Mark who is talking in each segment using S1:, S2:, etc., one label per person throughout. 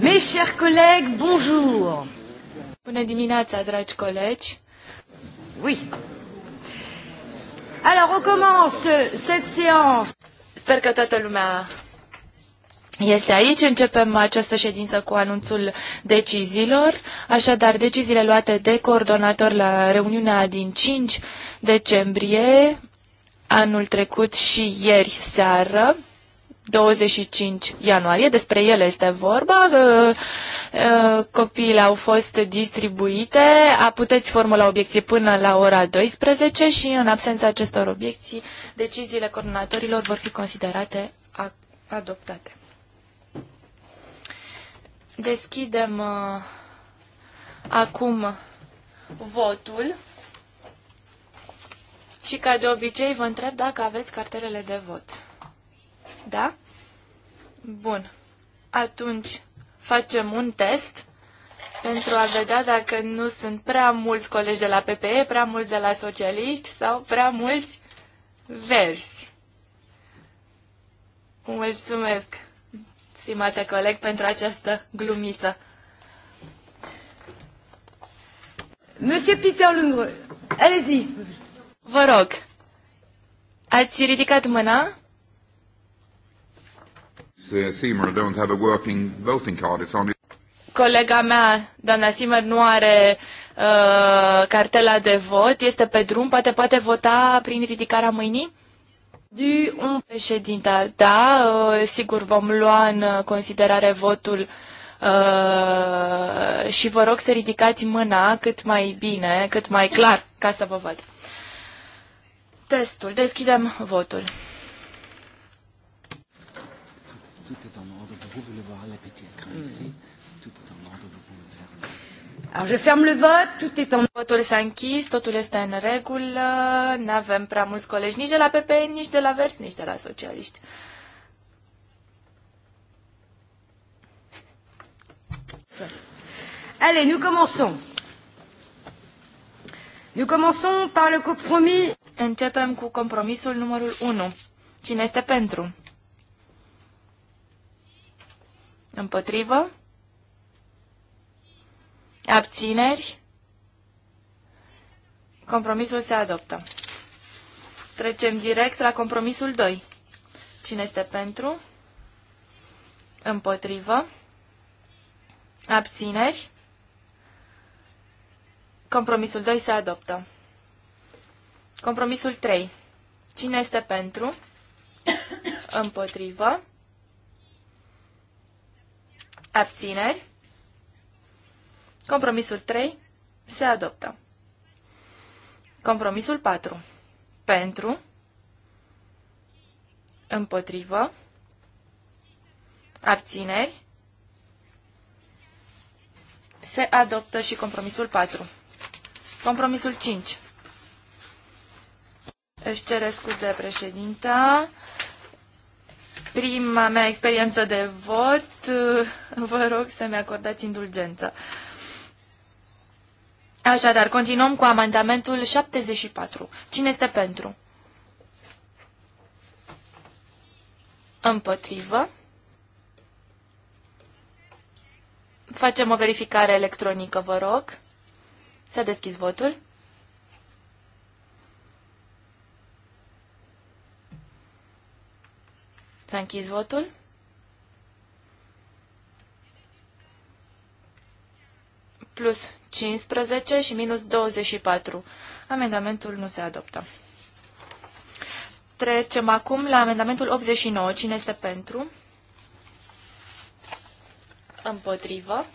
S1: Mes chers collègues, bonjour. Bună dimineața, dragi colegi. Oui. Alors, on commence cette séance. Sper că toată lumea este aici. Începem această ședință cu anunțul deciziilor. Așadar, deciziile luate de coordonator la reuniunea din 5 decembrie anul trecut și ieri seară 25 ianuarie, despre ele este vorba, copiile au fost distribuite, a puteți formula obiecții până la ora 12 și în absența acestor obiecții, deciziile coordonatorilor vor fi considerate adoptate. Deschidem acum votul și ca de obicei vă întreb dacă aveți cartelele de vot. Da? Bun. Atunci facem un test pentru a vedea dacă nu sunt prea mulți colegi de la PPE, prea mulți de la socialiști sau prea mulți verzi. Mulțumesc, stimate coleg, pentru această glumiță. Monsieur Peter Lundgren, allez-y. Vă rog, ați ridicat mâna?
S2: Uh, Seymour don't have a working voting card. It's only
S1: Colega mea, doamna Simer, nu are uh, cartela de vot, este pe drum, poate poate vota prin ridicarea mâinii? Du, un președinte, da, uh, sigur vom lua în considerare votul uh, și vă rog să ridicați mâna cât mai bine, cât mai clar, ca să vă văd. Testul, deschidem votul.
S3: Alors je ferme le vote, tout
S1: est en... Votul s-a tout est en règle, regulă, nu avem prea mulți colegi nici de la PP, ni de la Verte, ni de la Socialiste. Allez, nous commençons. Nous commençons par le compromis. Începem cu compromisul numărul 1. Cine este pentru? Împotrivă? Abțineri? Compromisul se adoptă. Trecem direct la compromisul 2. Cine este pentru? Împotrivă? Abțineri? Compromisul 2 se adoptă. Compromisul 3. Cine este pentru? Împotrivă? Abțineri? Compromisul 3 se adoptă. Compromisul 4. Pentru, împotrivă, abțineri, se adoptă și compromisul 4. Compromisul 5. Își cere scuze președinta. Prima mea experiență de vot, vă rog să-mi acordați indulgență. Uh, Așadar, continuăm cu amendamentul 74. Cine este pentru? Împotrivă. Facem o verificare electronică, vă rog. S-a deschis votul. S-a închis votul. Plus 15 și minus 24. Amendamentul nu se adoptă. Trecem acum la amendamentul 89. Cine este pentru? Împotrivă.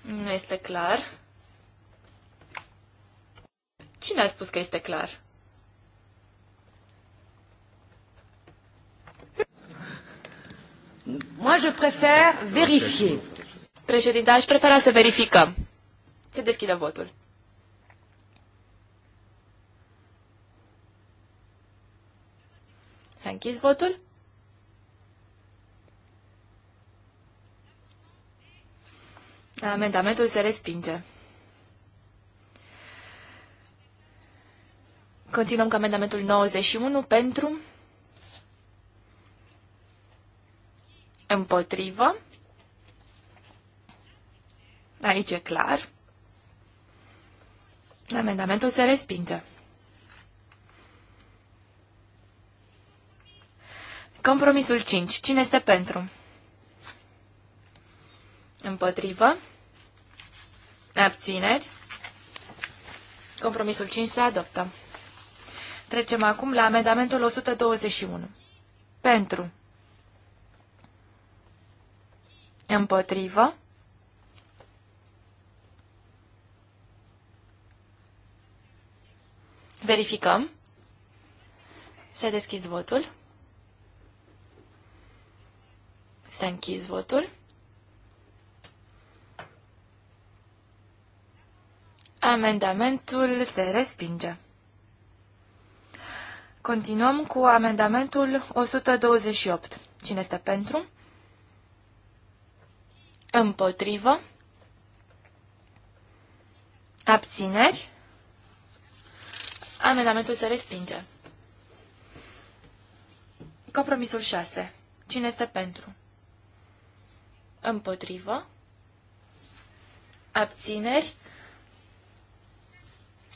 S1: Nu este clar. Cine a spus că este clar? Moi, je préfère vérifier. Președinte, aș prefera să verificăm. Se deschide votul. S-a închis votul? Amendamentul se respinge. Continuăm cu amendamentul 91 pentru, Împotrivă. Aici e clar. Amendamentul se respinge. Compromisul 5. Cine este pentru? Împotrivă. Abțineri. Compromisul 5 se adoptă. Trecem acum la amendamentul 121. Pentru. Împotrivă. Verificăm. Se deschis votul. S-a închis votul. Amendamentul se respinge. Continuăm cu amendamentul 128. Cine este pentru? Împotrivă. Abțineri. Amendamentul se respinge. Compromisul 6. Cine este pentru? Împotrivă. Abțineri.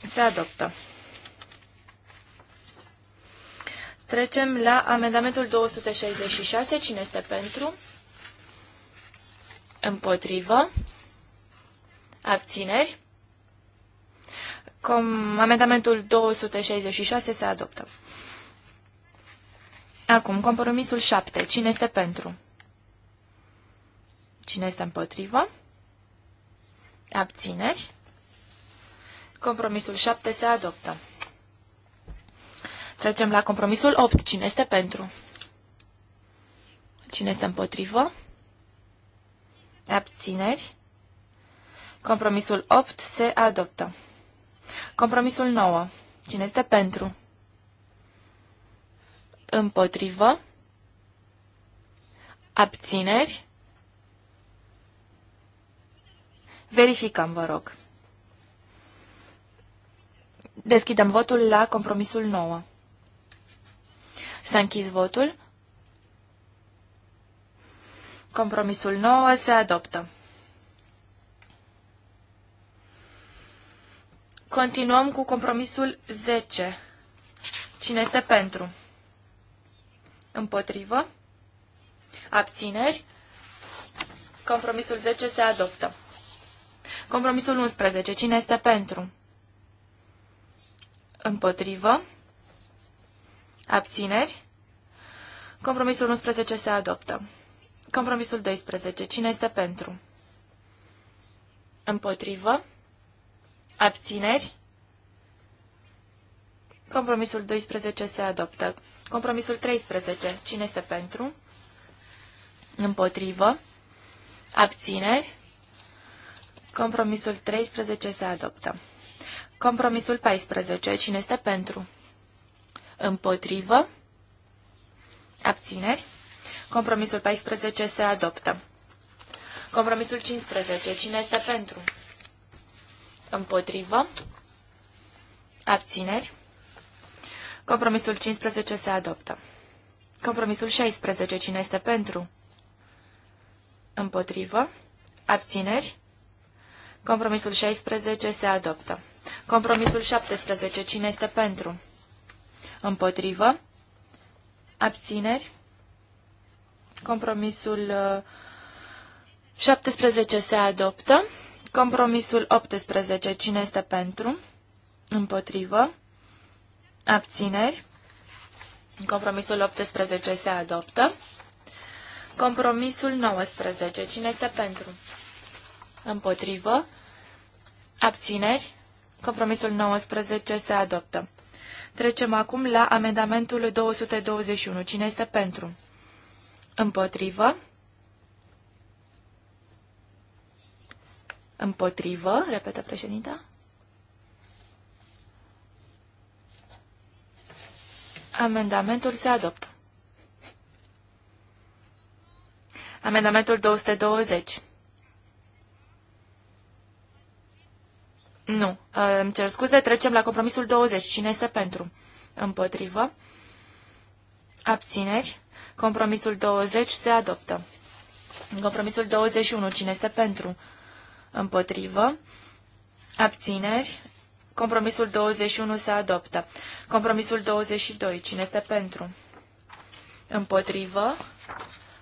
S3: Se adoptă.
S1: Trecem la amendamentul 266. Cine este pentru? Împotrivă. Abțineri. Com amendamentul 266 se adoptă. Acum, compromisul 7. Cine este pentru? Cine este împotrivă? Abțineri. Compromisul 7 se adoptă. Trecem la compromisul 8. Cine este pentru? Cine este împotrivă? abțineri. Compromisul 8 se adoptă. Compromisul 9. Cine este pentru? Împotrivă. Abțineri. Verificăm, vă rog. Deschidem votul la compromisul 9. S-a închis votul. Compromisul 9 se adoptă. Continuăm cu compromisul 10. Cine este pentru? Împotrivă? Abțineri? Compromisul 10 se adoptă. Compromisul 11. Cine este pentru? Împotrivă? Abțineri? Compromisul 11 se adoptă. Compromisul 12. Cine este pentru? Împotrivă? Abțineri? Compromisul 12 se adoptă. Compromisul 13. Cine este pentru? Împotrivă? Abțineri? Compromisul 13 se adoptă. Compromisul 14. Cine este pentru? Împotrivă? Abțineri? Compromisul 14 se adoptă. Compromisul 15. Cine este pentru? Împotrivă. Abțineri. Compromisul 15 se adoptă. Compromisul 16. Cine este pentru? Împotrivă. Abțineri. Compromisul 16 se adoptă. Compromisul 17. Cine este pentru? Împotrivă. Abțineri. Compromisul 17 uh, se adoptă. Compromisul 18. Cine este pentru? Împotrivă. Abțineri. Compromisul 18 se adoptă. Compromisul 19. Cine este pentru? Împotrivă. Abțineri. Compromisul 19 se adoptă. Trecem acum la amendamentul 221. Cine este pentru? Împotrivă. Împotrivă, repetă președinta. Amendamentul se adoptă. Amendamentul 220. Nu. Uh, îmi cer scuze, trecem la compromisul 20. Cine este pentru? Împotrivă. Abțineri. Compromisul 20 se adoptă. Compromisul 21. Cine este pentru? Împotrivă. Abțineri. Compromisul 21 se adoptă. Compromisul 22. Cine este pentru? Împotrivă.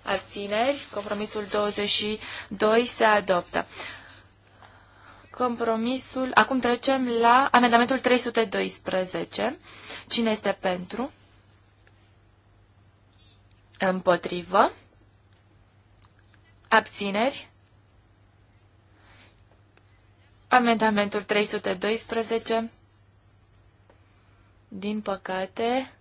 S1: Abțineri. Compromisul 22 se adoptă. Compromisul. Acum trecem la amendamentul 312. Cine este pentru? Împotrivă. Abțineri. Amendamentul 312. Din păcate.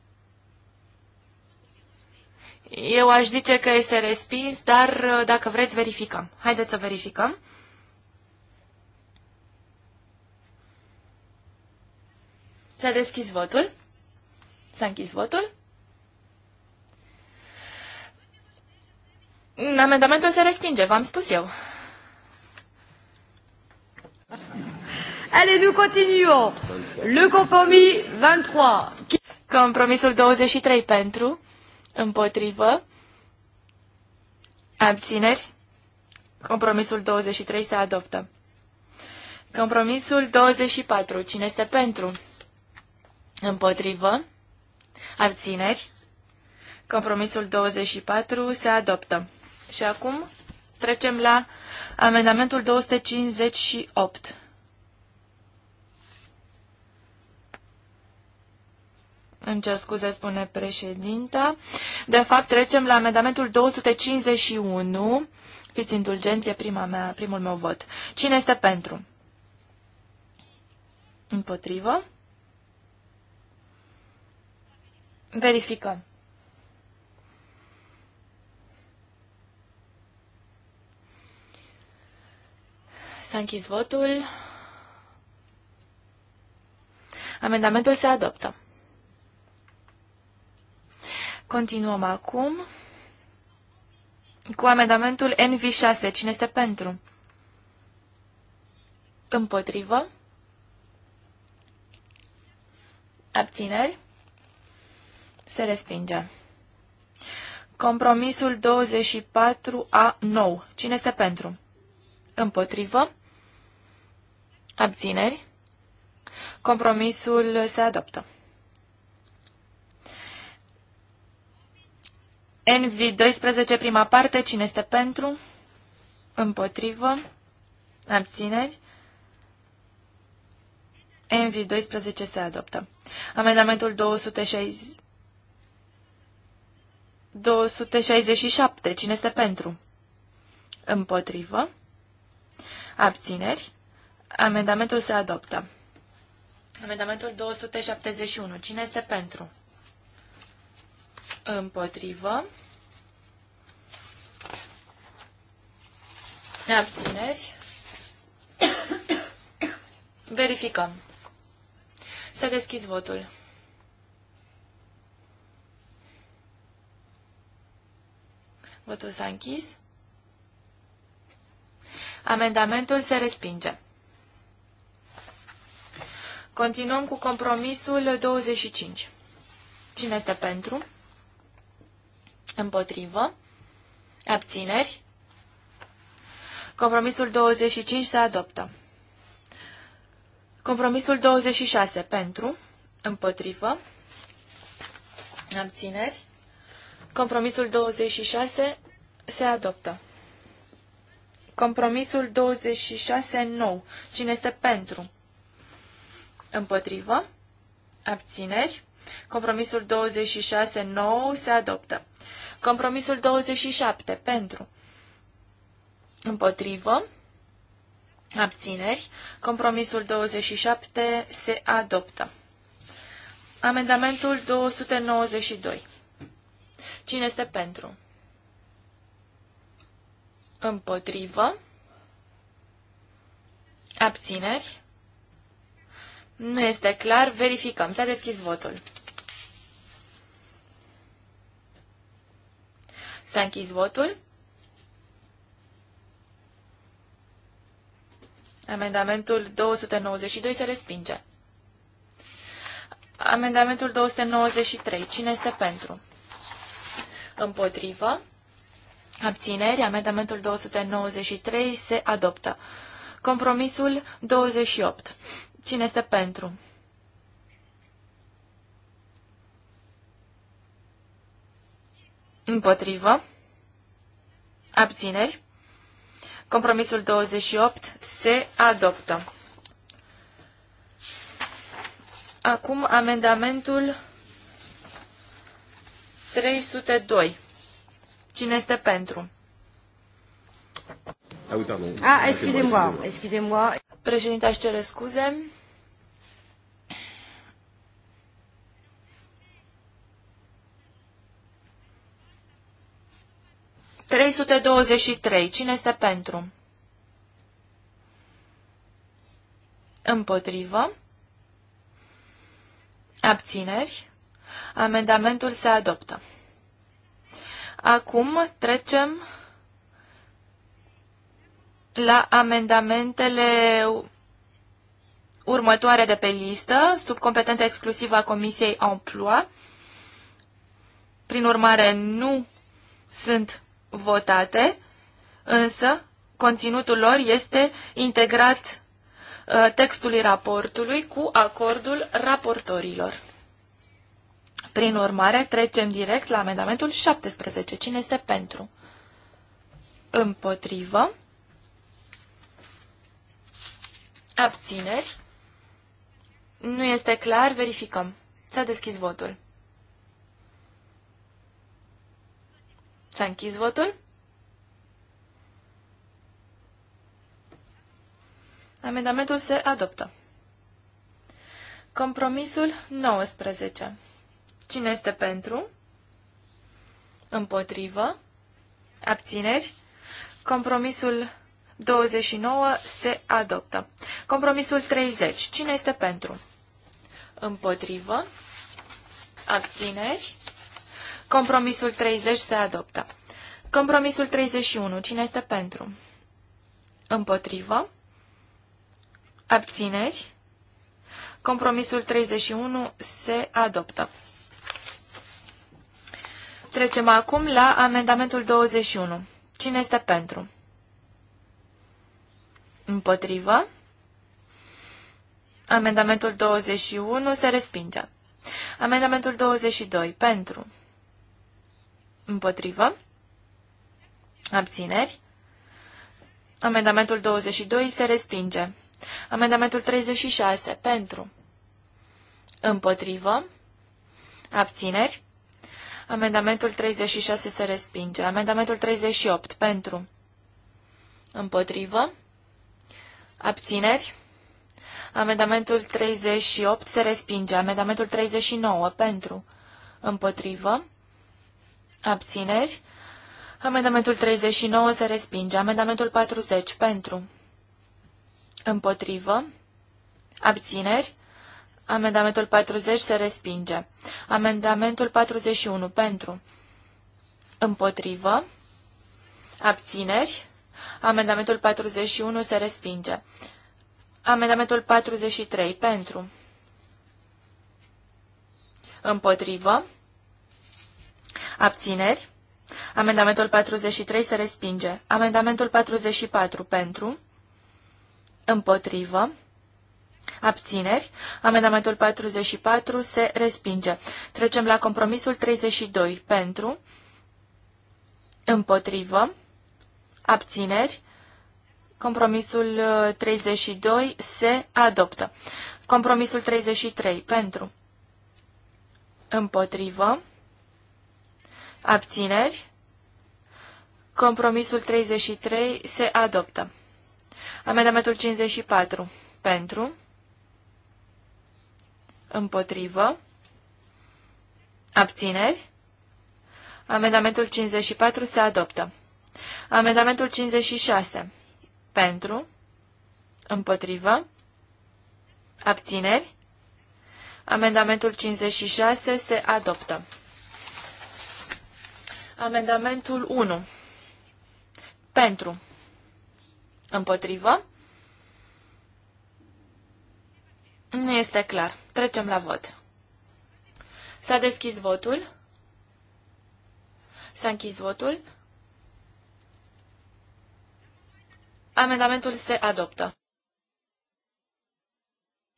S1: Eu aș zice că este respins, dar uh, dacă vreți, verificăm. Haideți să verificăm. S-a deschis votul. S-a închis votul. Amendamentul se respinge, v-am spus eu. Allez, nous continuons. Le compromis 23. Compromisul 23 pentru, împotrivă, abțineri. Compromisul 23 se adoptă. Compromisul 24. Cine este pentru? Împotrivă. Abțineri. Compromisul 24 se adoptă. Și acum trecem la amendamentul 258. Îmi cer scuze, spune președinta. De fapt, trecem la amendamentul 251. Fiți indulgenți, e prima mea, primul meu vot. Cine este pentru? Împotrivă. Verificăm. S-a închis votul. Amendamentul se adoptă. Continuăm acum cu amendamentul NV6. Cine este pentru? Împotrivă. Abțineri. Se respinge. Compromisul 24A9. Cine este pentru? Împotrivă. Abțineri. Compromisul se adoptă. Nv 12, prima parte, cine este pentru? Împotrivă. Abțineri. Nv 12 se adoptă. Amendamentul 260... 267. Cine este pentru? Împotrivă. Abțineri. Amendamentul se adoptă. Amendamentul 271. Cine este pentru? Împotrivă. Abțineri. Verificăm. Să deschizi votul. Votul s-a închis. Amendamentul se respinge. Continuăm cu compromisul 25. Cine este pentru? Împotrivă. Abțineri. Compromisul 25 se adoptă. Compromisul 26 pentru, împotrivă, abțineri. Compromisul 26 se adoptă. Compromisul 26 nou. Cine este pentru? Împotrivă. Abțineri. Compromisul 26, 9 se adoptă. Compromisul 27, pentru. Împotrivă. Abțineri. Compromisul 27 se adoptă. Amendamentul 292. Cine este pentru? Împotrivă. Abțineri. Nu este clar. Verificăm. S-a deschis votul. S-a închis votul. Amendamentul 292 se respinge. Amendamentul 293. Cine este pentru? Împotrivă. Abțineri. Amendamentul 293 se adoptă. Compromisul 28. Cine este pentru? Împotrivă. Abțineri. Compromisul 28 se adoptă. Acum amendamentul 302. Cine este pentru? Ah, ah excusez-moi, excusez-moi. Președinte, aș cere scuze. trei. Cine este pentru? Împotrivă. Abțineri. Amendamentul se adoptă. Acum trecem la amendamentele următoare de pe listă, sub competența exclusivă a Comisiei Emploi. Prin urmare, nu sunt votate, însă conținutul lor este integrat uh, textului raportului cu acordul raportorilor. Prin urmare, trecem direct la amendamentul 17. Cine este pentru? Împotrivă. Abțineri. Nu este clar, verificăm. S-a deschis votul. S-a închis votul. Amendamentul se adoptă. Compromisul 19. Cine este pentru? Împotrivă? Abțineri? Compromisul 29 se adoptă. Compromisul 30. Cine este pentru? Împotrivă. Abțineri. Compromisul 30 se adoptă. Compromisul 31. Cine este pentru? Împotrivă. Abțineri. Compromisul 31 se adoptă. Trecem acum la amendamentul 21. Cine este pentru? Împotrivă. Amendamentul 21 se respinge. Amendamentul 22 pentru. Împotrivă. Abțineri. Amendamentul 22 se respinge. Amendamentul 36 pentru. Împotrivă. Abțineri. Amendamentul 36 se respinge. Amendamentul 38 pentru. Împotrivă. Abțineri? Amendamentul 38 se respinge. Amendamentul 39 pentru. Împotrivă. Abțineri. Amendamentul 39 se respinge. Amendamentul 40 pentru. Împotrivă. Abțineri. Amendamentul 40 se respinge. Amendamentul 41 pentru. Împotrivă. Abțineri. Amendamentul 41 se respinge. Amendamentul 43 pentru. Împotrivă. Abțineri. Amendamentul 43 se respinge. Amendamentul 44 pentru. Împotrivă. Abțineri. Amendamentul 44 se respinge. Trecem la compromisul 32 pentru. Împotrivă abțineri, compromisul 32 uh, se adoptă. Compromisul 33 pentru, împotrivă, abțineri, compromisul 33 se adoptă. Amendamentul 54 pentru, împotrivă, abțineri, amendamentul 54 se adoptă. Amendamentul 56. Pentru. Împotrivă. Abțineri. Amendamentul 56 se adoptă. Amendamentul 1. Pentru. Împotrivă. Nu este clar. Trecem la vot. S-a deschis votul. S-a închis votul. Amendamentul se adoptă.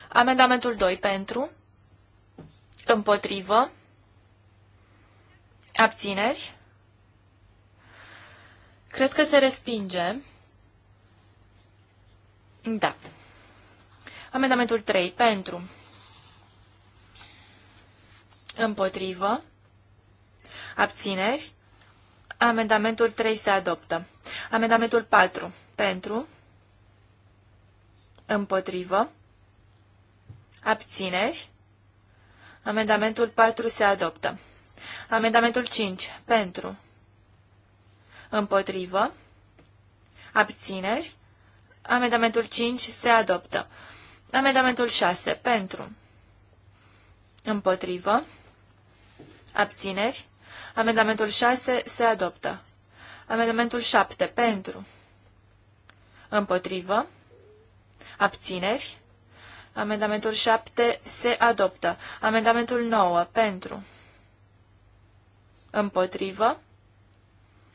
S1: Amendamentul 2 pentru, împotrivă, abțineri. Cred că se respinge. Da. Amendamentul 3 pentru, împotrivă, abțineri. Amendamentul 3 se adoptă. Amendamentul 4 pentru, împotrivă, abțineri, amendamentul 4 se adoptă. Amendamentul 5, pentru, împotrivă, abțineri, amendamentul 5 se adoptă. Amendamentul 6, pentru, împotrivă, abțineri, amendamentul 6 se adoptă. Amendamentul 7, pentru, Împotrivă. Abțineri. Amendamentul 7 se adoptă. Amendamentul 9 pentru. Împotrivă.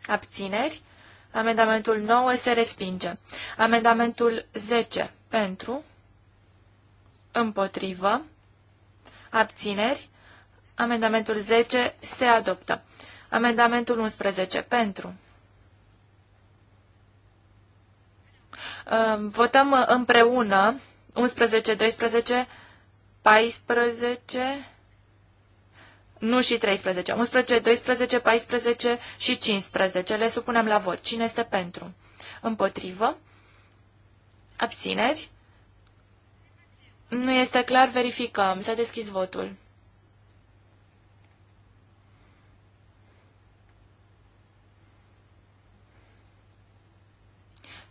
S1: Abțineri. Amendamentul 9 se respinge. Amendamentul 10 pentru. Împotrivă. Abțineri. Amendamentul 10 se adoptă. Amendamentul 11 pentru. Votăm uh, împreună 11, 12, 14, nu și 13, 11, 12, 14 și 15. Le supunem la vot. Cine este pentru? Împotrivă? Abțineri? Nu este clar, verificăm. S-a deschis votul.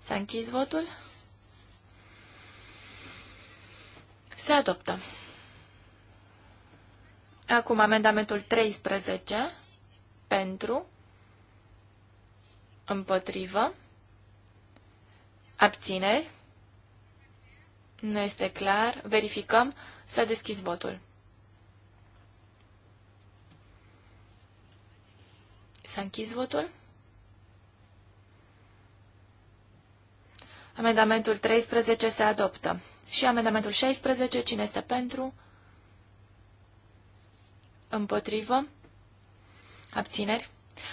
S1: S-a închis votul. Se adoptă. Acum amendamentul 13 pentru, împotrivă, abțineri, nu este clar, verificăm, s-a deschis votul. S-a închis votul? Amendamentul 13 se adoptă. Și amendamentul 16, cine este pentru? Împotrivă? Abțineri?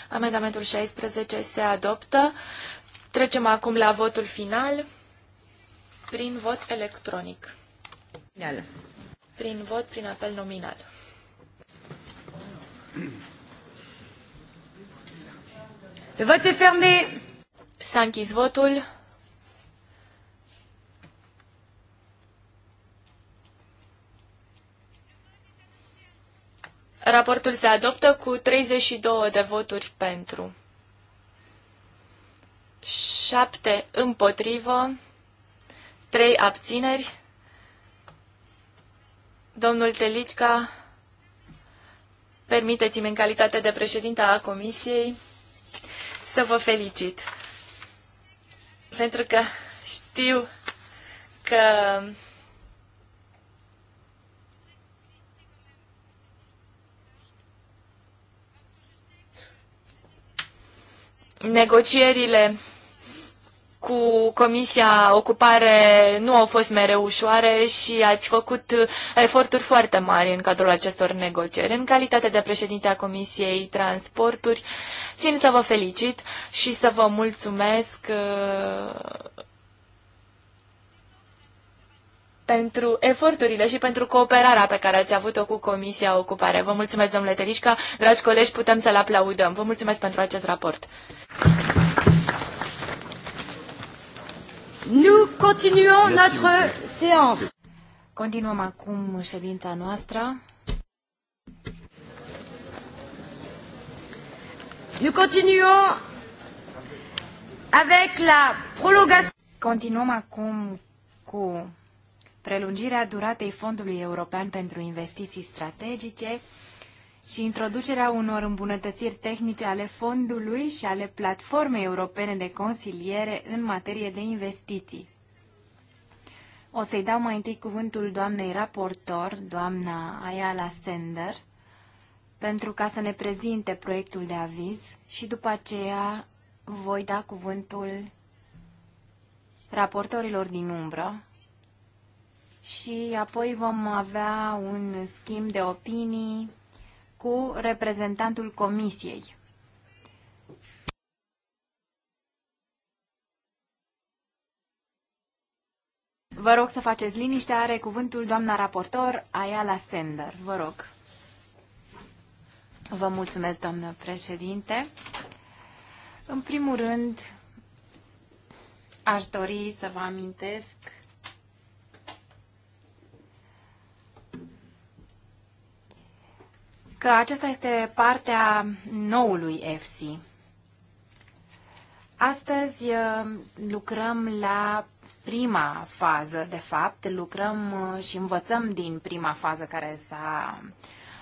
S1: Amendamentul 16 se adoptă. Trecem acum la votul final prin vot electronic. Final. Prin vot prin apel nominal. Le vot est fermé. S-a închis votul. Raportul se adoptă cu 32 de voturi pentru, 7 împotrivă, 3 abțineri. Domnul Telitca, permiteți-mi în calitate de președinte a Comisiei să vă felicit. Pentru că știu că negocierile cu Comisia Ocupare nu au fost mereu ușoare și ați făcut eforturi foarte mari în cadrul acestor negocieri. În calitate de președinte a Comisiei Transporturi, țin să vă felicit și să vă mulțumesc uh, pentru eforturile și pentru cooperarea pe care ați avut-o cu Comisia Ocupare. Vă mulțumesc, domnule Terișca. Dragi colegi, putem să-l aplaudăm. Vă mulțumesc pentru acest raport.
S3: Nous
S2: continuons notre séance. Continuăm acum ședința noastră. Nous continuons avec la prolongation. Continuăm acum cu prelungirea duratei Fondului European pentru Investiții Strategice și introducerea unor îmbunătățiri tehnice ale fondului și ale platformei europene de consiliere în materie de investiții. O să-i dau mai întâi cuvântul doamnei raportor, doamna Ayala Sender, pentru ca să ne prezinte proiectul de aviz și după aceea voi da cuvântul raportorilor din umbră și apoi vom avea un schimb de opinii cu reprezentantul comisiei. Vă rog să faceți liniște, are cuvântul doamna raportor Ayala Sender. Vă rog. Vă mulțumesc, doamnă președinte. În primul rând, aș dori să vă amintesc că acesta este partea noului EFSI. Astăzi uh, lucrăm la prima fază, de fapt, lucrăm uh, și învățăm din prima fază care s-a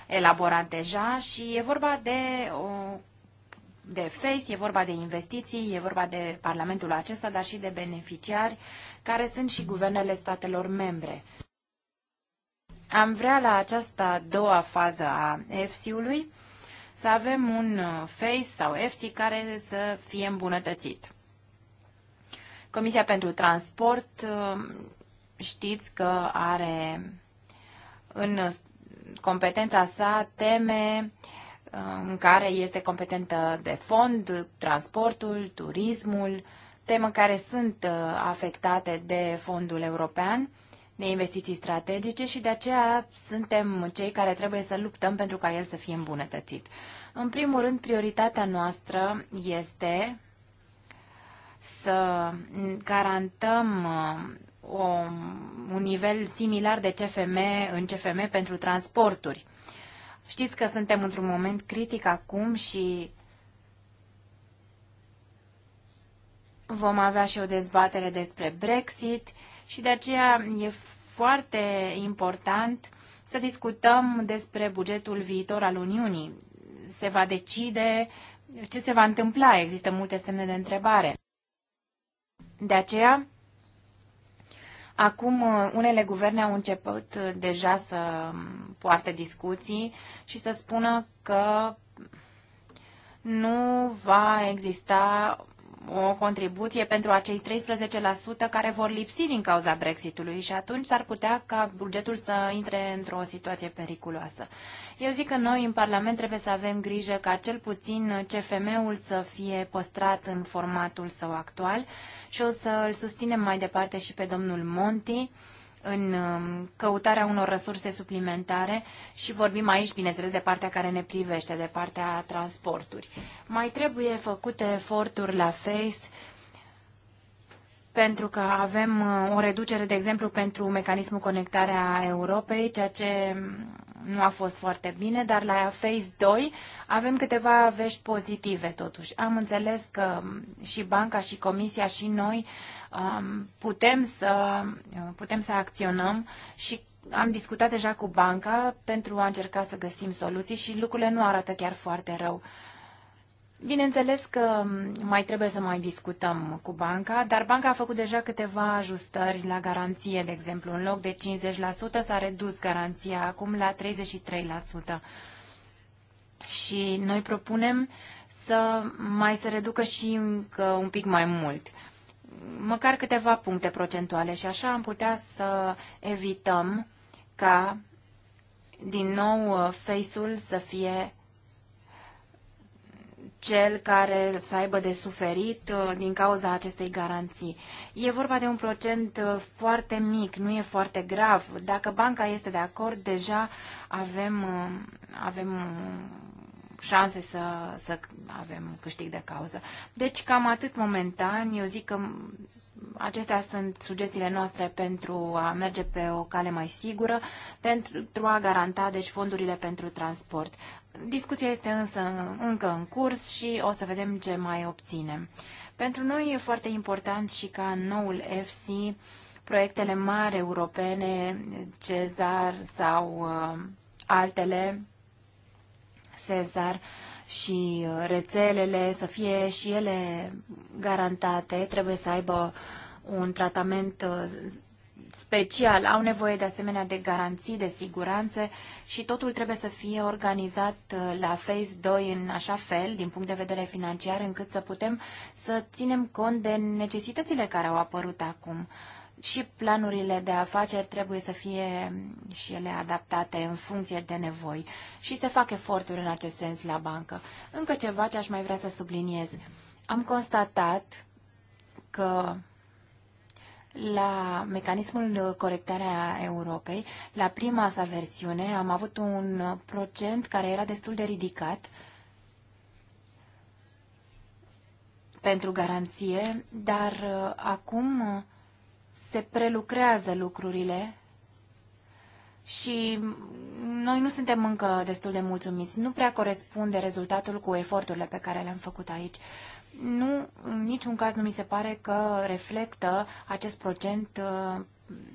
S2: elaborat deja și e vorba de o de FACE, e vorba de investiții, e vorba de Parlamentul acesta, dar și de beneficiari, care sunt și guvernele statelor membre. Am vrea la această a doua fază a fc ului să avem un uh, FACE sau FC care să fie îmbunătățit. Comisia pentru Transport uh, știți că are în competența sa teme uh, în care este competentă de fond, transportul, turismul, teme care sunt afectate de fondul european de investiții strategice și de aceea suntem cei care trebuie să luptăm pentru ca el să fie îmbunătățit. În primul rând, prioritatea noastră este să garantăm uh, o, un nivel similar de CFM în CFM pentru transporturi. Știți că suntem într-un moment critic acum și vom avea și o dezbatere despre Brexit și de aceea e foarte important să discutăm despre bugetul viitor al Uniunii. Se va decide ce se va întâmpla, există multe semne de întrebare. De aceea, Acum uh, unele guverne au început uh, deja să um, poartă discuții și să spună că nu va exista o contribuție pentru acei 13% care vor lipsi din cauza Brexitului și atunci s-ar putea ca bugetul să intre într-o situație periculoasă. Eu zic că noi în Parlament trebuie să avem grijă ca cel puțin CFM-ul să fie păstrat în formatul său actual și o să îl susținem mai departe și pe domnul Monti în um, căutarea unor resurse suplimentare și vorbim aici, bineînțeles, de partea care ne privește, de partea transporturi. Mai trebuie făcute eforturi la FACE pentru că avem uh, o reducere, de exemplu, pentru mecanismul conectarea Europei, ceea ce mm, nu a fost foarte bine, dar la Phase 2 avem câteva vești pozitive totuși. Am înțeles că mm, și banca și comisia și noi Um, putem să, uh, putem să acționăm și am discutat deja cu banca pentru a încerca să găsim soluții și lucrurile nu arată chiar foarte rău. Bineînțeles că um, mai trebuie să mai discutăm cu banca, dar banca a făcut deja câteva ajustări la garanție, de exemplu. În loc de 50% s-a redus garanția acum la 33%. Și noi propunem să mai se reducă și încă un pic mai mult măcar câteva puncte procentuale și așa am putea să evităm ca din nou uh, face-ul să fie cel care să aibă de suferit uh, din cauza acestei garanții. E vorba de un procent uh, foarte mic, nu e foarte grav. Dacă banca este de acord, deja avem, avem șanse să, să avem câștig de cauză. Deci cam atât momentan. Eu zic că acestea sunt sugestiile noastre pentru a merge pe o cale mai sigură, pentru a garanta deci fondurile pentru transport. Discuția este însă încă în curs și o să vedem ce mai obținem. Pentru noi e foarte important și ca noul FC proiectele mari europene, Cezar sau uh, altele, Cezar și uh, rețelele să fie și ele garantate, trebuie să aibă un tratament uh, special, au nevoie de asemenea de garanții de siguranță și totul trebuie să fie organizat uh, la Phase 2 în așa fel, din punct de vedere financiar, încât să putem să ținem cont de necesitățile care au apărut acum și planurile de afaceri trebuie să fie și ele adaptate în funcție de nevoi și se fac eforturi în acest sens la bancă. Încă ceva ce aș mai vrea să subliniez. Am constatat că la mecanismul corectarea Europei, la prima sa versiune, am avut un procent care era destul de ridicat pentru garanție, dar uh, acum uh, se prelucrează lucrurile și noi nu suntem încă destul de mulțumiți. Nu prea corespunde rezultatul cu eforturile pe care le-am făcut aici. Nu, în niciun caz nu mi se pare că reflectă acest procent uh,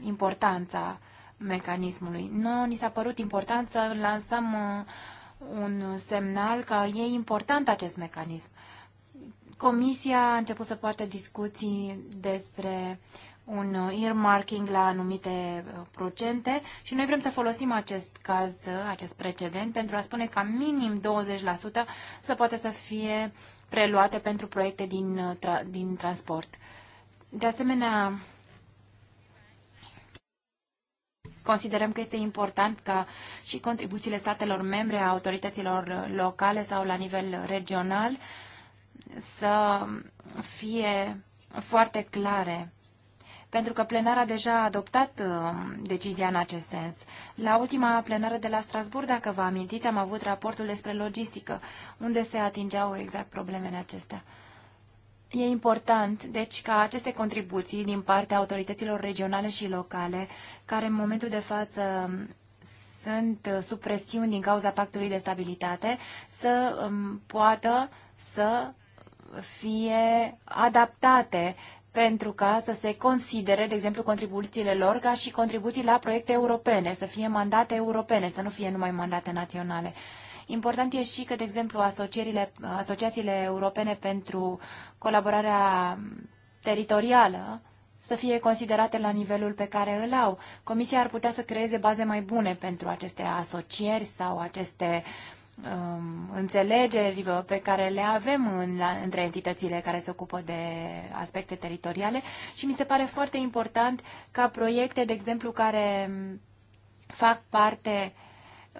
S2: importanța mecanismului. Nu, ni s-a părut important să lansăm uh, un semnal că e important acest mecanism. Comisia a început să poartă discuții despre un uh, earmarking la anumite uh, procente și noi vrem să folosim acest caz, uh, acest precedent, pentru a spune ca minim 20% să poate să fie preluate pentru proiecte din, tra, din transport. De asemenea, considerăm că este important ca și contribuțiile statelor membre, a autorităților locale sau la nivel regional să fie foarte clare pentru că plenara deja a adoptat uh, decizia în acest sens. La ultima plenară de la Strasburg, dacă vă amintiți, am avut raportul despre logistică, unde se atingeau exact problemele acestea. E important, deci, ca aceste contribuții din partea autorităților regionale și locale, care în momentul de față sunt uh, sub presiuni din cauza pactului de stabilitate, să um, poată să fie adaptate pentru ca să se considere, de exemplu, contribuțiile lor ca și contribuții la proiecte europene, să fie mandate europene, să nu fie numai mandate naționale. Important e și că, de exemplu, asocierile, asociațiile europene pentru colaborarea teritorială să fie considerate la nivelul pe care îl au. Comisia ar putea să creeze baze mai bune pentru aceste asocieri sau aceste uh, um, înțelegeri pe care le avem în, la, între entitățile care se ocupă de aspecte teritoriale și mi se pare foarte important ca proiecte, de exemplu, care fac parte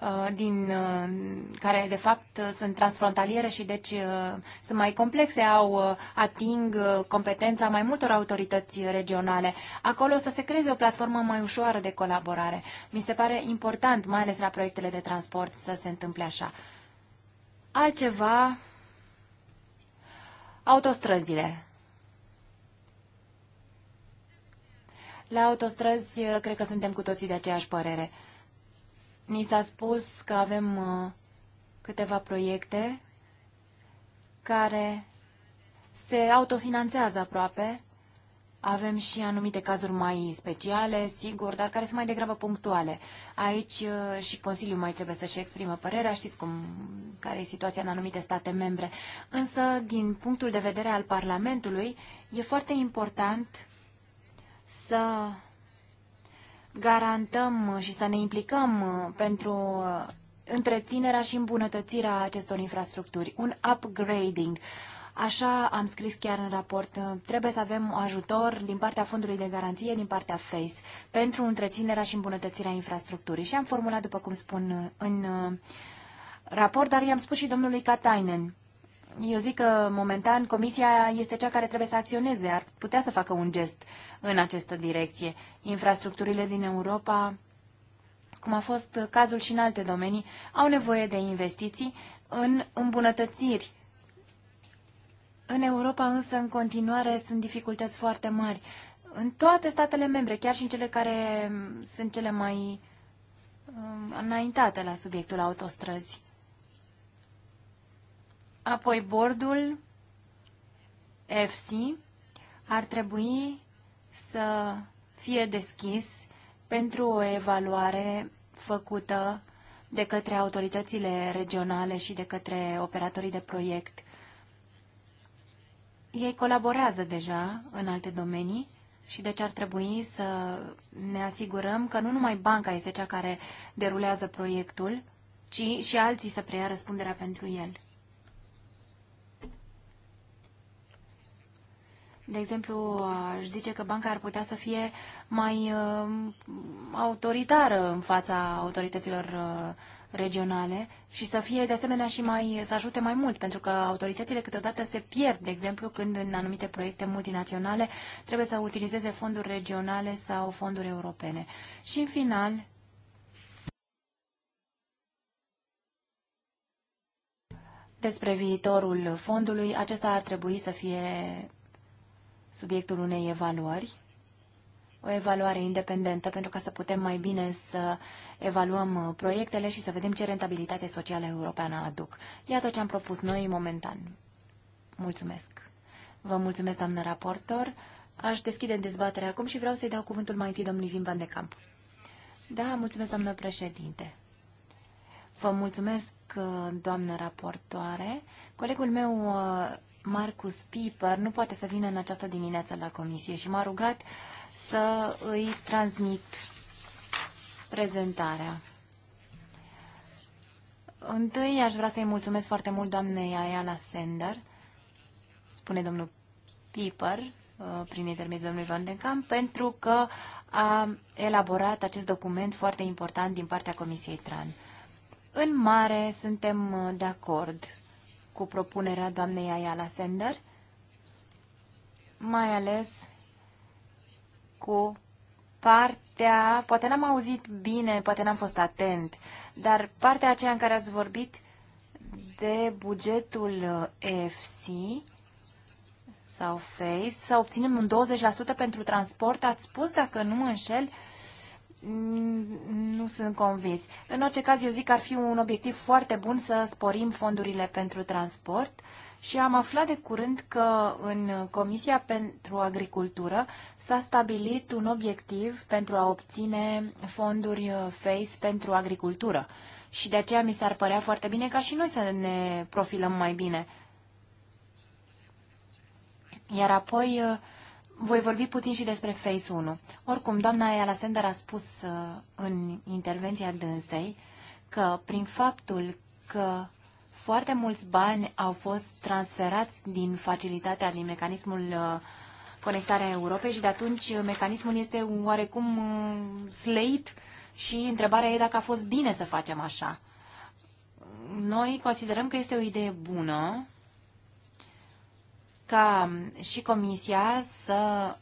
S2: Uh, din, uh, care de fapt uh, sunt transfrontaliere și deci sunt mai complexe, au ating competența mai multor autorități regionale. Acolo o să se creeze o platformă mai ușoară de colaborare. Mi se pare important, mai ales la proiectele de transport, să se întâmple așa. Altceva, autostrăzile. La autostrăzi, cred că suntem cu toții de aceeași părere. Uh, Ni s-a spus că avem uh, câteva proiecte care se autofinanțează aproape. Avem și anumite cazuri mai speciale, sigur, dar care sunt mai degrabă punctuale. Aici uh, și Consiliul mai trebuie să-și exprimă părerea, știți cum, care e situația în anumite state membre. Însă, din punctul de vedere al Parlamentului, e foarte important să garantăm și să ne implicăm pentru întreținerea și îmbunătățirea acestor infrastructuri, un upgrading. Așa am scris chiar în raport. Trebuie să avem ajutor din partea fondului de garanție, din partea FACE, pentru întreținerea și îmbunătățirea infrastructurii. Și am formulat, după cum spun în raport, dar i-am spus și domnului Katainen. Eu zic că, momentan, Comisia este cea care trebuie să acționeze, ar putea să facă un gest în această direcție. Infrastructurile din Europa, cum a fost cazul și în alte domenii, au nevoie de investiții în îmbunătățiri. În Europa, însă, în continuare, sunt dificultăți foarte mari. În toate statele membre, chiar și în cele care mm, sunt cele mai mm, înaintate la subiectul autostrăzii. Apoi bordul FC ar trebui să fie deschis pentru o evaluare făcută de către autoritățile regionale și de către operatorii de proiect. Ei colaborează deja în alte domenii și deci ar trebui să ne asigurăm că nu numai banca este cea care derulează proiectul, ci și alții să preia răspunderea pentru el. De exemplu, aș zice că banca ar putea să fie mai uh, autoritară în fața autorităților uh, regionale și să fie de asemenea și mai, să ajute mai mult, pentru că autoritățile câteodată se pierd, de exemplu, când în anumite proiecte multinaționale trebuie să utilizeze fonduri regionale sau fonduri europene. Și în final, despre viitorul fondului, acesta ar trebui să fie subiectul unei evaluări, o evaluare independentă, pentru ca să putem mai bine să evaluăm uh, proiectele și să vedem ce rentabilitate socială europeană aduc. Iată ce am propus noi momentan. Mulțumesc. Vă mulțumesc, doamnă raportor. Aș deschide dezbaterea acum și vreau să-i dau cuvântul mai întâi domnului Vim Van de Camp. Da, mulțumesc, doamnă președinte. Vă mulțumesc, uh, doamnă raportoare. Colegul meu uh, Marcus Piper nu poate să vină în această dimineață la comisie și m-a rugat să îi transmit prezentarea. Întâi aș vrea să-i mulțumesc foarte mult doamnei Ayala Sender, spune domnul Piper, uh, prin intermediul domnului Van den Kamp, pentru că a elaborat acest document foarte important din partea Comisiei TRAN. În mare suntem uh, de acord cu propunerea doamnei Ayala Sender, mai ales cu partea, poate n-am auzit bine, poate n-am fost atent, dar partea aceea în care ați vorbit de bugetul EFC uh, sau FACE, să obținem un 20% pentru transport, ați spus, dacă nu mă înșel, uh, nu sunt convins. În orice caz, eu zic că ar fi un obiectiv foarte bun să sporim fondurile pentru transport și am aflat de curând că în Comisia pentru Agricultură s-a stabilit un obiectiv pentru a obține fonduri uh, FACE pentru agricultură. Și de aceea mi s-ar părea foarte bine ca și noi să ne profilăm mai bine. Iar apoi uh, voi vorbi puțin și despre Face 1. Oricum, doamna Ayala Sender a spus uh, în intervenția dânsei că prin faptul că foarte mulți bani au fost transferați din facilitatea, din mecanismul uh, conectarea Europei și de atunci uh, mecanismul este oarecum sleit și întrebarea e dacă a fost bine să facem așa. Noi considerăm că este o idee bună ca și Comisia să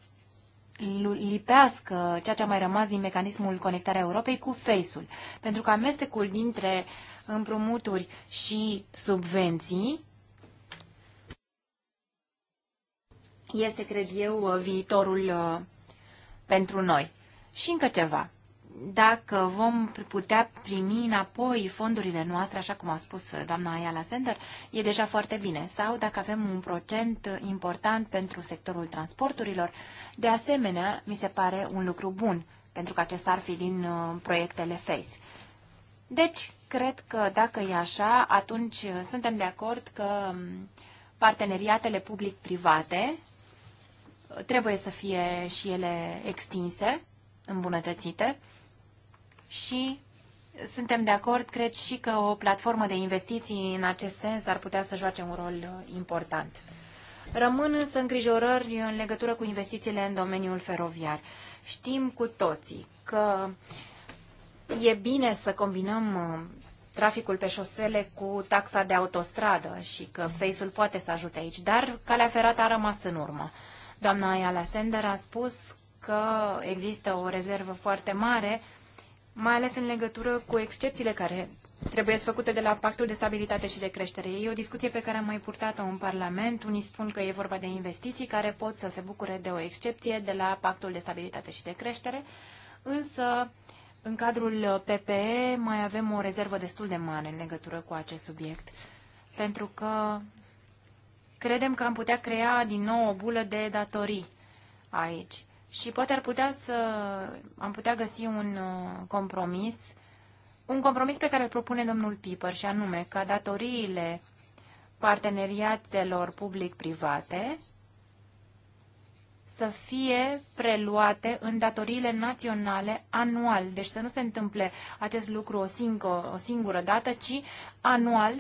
S2: lipească ceea ce a mai rămas din mecanismul conectarea Europei cu FACE-ul. Pentru că amestecul dintre împrumuturi și subvenții este, cred eu, viitorul uh, pentru noi. Și încă ceva dacă vom putea primi înapoi fondurile noastre, așa cum a spus doamna Ayala Sender, e deja foarte bine. Sau dacă avem un procent important pentru sectorul transporturilor, de asemenea, mi se pare un lucru bun, pentru că acesta ar fi din uh, proiectele FACE. Deci, cred că dacă e așa, atunci uh, suntem de acord că um, parteneriatele public-private uh, trebuie să fie și ele extinse, îmbunătățite și suntem de acord, cred și că o platformă de investiții în acest sens ar putea să joace un rol uh, important. Rămân însă îngrijorări în legătură cu investițiile în domeniul feroviar. Știm cu toții că e bine să combinăm uh, traficul pe șosele cu taxa de autostradă și că Face-ul poate să ajute aici, dar calea ferată a rămas în urmă. Doamna Ayala Sender a spus că există o rezervă foarte mare mai ales în legătură cu excepțiile care trebuie făcute de la Pactul de Stabilitate și de Creștere. E o discuție pe care am mai purtat-o în Parlament. Unii spun că e vorba de investiții care pot să se bucure de o excepție de la Pactul de Stabilitate și de Creștere, însă în cadrul PPE mai avem o rezervă destul de mare în legătură cu acest subiect, pentru că credem că am putea crea din nou o bulă de datorii aici și poate ar putea să am putea găsi un uh, compromis, un compromis pe care îl propune domnul Piper și anume ca datoriile parteneriatelor public-private să fie preluate în datoriile naționale anual. Deci să nu se întâmple acest lucru o singură, o singură dată, ci anual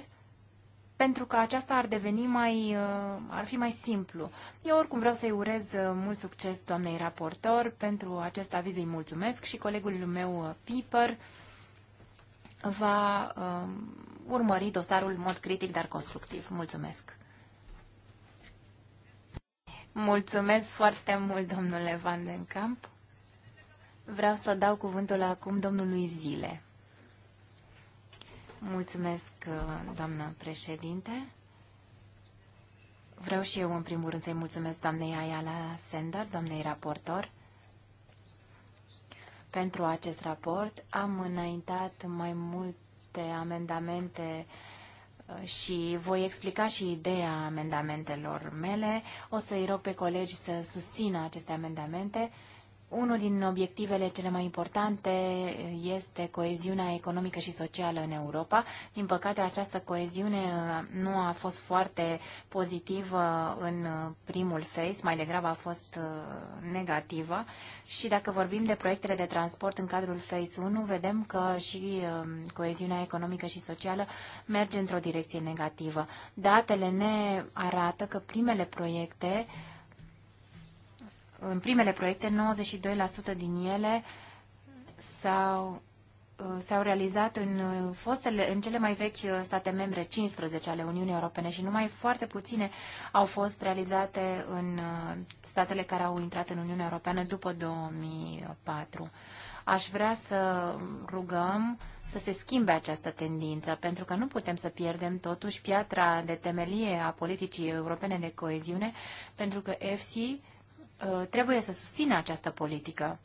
S2: pentru că aceasta ar deveni mai, uh, ar fi mai simplu. Eu oricum vreau să-i urez uh, mult succes doamnei raportor, pentru acest aviz îi mulțumesc și colegul meu uh, Piper va urmări dosarul în mod critic, dar constructiv. Mulțumesc! Mulțumesc foarte mult, domnule Vandenkamp. Vreau să dau cuvântul acum domnului Zile. Mulțumesc, uh, doamnă președinte. Vreau și eu, în primul rând, să-i mulțumesc doamnei Ayala Sender, doamnei raportor, pentru acest raport. Am înaintat mai multe amendamente uh, și voi explica și ideea amendamentelor mele. O să-i rog pe colegi să susțină aceste amendamente. Unul din obiectivele cele mai importante eh, este coeziunea economică și socială în Europa. Din păcate, această coeziune eh, nu a fost foarte pozitivă în eh, primul phase, mai degrabă a fost negativă. Și dacă vorbim de proiectele de transport în cadrul phase 1, vedem că și coeziunea economică și socială merge într-o direcție negativă. Datele ne arată că primele proiecte în primele proiecte, 92% din ele s-au uh, s-au realizat în uh, fostele, în cele mai vechi uh, state membre, 15 ale Uniunii Europene și numai foarte puține au fost realizate în statele care au intrat în Uniunea Europeană după 2004. Aș vrea să rugăm să se schimbe această tendință, pentru că nu putem să pierdem totuși piatra de temelie a politicii europene de coeziune, pentru că EFSI Uh, trebuie să susțină această politică.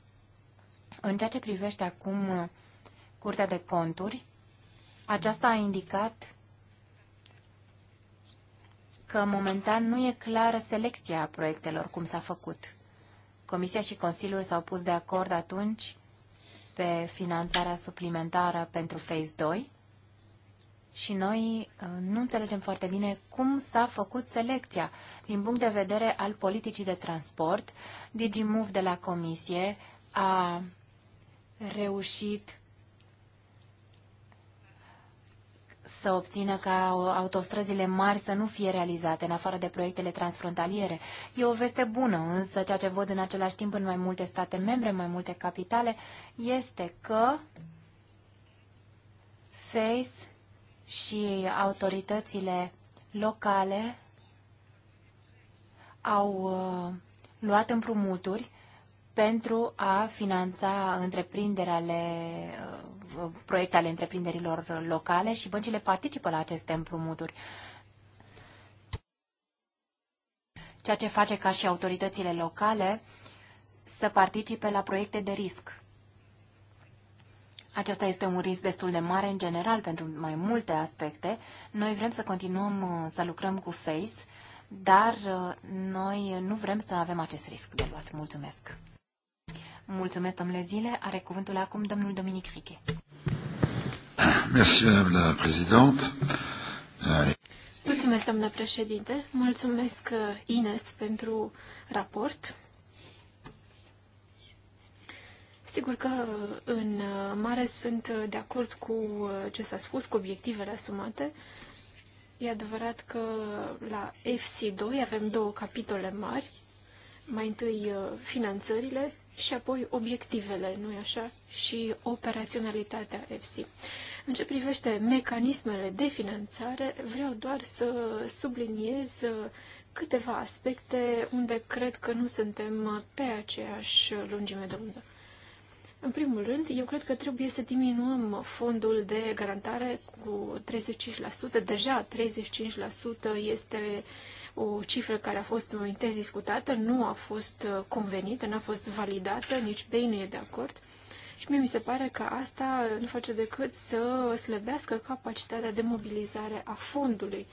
S2: În ceea ce privește acum uh, Curtea de Conturi, aceasta a indicat că momentan nu e clară selecția proiectelor, cum s-a făcut. Comisia și Consiliul s-au pus de acord atunci pe finanțarea suplimentară pentru Phase 2 și noi uh, nu înțelegem foarte bine cum s-a făcut selecția din punct de vedere al politicii de transport. DigiMove de la Comisie a reușit să obțină ca autostrăzile mari să nu fie realizate, în afară de proiectele transfrontaliere. E o veste bună, însă ceea ce văd în același timp în mai multe state membre, mai multe capitale, este că FACE și autoritățile locale au uh, luat împrumuturi pentru a finanța întreprinderile, uh, proiecte ale întreprinderilor locale și băncile participă la aceste împrumuturi. Ceea ce face ca și autoritățile locale să participe la proiecte de risc. Acesta este un risc destul de mare în general pentru mai multe aspecte. Noi vrem să continuăm uh, să lucrăm cu FACE, dar uh, noi nu vrem să avem acest risc de luat. Mulțumesc! Mulțumesc, domnule Zile. Are cuvântul acum domnul Dominic Riche.
S1: Merci, la
S3: Mulțumesc, domnule președinte. Mulțumesc, uh, Ines, pentru raport. Sigur că în uh, mare sunt uh, de acord cu uh, ce s-a spus, cu obiectivele asumate. E adevărat că la FC2 avem două capitole mari. Mai întâi finanțările și apoi obiectivele, nu-i așa? Și operaționalitatea FC. În ce privește mecanismele de finanțare, vreau doar să subliniez câteva aspecte unde cred că nu suntem pe aceeași lungime de undă. În primul rând, eu cred că trebuie să diminuăm fondul de garantare cu 35%. Deja 35% este o cifră care a fost intens discutată, nu a fost uh, convenită, nu a fost validată, nici BEI nu e de acord. Și mie mi se pare că asta nu face decât să slăbească capacitatea de mobilizare a fondului.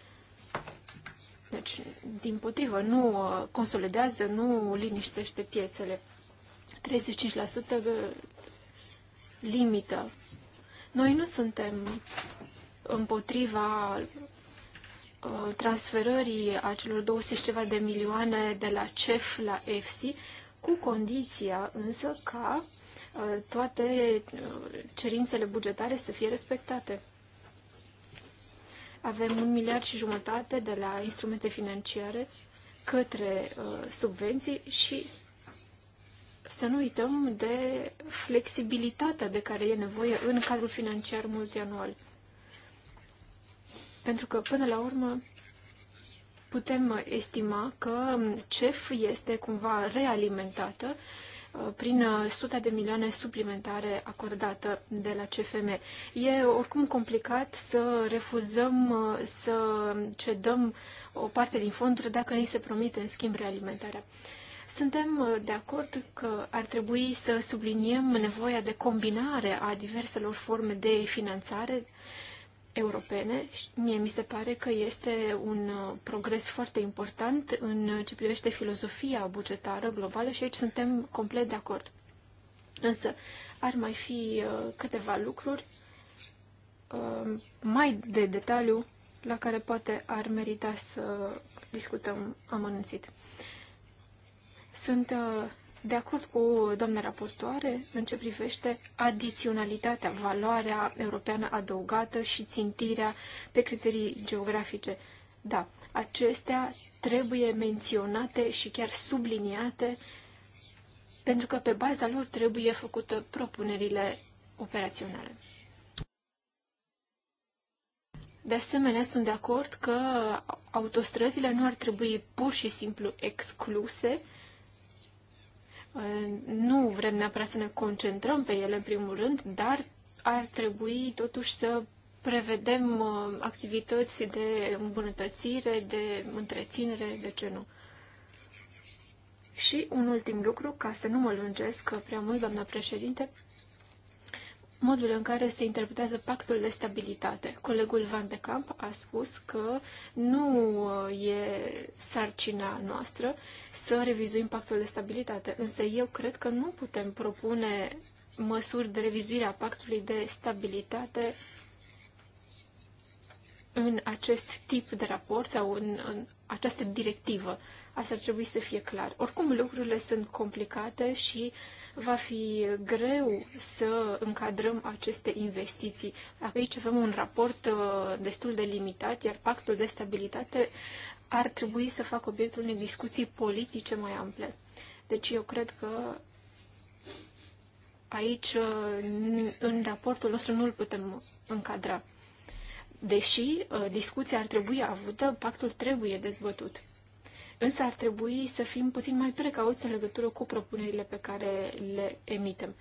S3: Deci, din potrivă, nu uh, consolidează, nu liniștește piețele. 35% limită. Noi nu suntem împotriva uh, transferării acelor 200 și ceva de milioane de la CEF la EFSI, cu condiția însă ca uh, toate uh, cerințele bugetare să fie respectate. Avem un miliard și jumătate de la instrumente financiare către subvenții și să nu uităm de flexibilitatea de care e nevoie în cadrul financiar multianual. Pentru că, până la urmă, putem estima că CEF este cumva realimentată uh, prin uh, suta de milioane suplimentare acordată de la CFM. E oricum complicat să refuzăm uh, să cedăm o parte din fonduri dacă ni se promite în schimb realimentarea. Suntem uh, de acord că ar trebui să subliniem nevoia de combinare a diverselor forme de finanțare europene. Mie mi se pare că este un uh, progres foarte important în uh, ce privește filozofia bugetară globală și aici suntem complet de acord. Însă ar mai fi câteva lucruri mai de detaliu la care poate ar merita să discutăm amănunțit. Sunt uh, de acord cu doamna raportoare în ce privește adiționalitatea, valoarea europeană adăugată și țintirea pe criterii geografice. Da, acestea trebuie menționate și chiar subliniate, pentru că pe baza lor trebuie făcută propunerile operaționale. De asemenea, sunt de acord că autostrăzile nu ar trebui pur și simplu excluse, nu vrem neapărat să ne concentrăm pe ele în primul rând, dar ar trebui totuși să prevedem uh, activități de îmbunătățire, de întreținere, de ce nu. Și un ultim lucru, ca să nu mă lungesc prea mult, doamna președinte, modul în care se interpretează pactul de stabilitate. Colegul Van de Camp a spus că nu uh, e sarcina noastră să revizuim pactul de stabilitate, însă eu cred că nu putem propune măsuri de revizuire a pactului de stabilitate în acest tip de raport sau în, în această directivă. Asta ar trebui să fie clar. Oricum, lucrurile sunt complicate și uh, va fi greu să încadrăm aceste investiții. Aici avem un raport uh, destul de limitat, iar pactul de stabilitate ar trebui să facă obiectul unei discuții politice mai ample. Deci eu cred că aici, uh, în raportul nostru, nu îl putem încadra. Deși uh, discuția ar trebui avută, pactul trebuie dezbătut. Însă ar trebui să fim puțin mai precauți în legătură cu propunerile pe care le emitem.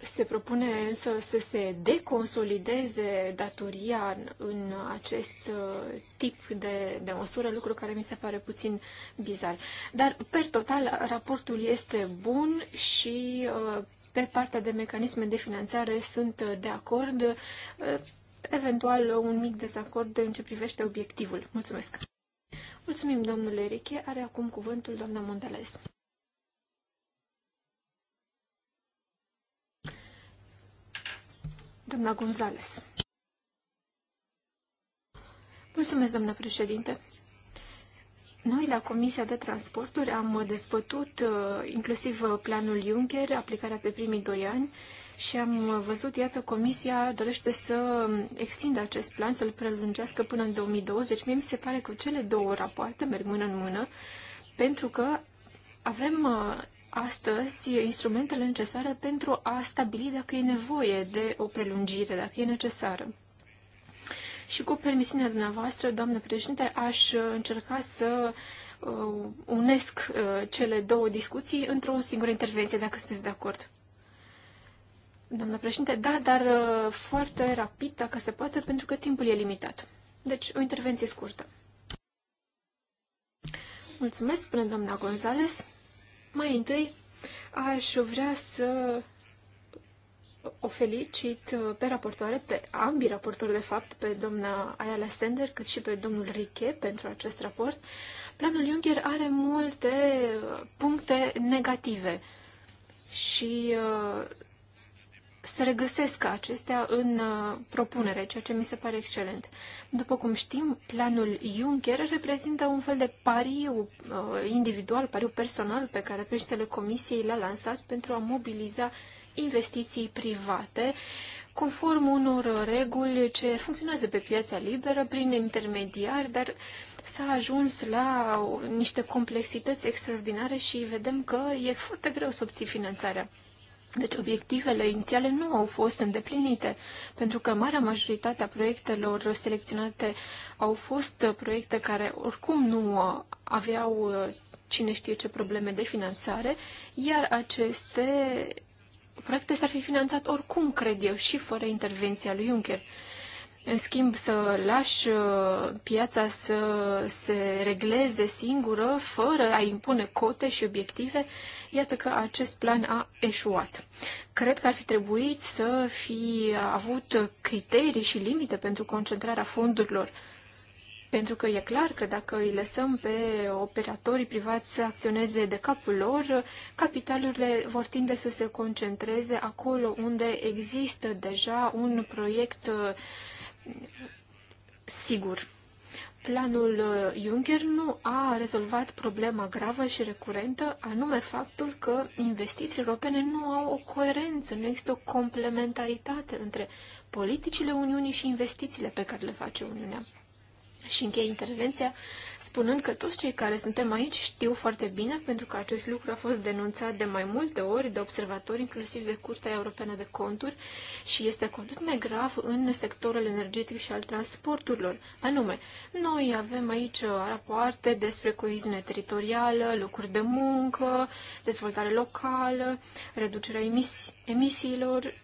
S3: Se propune însă să se deconsolideze datoria în acest uh, tip de, de măsură, lucru care mi se pare puțin bizar. Dar, per total, raportul este bun și uh, pe partea de mecanisme de finanțare sunt de acord. Uh, eventual un mic dezacord în ce privește obiectivul. Mulțumesc! Mulțumim, domnule Eriche. Are acum cuvântul doamna Mondelez. Doamna Gonzales. Mulțumesc, doamna președinte. Noi, la Comisia de Transporturi, am dezbătut uh, inclusiv uh, planul Juncker, aplicarea pe primii doi ani și am văzut, iată, Comisia dorește să extindă acest plan, să-l prelungească până în 2020. Mie mi se pare că cele două rapoarte merg mână în mână, pentru că avem uh, astăzi instrumentele necesare pentru a stabili dacă e nevoie de o prelungire, dacă e necesară. Și cu permisiunea dumneavoastră, doamnă președinte, aș uh, încerca să uh, unesc cele două discuții într-o singură intervenție, dacă sunteți de acord. Doamna președinte, da, dar uh, foarte rapid, dacă se poate, pentru că timpul e limitat. Deci, o intervenție scurtă. Mulțumesc, spune doamna Gonzales. Mai întâi, aș vrea să o felicit uh, pe raportoare, pe ambii raportori, de fapt, pe doamna Ayala Sender, cât și pe domnul Riche pentru acest raport. Planul Juncker are multe uh, puncte negative și uh, se regăsesc acestea în uh, propunere, ceea ce mi se pare excelent. După cum știm, planul Juncker reprezintă un fel de pariu uh, individual, pariu personal pe care președintele Comisiei l-a lansat pentru a mobiliza investiții private conform unor reguli ce funcționează pe piața liberă prin intermediari, dar s-a ajuns la niște complexități extraordinare și vedem că e foarte greu să obții finanțarea. Deci obiectivele inițiale nu au fost îndeplinite, pentru că marea majoritate a proiectelor selecționate au fost proiecte care oricum nu aveau eh, cine știe ce probleme de finanțare, iar aceste proiecte s-ar fi finanțat oricum, cred eu, și fără intervenția lui Juncker. În schimb, să lași uh, piața să se regleze singură, fără a impune cote și obiective, iată că acest plan a eșuat. Cred că ar fi trebuit să fi avut criterii și limite pentru concentrarea fondurilor. Pentru că e clar că dacă îi lăsăm pe operatorii privați să acționeze de capul lor, capitalurile vor tinde să se concentreze acolo unde există deja un proiect uh, sigur. Planul uh, Juncker nu a rezolvat problema gravă și recurentă, anume faptul că investițiile europene nu au o coerență, nu există o complementaritate între politicile Uniunii și investițiile pe care le face Uniunea. Și încheie intervenția spunând că toți cei care suntem aici știu foarte bine, pentru că acest lucru a fost denunțat de mai multe ori de observatori, inclusiv de Curtea Europeană de Conturi, și este cu atât mai grav în sectorul energetic și al transporturilor. Anume, noi avem aici rapoarte despre coeziune teritorială, locuri de muncă, dezvoltare locală, reducerea emis- emisiilor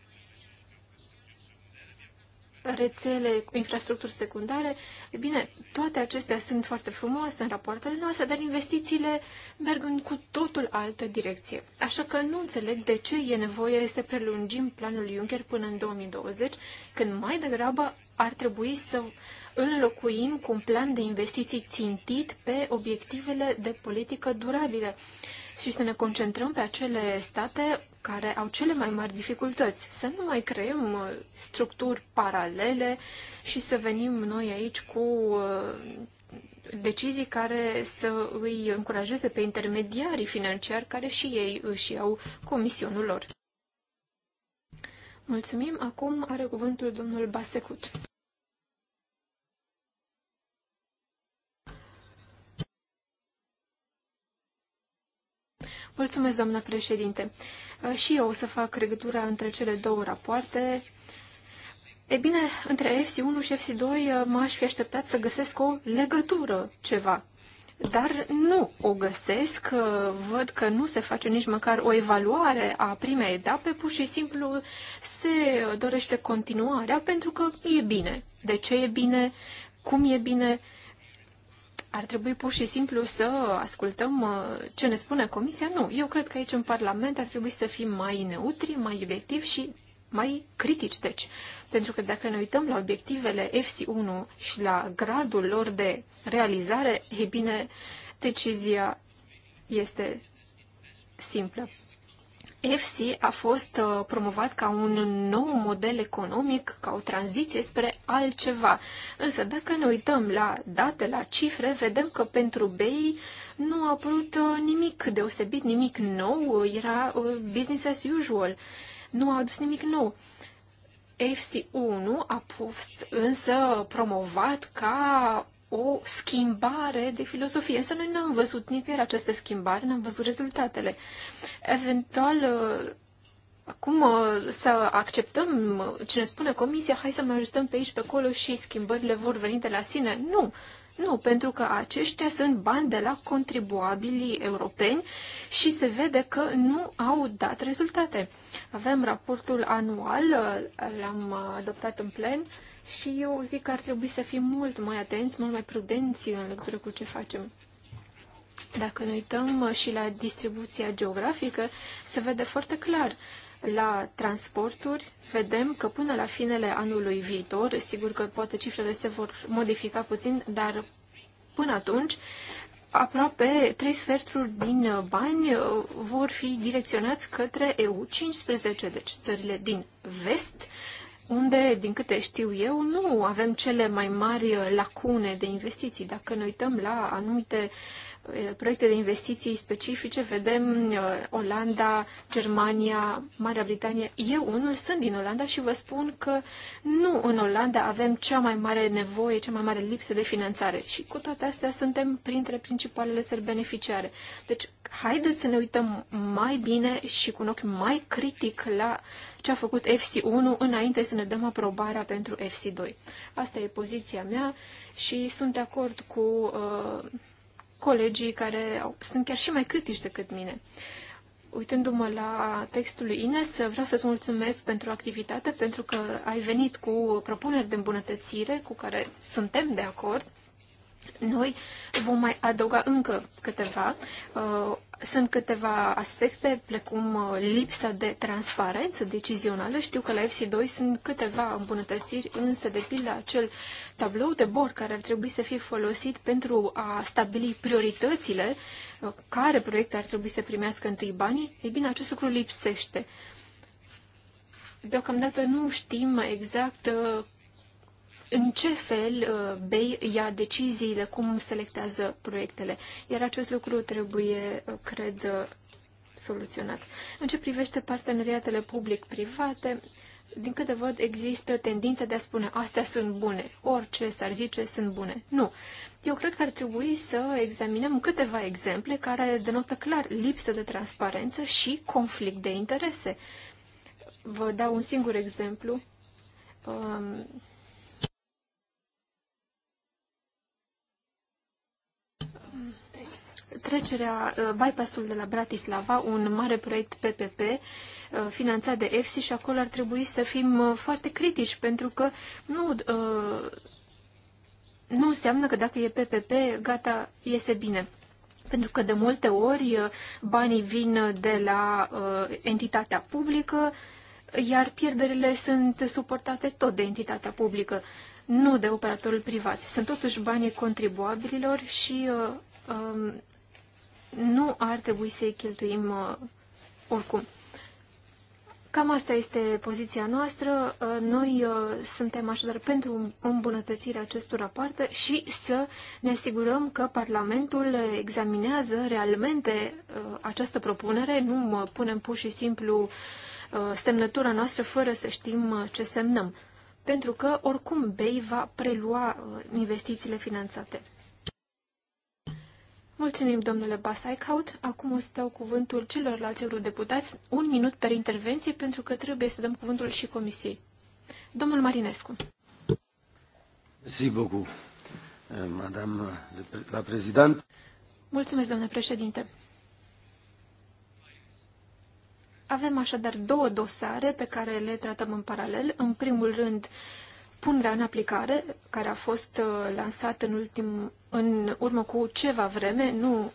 S3: rețele cu infrastructuri secundare. E bine, toate acestea sunt foarte frumoase în rapoartele noastre, dar investițiile merg în cu totul altă direcție. Așa că nu înțeleg de ce e nevoie să prelungim planul Juncker până în 2020, când mai degrabă ar trebui să înlocuim cu un plan de investiții țintit pe obiectivele de politică durabilă. și să ne concentrăm pe acele state care au cele mai mari dificultăți. Să nu mai creăm uh, structuri paralele și să venim noi aici cu uh, decizii care să îi încurajeze pe intermediarii financiari care și ei își iau comisionul lor. Mulțumim. Acum are cuvântul domnul Basecut. Mulțumesc, doamna președinte. Uh, și eu o să fac legătura între cele două rapoarte. E bine, între fc 1 și fc 2 uh, m-aș fi așteptat să găsesc o legătură, ceva. Dar nu o găsesc, uh, văd că nu se face nici măcar o evaluare a primei etape, pur și simplu se dorește continuarea pentru că e bine. De ce e bine? Cum e bine? ar trebui pur și simplu să ascultăm uh, ce ne spune Comisia? Nu. Eu cred că aici în Parlament ar trebui să fim mai neutri, mai obiectivi și mai critici, deci. Pentru că dacă ne uităm la obiectivele FC1 și la gradul lor de realizare, e bine, decizia este simplă. FC a fost uh, promovat ca un nou model economic, ca o tranziție spre altceva. Însă dacă ne uităm la date, la cifre, vedem că pentru BEI nu a apărut uh, nimic deosebit, nimic nou, era uh, business as usual, nu a adus nimic nou. FC1 a fost însă promovat ca o schimbare de filosofie. Însă noi n-am văzut nicăieri aceste schimbare, n-am văzut rezultatele. Eventual, uh, acum uh, să acceptăm uh, cine spune comisia, hai să mai ajutăm pe aici, pe acolo și schimbările vor veni de la sine. Nu! Nu, pentru că aceștia sunt bani de la contribuabilii europeni și se vede că nu au dat rezultate. Avem raportul anual, l-am adoptat în plen, și eu zic că ar trebui să fim mult mai atenți, mult mai prudenți în legătură cu ce facem. Dacă ne uităm uh, și la distribuția geografică, se vede foarte clar. La transporturi vedem că până la finele anului viitor, sigur că poate cifrele se vor modifica puțin, dar până atunci aproape trei sferturi din uh, bani uh, vor fi direcționați către EU15, deci țările din vest unde, din câte știu eu, nu avem cele mai mari lacune de investiții. Dacă ne uităm la anumite proiecte de investiții specifice, vedem Olanda, Germania, Marea Britanie. Eu unul sunt din Olanda și vă spun că nu în Olanda avem cea mai mare nevoie, cea mai mare lipsă de finanțare și cu toate astea suntem printre principalele țări beneficiare. Deci, haideți să ne uităm mai bine și cu un ochi mai critic la ce a făcut FC1 înainte să ne dăm aprobarea pentru FC2. Asta e poziția mea și sunt de acord cu uh, colegii care au, sunt chiar și mai critici decât mine. Uitându-mă la textul lui Ines, vreau să-ți mulțumesc pentru activitate, pentru că ai venit cu propuneri de îmbunătățire cu care suntem de acord. Noi vom mai adăuga încă câteva. Uh, sunt câteva aspecte, precum uh, lipsa de transparență decizională. Știu că la FC2 sunt câteva îmbunătățiri, însă, de pildă, acel tablou de bord care ar trebui să fie folosit pentru a stabili prioritățile, uh, care proiecte ar trebui să primească întâi banii, ei bine, acest lucru lipsește. Deocamdată nu știm exact uh, în ce fel uh, BEI ia deciziile, cum selectează proiectele. Iar acest lucru trebuie, uh, cred, uh, soluționat. În ce privește parteneriatele public-private, din câte văd, există tendința de a spune astea sunt bune, orice s-ar zice sunt bune. Nu. Eu cred că ar trebui să examinăm câteva exemple care denotă clar lipsă de transparență și conflict de interese. Vă dau un singur exemplu. Um, trecerea, uh, bypassul de la Bratislava, un mare proiect PPP uh, finanțat de EFSI și acolo ar trebui să fim uh, foarte critici pentru că nu, nu înseamnă că dacă e PPP, gata, iese bine. Pentru că de multe ori banii vin de la entitatea publică, iar pierderile sunt suportate tot de entitatea publică, nu de operatorul privat. Sunt totuși banii contribuabililor și um, nu ar trebui să-i cheltuim uh, oricum. Cam asta este poziția noastră. Uh, noi uh, suntem așadar pentru îmbunătățirea acestor rapoarte și să ne asigurăm că Parlamentul examinează realmente această propunere, nu punem pur și simplu semnătura noastră fără să știm ce semnăm. Pentru că, oricum, BEI va prelua investițiile finanțate. Mulțumim, domnule Basaicaut. Acum o să dau cuvântul celorlalți eurodeputați, un minut per intervenție, pentru că trebuie să dăm cuvântul și comisiei. Domnul Marinescu. Mersi beaucoup, madame la prezident. Mulțumesc, domnule președinte. Avem așadar două dosare pe care le tratăm în paralel. În primul rând, punerea în aplicare, care a fost uh, lansat în, ultim, în urmă cu ceva vreme, nu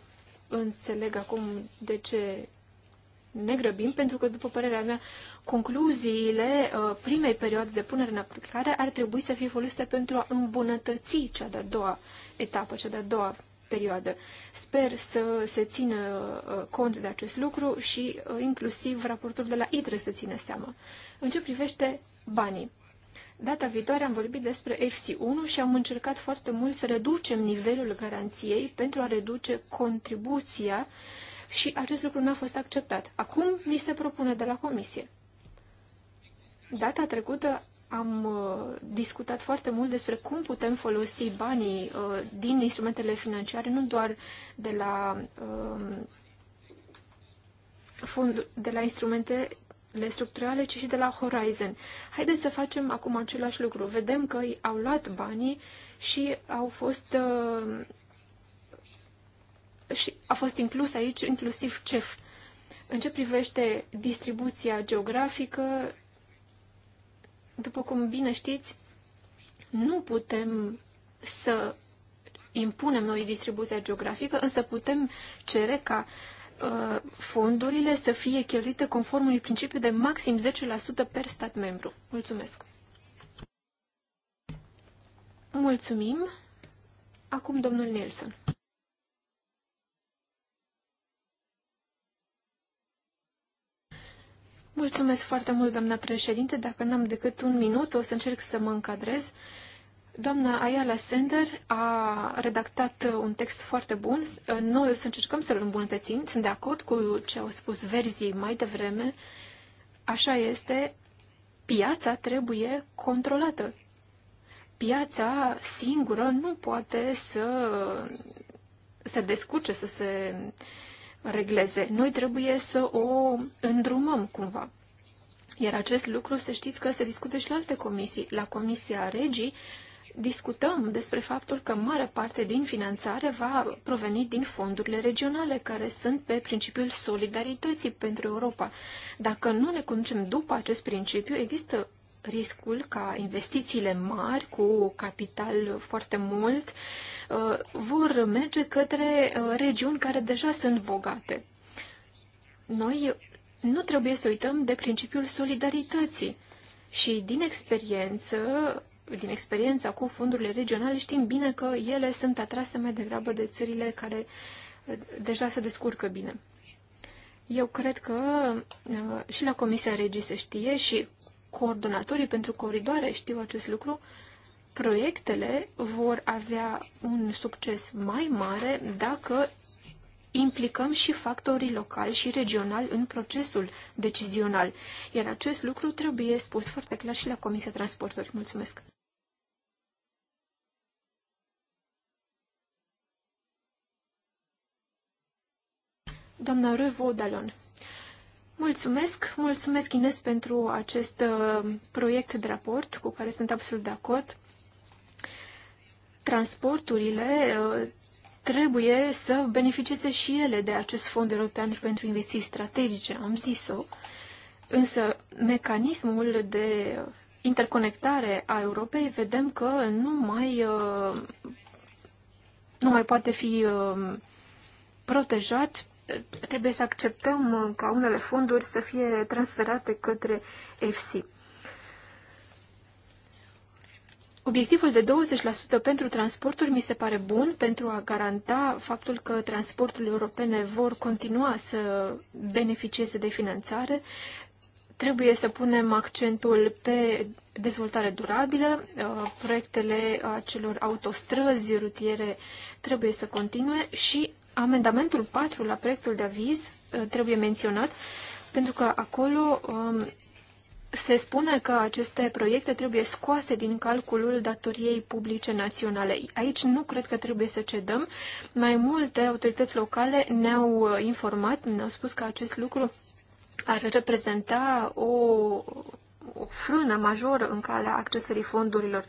S3: înțeleg acum de ce ne grăbim, pentru că, după părerea mea, concluziile uh, primei perioade de punere în aplicare ar trebui să fie folosite pentru a îmbunătăți cea de-a doua etapă, cea de-a doua perioadă. Sper să se țină uh, cont de acest lucru și inclusiv raportul de la ITRE să țină seama. În ce privește banii, Data viitoare am vorbit despre FC1 și am încercat foarte mult să reducem nivelul garanției pentru a reduce contribuția și acest lucru n-a fost acceptat. Acum mi se propune de la comisie. Data trecută am uh, discutat foarte mult despre cum putem folosi banii uh, din instrumentele financiare, nu doar de la, uh, fond, de la instrumente le structurale, ci și de la Horizon. Haideți să facem acum același lucru. Vedem că au luat banii și au fost uh, și a fost inclus aici inclusiv CEF. În ce privește distribuția geografică, după cum bine știți, nu putem să impunem noi distribuția geografică, însă putem cere ca uh, Uh, fondurile să fie cheltuite conform unui principiu de maxim 10% per stat membru. Mulțumesc! Mulțumim! Acum domnul Nelson. Mulțumesc foarte mult, doamna președinte. Dacă n-am decât un minut, o să încerc să mă încadrez. Uh, Doamna Ayala Sender a redactat un text foarte bun. Noi o să încercăm să-l îmbunătățim. Sunt de acord cu ce au spus verzii mai devreme. Așa este, piața trebuie controlată. Piața singură nu poate să se descurce, să se regleze. Noi trebuie să o îndrumăm cumva. Iar acest lucru, să știți că se discute și la alte comisii. La Comisia Regii, uh, discutăm despre faptul că mare parte din finanțare va proveni din fondurile regionale, care sunt pe principiul solidarității pentru Europa. Dacă nu ne conducem după acest principiu, există riscul ca investițiile mari, cu capital foarte mult, uh, vor merge către uh, regiuni care deja sunt bogate. Noi nu trebuie să uităm de principiul solidarității. Și din experiență din experiența cu fondurile regionale, știm bine că ele sunt atrase mai degrabă de țările care eh, deja se descurcă bine. Eu cred că eh, și la Comisia Regii se știe și coordonatorii pentru coridoare știu acest lucru, proiectele vor avea un succes mai mare dacă implicăm și factorii locali și regionali în procesul decizional. Iar acest lucru trebuie spus foarte clar și la Comisia Transporturi. Mulțumesc! doamna Revo Dalon. Mulțumesc, mulțumesc Ines pentru acest uh, proiect de raport cu care sunt absolut de acord. Transporturile uh, trebuie să beneficieze și ele de acest fond european pentru investiții strategice, am zis-o, însă mecanismul de interconectare a Europei vedem că nu mai, uh, nu mai poate fi uh, protejat trebuie să acceptăm ca unele fonduri să fie transferate către FC. Obiectivul de 20% pentru transporturi mi se pare bun pentru a garanta faptul că transporturile europene vor continua să beneficieze de finanțare. Trebuie să punem accentul pe dezvoltare durabilă. Uh, proiectele acelor autostrăzi rutiere trebuie să continue și Amendamentul 4 la proiectul de aviz uh, trebuie menționat, pentru că acolo um, se spune că aceste proiecte trebuie scoase din calculul datoriei publice naționale. Aici nu cred că trebuie să cedăm. Mai multe autorități locale ne-au uh, informat, ne-au spus că acest lucru ar reprezenta o, o frână majoră în calea accesării fondurilor. Uh,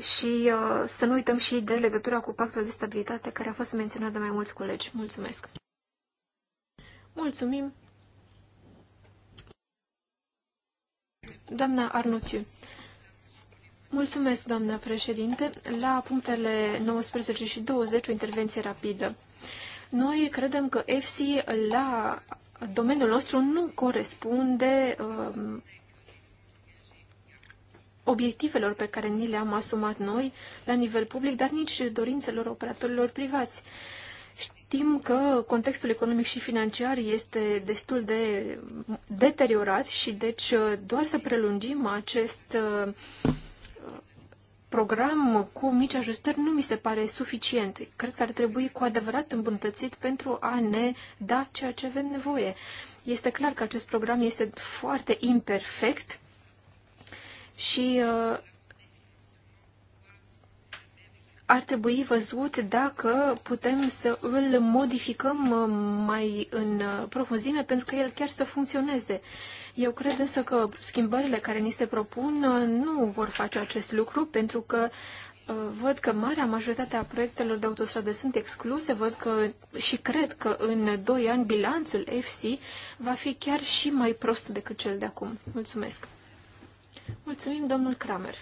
S3: și uh, să nu uităm și de legătura cu pactul de stabilitate care a fost menționat de mai mulți colegi. Mulțumesc! Mulțumim! Doamna Arnuciu. Mulțumesc, doamna președinte. La punctele 19 și 20, o intervenție rapidă. Noi credem că EFSI la domeniul nostru nu corespunde uh, obiectivelor pe care ni le-am asumat noi la nivel public, dar nici dorințelor operatorilor privați. Știm că contextul economic și financiar este destul de deteriorat și deci doar să prelungim acest uh, program cu mici ajustări nu mi se pare suficient. Cred că ar trebui cu adevărat îmbunătățit pentru a ne da ceea ce avem nevoie. Este clar că acest program este foarte imperfect și uh, ar trebui văzut dacă putem să îl modificăm uh, mai în uh, profunzime pentru că el chiar să funcționeze. Eu cred însă că schimbările care ni se propun uh, nu vor face acest lucru pentru că văd că marea majoritate a proiectelor de autostradă sunt excluse, văd că și cred că în 2 ani bilanțul FC va fi chiar și mai prost decât cel de acum. Mulțumesc! Mulțumim, domnul Kramer.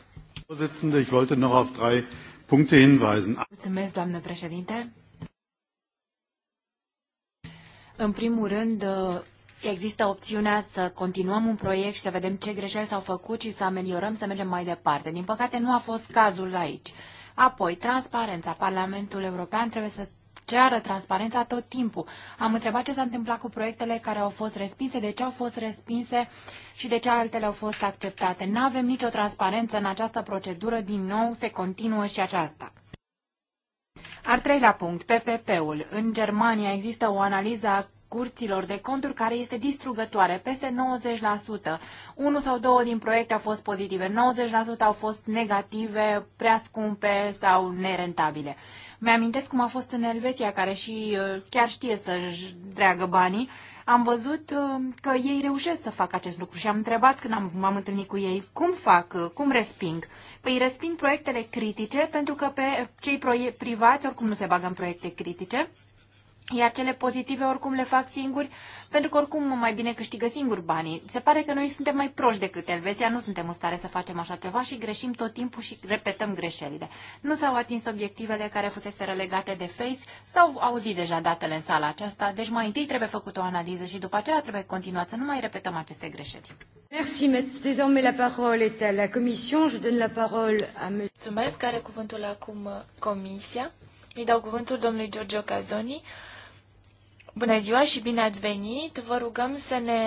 S3: Mulțumesc, doamnă președinte.
S2: În primul rând, uh, Există opțiunea să continuăm un proiect și să vedem ce greșeli s-au făcut și să ameliorăm, să mergem mai departe. Din păcate, nu a fost cazul aici. Apoi, transparența. Parlamentul European trebuie să ceară transparența tot timpul. Am întrebat ce s-a întâmplat cu proiectele care au fost respinse, de ce au fost respinse și de ce altele au fost acceptate. Nu avem nicio transparență în această procedură, din nou se continuă și aceasta. Al treilea punct, PPP-ul. În Germania există o analiză a curților de conturi care este distrugătoare, peste 90%. Unul sau două din proiecte au fost pozitive, 90% au fost negative, prea scumpe sau nerentabile. Mi-amintesc cum a fost în Elveția, care și uh, chiar știe să-și dreagă banii. Am văzut uh, că ei reușesc să facă acest lucru și am întrebat când am, m-am întâlnit cu ei cum fac, uh, cum resping. Păi resping proiectele critice pentru că pe cei privați oricum nu se bagă în proiecte critice iar cele pozitive oricum le fac singuri, pentru că oricum mai bine câștigă singur banii. Se pare că noi suntem mai proști decât Elveția, nu suntem în stare să facem așa ceva și greșim tot timpul și repetăm greșelile. Nu s-au atins obiectivele care fusese relegate de Face, s-au auzit deja datele în sala aceasta, deci mai întâi trebuie făcut o analiză și după aceea trebuie continuat să nu mai repetăm aceste greșeli.
S3: Merci, désormais la parole est à la Commission.
S1: Je donne la parole à Mulțumesc, Care cuvântul acum Comisia. Îi dau cuvântul domnului Giorgio Cazoni Bună ziua și bine ați venit! Vă rugăm să ne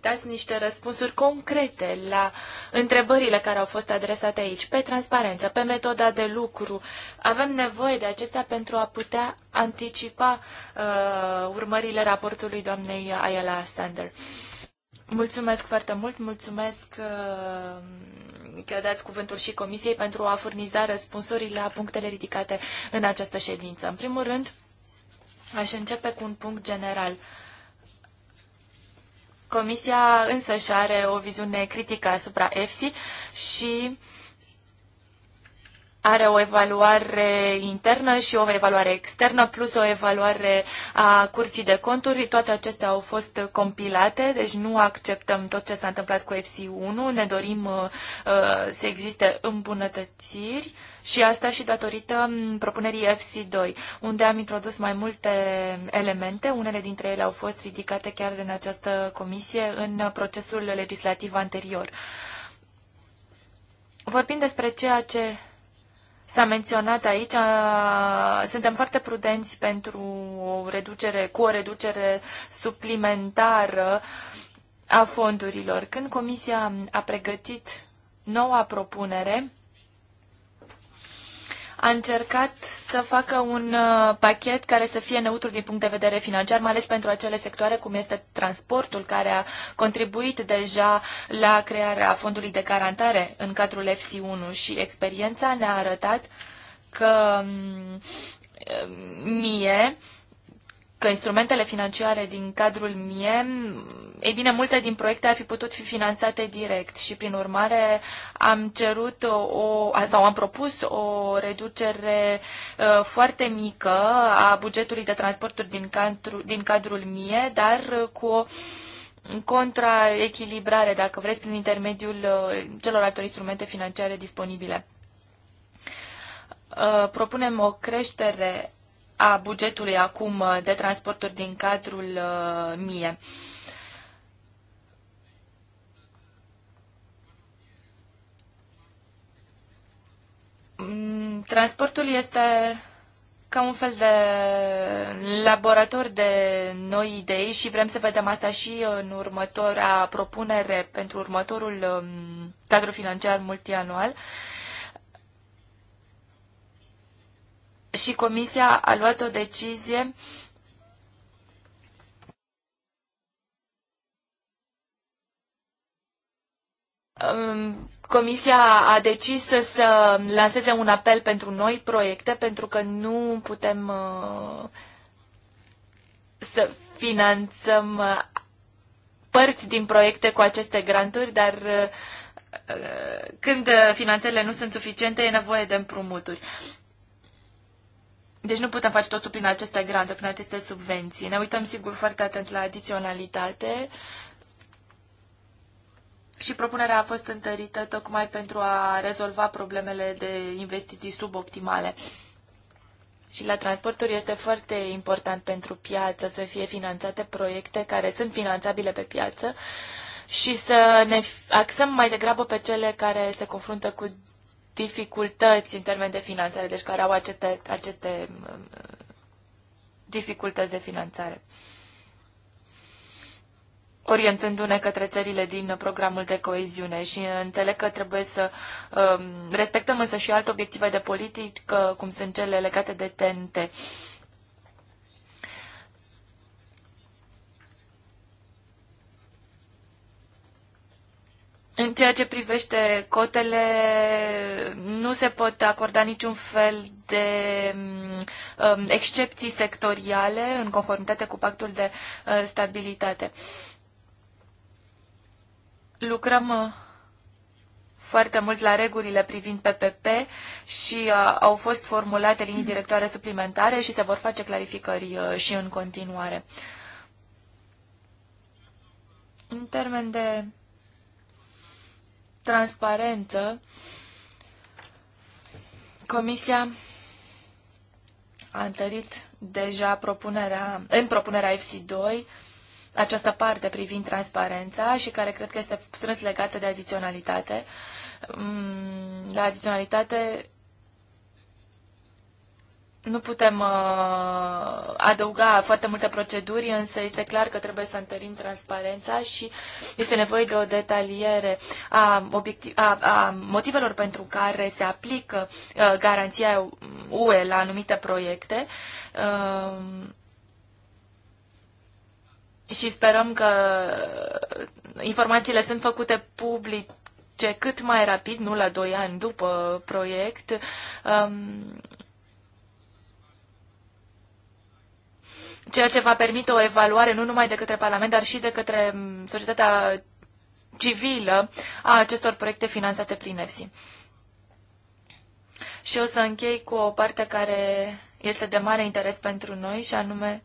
S1: dați niște răspunsuri concrete la întrebările care au fost adresate aici, pe transparență, pe metoda de lucru. Avem nevoie de acestea pentru a putea anticipa uh, urmările raportului doamnei Ayala Sander. Mulțumesc foarte mult, mulțumesc uh, că dați cuvântul și Comisiei pentru a furniza răspunsuri la punctele ridicate în această ședință. În primul rând, Aș începe cu un punct general. Comisia însă și are o viziune critică asupra EFSI și are o evaluare internă și o evaluare externă, plus o evaluare a curții de conturi. Toate acestea au fost compilate, deci nu acceptăm tot ce s-a întâmplat cu FC1. Ne dorim uh, să existe îmbunătățiri. Uh, și asta și datorită propunerii FC2, unde am introdus mai multe elemente. Unele dintre ele au fost ridicate chiar în această comisie în procesul legislativ anterior. Vorbind despre ceea ce s-a menționat aici, a, suntem foarte prudenți pentru o reducere, cu o reducere suplimentară a fondurilor. Când Comisia a pregătit noua propunere, a încercat să facă un uh, pachet care să fie neutru din punct de vedere financiar, mai ales pentru acele sectoare cum este transportul, care a contribuit deja la crearea fondului de garantare în cadrul FC1 și experiența ne-a arătat că mm, uh, mie că instrumentele financiare din cadrul MIE, ei bine, multe din proiecte ar fi putut fi finanțate direct și, prin urmare, am cerut o, sau am propus o reducere uh, foarte mică a bugetului de transporturi din, cadru, din cadrul MIE, dar uh, cu o contraechilibrare, dacă vreți, prin intermediul uh, celor celorlalte instrumente financiare disponibile. propunem o creștere a bugetului acum uh, de transporturi din cadrul uh, MIE. Mm, transportul este ca un fel de laborator de noi idei și vrem să vedem asta și în următoarea propunere pentru următorul um, cadru financiar multianual. și Comisia a luat o decizie Comisia a decis să lanseze un apel pentru noi proiecte pentru că nu putem uh, să finanțăm uh, părți din proiecte cu aceste granturi, dar uh, când finanțele nu sunt suficiente, e nevoie de împrumuturi. Deci nu putem face totul prin aceste grante, prin aceste subvenții. Ne uităm sigur foarte atent la adiționalitate și propunerea a fost întărită tocmai pentru a rezolva problemele de investiții suboptimale. Și la transporturi este foarte important pentru piață să fie finanțate proiecte care sunt finanțabile pe piață și să ne axăm mai degrabă pe cele care se confruntă cu dificultăți în termen de finanțare, deci care au aceste, aceste um, dificultăți de finanțare. Orientându-ne către țările din programul de coeziune și înțeleg că trebuie să um, respectăm însă și alte obiective de politică, cum sunt cele legate de tente În ceea ce privește cotele, nu se pot acorda niciun fel de um, um excepții sectoriale în conformitate cu pactul de uh, stabilitate. Lucrăm uh, foarte mult la regulile privind PPP și uh, au fost formulate linii directoare suplimentare și se vor face clarificări uh, și în continuare. În termen de Transparentă, Comisia a întărit deja propunerea, în propunerea FC2 această parte privind transparența și care cred că este strâns legată de adiționalitate. Mm, la adiționalitate nu putem uh, adăuga foarte multe proceduri, însă este clar că trebuie să întărim transparența și este nevoie de o detaliere a, obiectiv- a, a motivelor pentru care se aplică uh, garanția UE la anumite proiecte. Uh, și sperăm că informațiile sunt făcute public ce cât mai rapid, nu la 2 ani după proiect. Um, ceea ce va permite o evaluare nu numai de către Parlament, dar și de către mm, societatea civilă a acestor proiecte finanțate prin EFSI. Și o să închei cu o parte care este de mare interes pentru noi și anume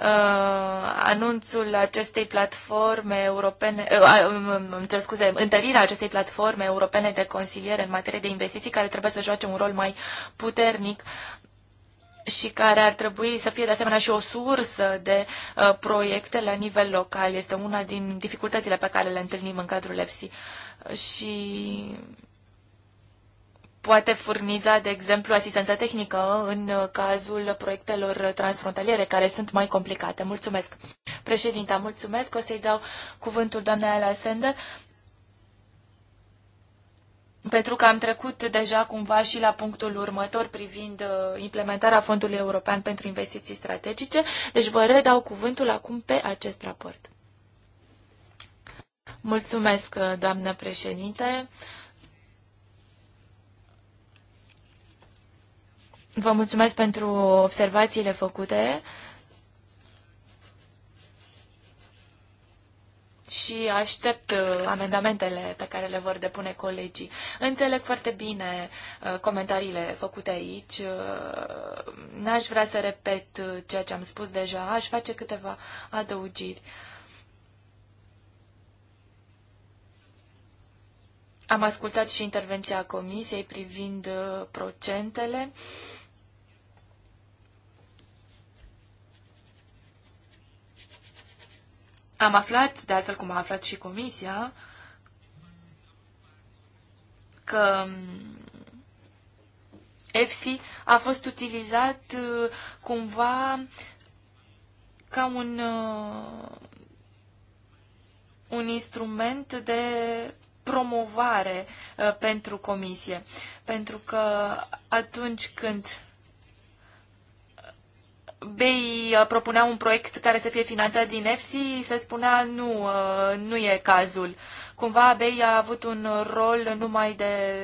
S1: uh, anunțul acestei platforme europene, uh, um, um cer scuze, întărirea acestei platforme europene de consiliere în materie de investiții, care trebuie să joace un rol mai puternic și care ar trebui să fie de asemenea și o sursă de uh, proiecte la nivel local. Este una din dificultățile pe care le întâlnim în cadrul EFSI și poate furniza, de exemplu, asistență tehnică în uh, cazul proiectelor transfrontaliere, care sunt mai complicate. Mulțumesc. Președinta, mulțumesc. O să-i dau cuvântul doamnei Ala Sender pentru că am trecut deja cumva și la punctul următor privind uh, implementarea Fondului European pentru Investiții Strategice, deci vă redau cuvântul acum pe acest raport. Mulțumesc, uh, doamnă președinte. Vă mulțumesc pentru observațiile făcute. Uh, și aștept uh, amendamentele pe care le vor depune colegii. Înțeleg foarte bine uh, comentariile făcute aici. Uh, n-aș vrea să repet ceea ce am spus deja, aș face câteva adăugiri. Am ascultat și intervenția Comisiei privind procentele. Uh, Am aflat, de altfel cum a aflat și Comisia, că EFSI um, a fost utilizat uh, cumva ca un, uh, un instrument de promovare uh, pentru comisie. Pentru că atunci când BEI uh, propunea un proiect care să fie finanțat din EFSI, se spunea nu, uh, nu e cazul. Cumva BEI a avut un rol numai de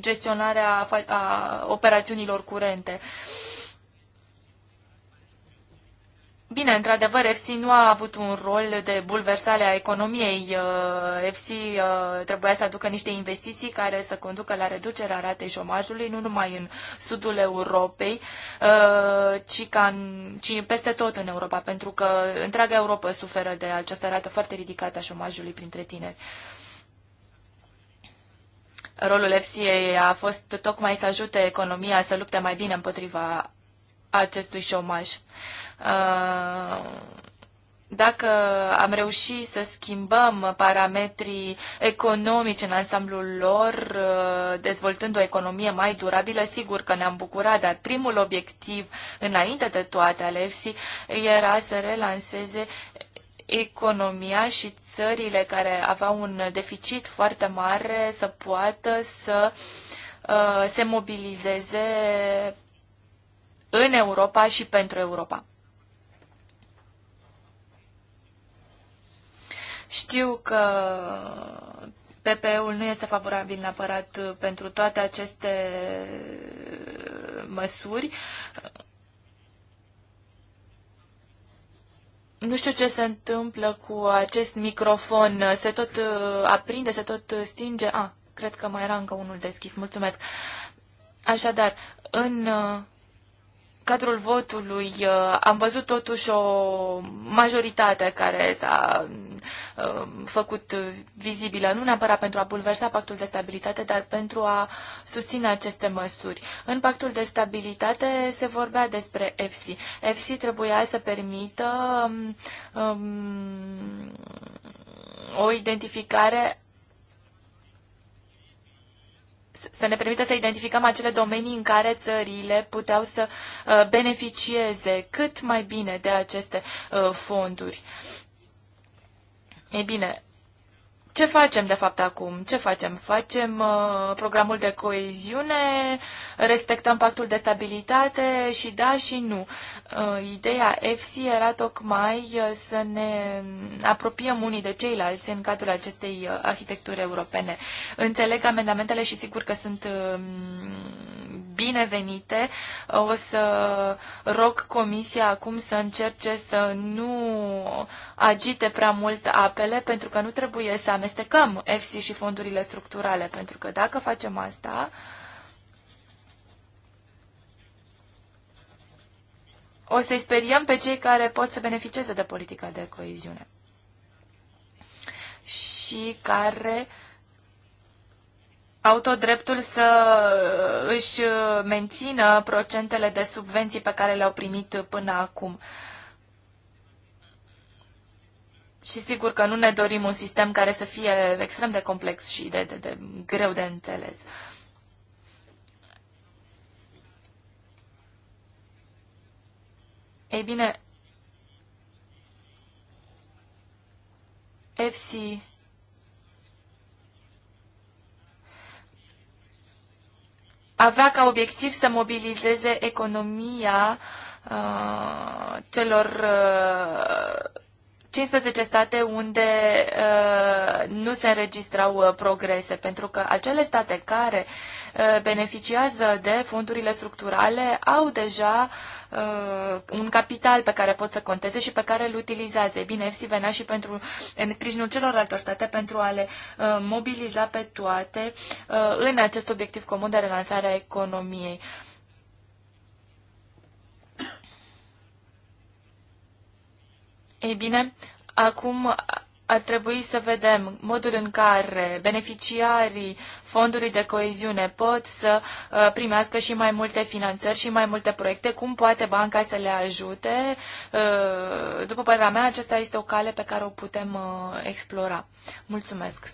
S1: gestionarea a operațiunilor curente. Uh, Bine, într-adevăr, EFSI nu a avut un rol de bulversare a economiei. EFSI uh, uh, trebuia să aducă niște investiții care să conducă la reducerea ratei șomajului, nu numai în sudul Europei, uh, ci, ca în, ci peste tot în Europa, pentru că întreaga Europa suferă de această rată foarte ridicată a șomajului printre tineri. Rolul EFSI a fost tocmai să ajute economia să lupte mai bine împotriva acestui șomaj. Uh, dacă am reușit să schimbăm parametrii economici în ansamblul lor, uh, dezvoltând o economie mai durabilă, sigur că ne-am bucurat, dar primul obiectiv, înainte de toate ale EFSI, era să relanseze economia și țările care aveau un deficit foarte mare să poată să uh, se mobilizeze în Europa și pentru Europa. Știu că PPE-ul nu este favorabil neapărat pentru toate aceste măsuri. Nu știu ce se întâmplă cu acest microfon. Se tot uh, aprinde, se tot stinge. Ah, cred că mai era încă unul deschis. Mulțumesc. Așadar, în uh, cadrul votului uh, am văzut totuși o majoritate care s-a uh, făcut vizibilă, nu neapărat pentru a bulversa pactul de stabilitate, dar pentru a susține aceste măsuri. În pactul de stabilitate se vorbea despre EFSI. EFSI trebuia să permită um, um o identificare să ne permită să identificăm acele domenii în care țările puteau să uh, beneficieze cât mai bine de aceste uh, fonduri. Ei bine, ce facem, de fapt, acum? Ce facem? Facem uh, programul de coeziune, respectăm pactul de stabilitate și da și nu. Uh, ideea EFSI era tocmai uh, să ne apropiem unii de ceilalți în cadrul acestei uh, arhitecturi europene. Înțeleg amendamentele și sigur că sunt uh, binevenite. O să rog Comisia acum să încerce să nu agite prea mult apele, pentru că nu trebuie să amestecăm amestecăm EFSI și fondurile structurale, pentru că dacă facem asta, o să-i speriem pe cei care pot să beneficieze de politica de coeziune și care au tot dreptul să își mențină procentele de subvenții pe care le-au primit până acum. Uh, și sigur că nu ne dorim un sistem care să fie extrem de complex și de, de, de greu de înțeles. Ei bine, FC avea ca obiectiv să mobilizeze economia uh, celor uh, 15 state unde uh, nu se înregistrau uh, progrese, pentru că acele state care uh, beneficiază de fondurile structurale au deja uh, un capital pe care pot să conteze și pe care îl utilizează. Bine, FSI venea și pentru, în sprijinul celorlalte state pentru a le uh, mobiliza pe toate uh, în acest obiectiv comun de relansare a economiei. Uh, Ei bine, acum ar trebui să vedem modul în care beneficiarii fondului de coeziune pot să uh, primească și mai multe finanțări și mai multe proiecte, cum poate banca să le ajute. Uh, după părerea mea, aceasta este o cale pe care o putem uh, explora. Mulțumesc!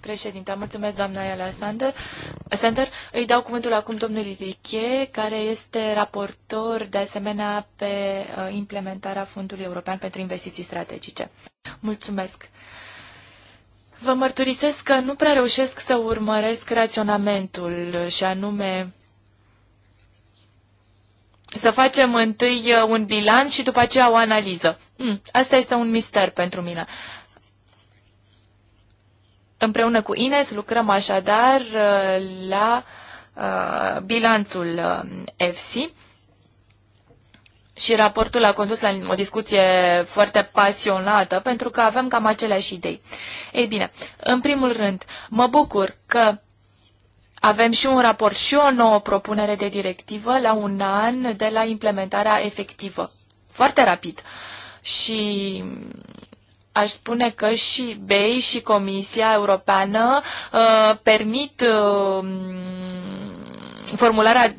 S1: Președinte, mulțumesc doamna Alexander. Center. Îi dau cuvântul acum domnului Riche, care este raportor de asemenea pe uh, implementarea Fondului European pentru Investiții Strategice. Mulțumesc! Vă mărturisesc că nu prea reușesc să urmăresc raționamentul și anume să facem întâi uh, un bilanț și după aceea o analiză. Hmm, asta este un mister pentru mine. Împreună cu Ines lucrăm așadar uh, la uh, bilanțul EFSI uh, și raportul a condus la o discuție foarte pasionată pentru că avem cam aceleași idei. Ei bine, în primul rând, mă bucur că avem și un raport și o nouă propunere de directivă la un an de la implementarea efectivă. Foarte rapid. Și aș spune că și BEI și Comisia Europeană uh, permit uh, formularea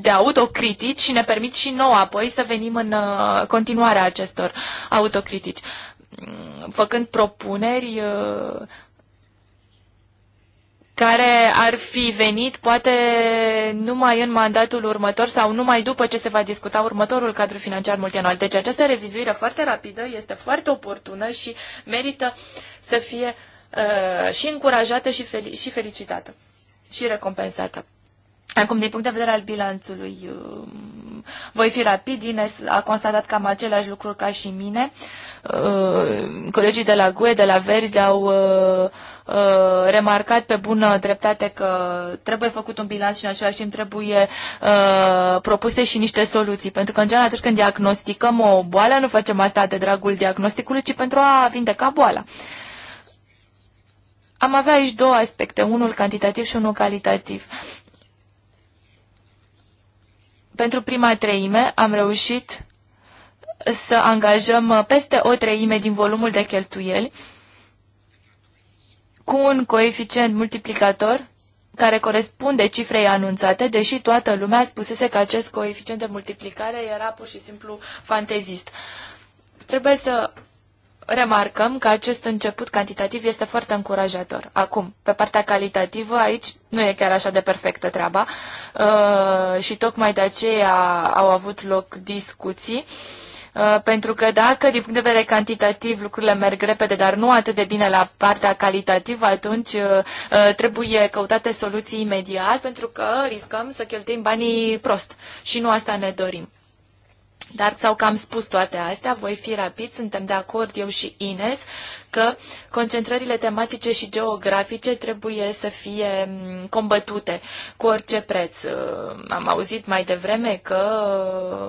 S1: de autocritici și ne permit și nouă apoi să venim în uh, continuarea acestor autocritici, mm, făcând propuneri uh, care ar fi venit poate numai în mandatul următor sau numai după ce se va discuta următorul cadru financiar multianual. Deci această revizuire foarte rapidă este foarte oportună și merită să fie uh, și încurajată și, fel- și felicitată și recompensată. Acum, din punct de vedere al bilanțului, um, voi fi rapid. Ines a constatat cam același lucru ca și mine. Uh, colegii de la GUE, de la Verzi au uh, Uh, remarcat pe bună dreptate că trebuie făcut un bilanț și în același timp trebuie uh, propuse și niște soluții. Pentru că, în general, atunci când diagnosticăm o boală, nu facem asta de dragul diagnosticului, ci pentru a vindeca boala. Am avea aici două aspecte, unul cantitativ și unul calitativ. Pentru prima treime am reușit să angajăm peste o treime din volumul de cheltuieli, uh, cu un coeficient multiplicator care corespunde cifrei anunțate, deși toată lumea spusese că acest coeficient de multiplicare era pur și simplu fantezist. Trebuie să remarcăm că acest început cantitativ este foarte încurajator. Acum, pe partea calitativă, aici nu e chiar așa de perfectă treaba uh, și tocmai de aceea au avut loc discuții. Uh, Uh, pentru că dacă din punct de vedere cantitativ lucrurile merg repede, dar nu atât de bine la partea calitativă, atunci uh, uh, trebuie căutate soluții imediat, pentru că riscăm să cheltuim banii prost și nu asta ne dorim. Dar sau că am spus toate astea, voi fi rapid, suntem de acord eu și Ines că concentrările tematice și geografice trebuie să fie mm, combătute cu orice preț. Uh, am auzit mai devreme că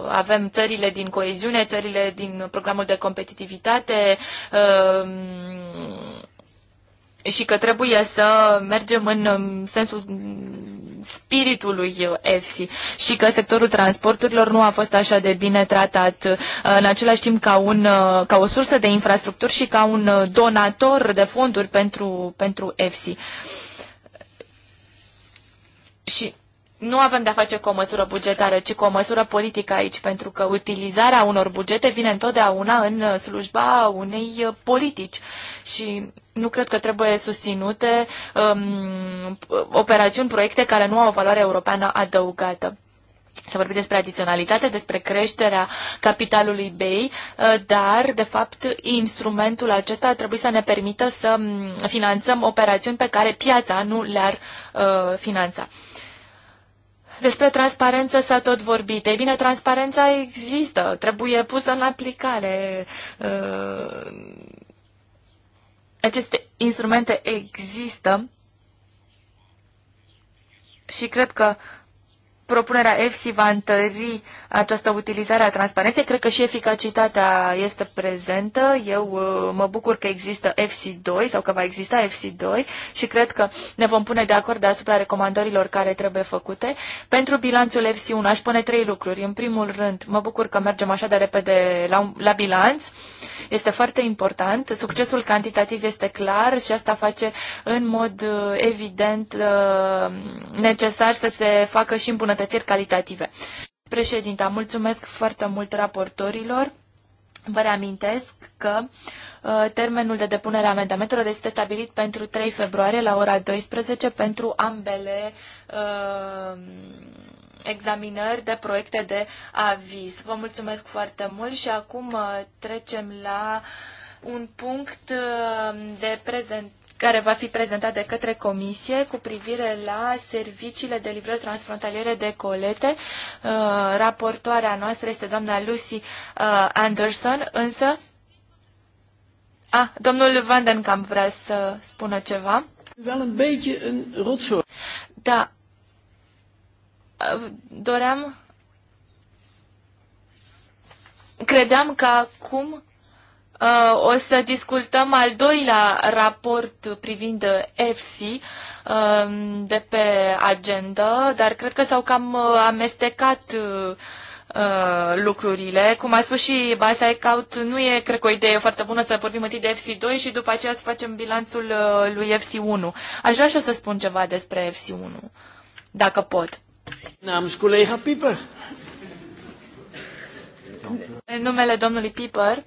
S1: avem țările din coeziune, țările din programul de competitivitate, um, și că trebuie să mergem în mm, sensul spiritului EFSI și că sectorul transporturilor nu a fost așa de bine tratat în același timp ca, un, ca o sursă de infrastructuri și ca un donator de fonduri pentru, pentru EFSI. Și nu avem de-a face cu o măsură bugetară, ci cu o măsură politică aici, pentru că utilizarea unor bugete vine întotdeauna în slujba unei politici și nu cred că trebuie susținute um, operațiuni, proiecte care nu au o valoare europeană adăugată. S-a vorbit despre adiționalitate, despre creșterea capitalului BEI, uh, dar, de fapt, instrumentul acesta ar trebui să ne permită să um, finanțăm operațiuni pe care piața nu le-ar uh, finanța. Despre transparență s-a tot vorbit. Ei bine, transparența există, trebuie pusă în aplicare. Uh, aceste instrumente există și cred că propunerea EFSI va întări această utilizare a transparenței. Cred că și eficacitatea este prezentă. Eu uh, mă bucur că există EFSI 2 sau că va exista EFSI 2 și cred că ne vom pune de acord asupra recomandărilor care trebuie făcute. Pentru bilanțul EFSI 1 aș pune trei lucruri. În primul rând, mă bucur că mergem așa de repede la, la bilanț. Este foarte important. Succesul cantitativ este clar și asta face în mod uh, evident uh, necesar să se facă și îmbunătățirea îmbunătățiri calitative. Președinta, mulțumesc foarte mult raportorilor. Vă reamintesc că uh, termenul de depunere a amendamentelor este stabilit pentru 3 februarie la ora 12 pentru ambele uh, examinări de proiecte de aviz. Vă mulțumesc foarte mult și acum uh, trecem la un punct uh, de prezentare care va fi prezentat de către Comisie cu privire la serviciile de livrări transfrontaliere de colete. Uh, raportoarea noastră este doamna Lucy uh, Anderson, însă... A, domnul Vandenkamp vrea să spună ceva. Da. Uh, doream credeam că acum Uh, o să discutăm al doilea raport privind EFSI um, de pe agenda, dar cred că s-au cam uh, amestecat uh, lucrurile. Cum a spus și caut. nu e, cred o idee foarte bună să vorbim întâi de FC2 și după aceea să facem bilanțul lui FC1. Aș vrea și o să spun ceva despre FC1, dacă pot.
S3: N-am Namens colega Piper.
S1: În numele domnului Piper,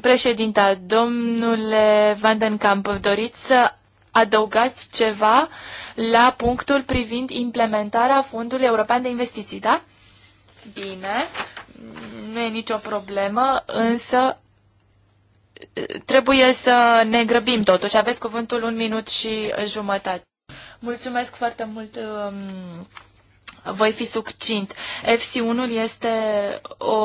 S1: Președinta, domnule Van den Kamp, doriți să adăugați ceva la punctul privind implementarea Fondului European de Investiții, da? Bine, nu e nicio problemă, însă trebuie să ne grăbim totuși. Aveți cuvântul un minut și jumătate. Mulțumesc foarte mult. Um, voi fi succint. FC1 ul este o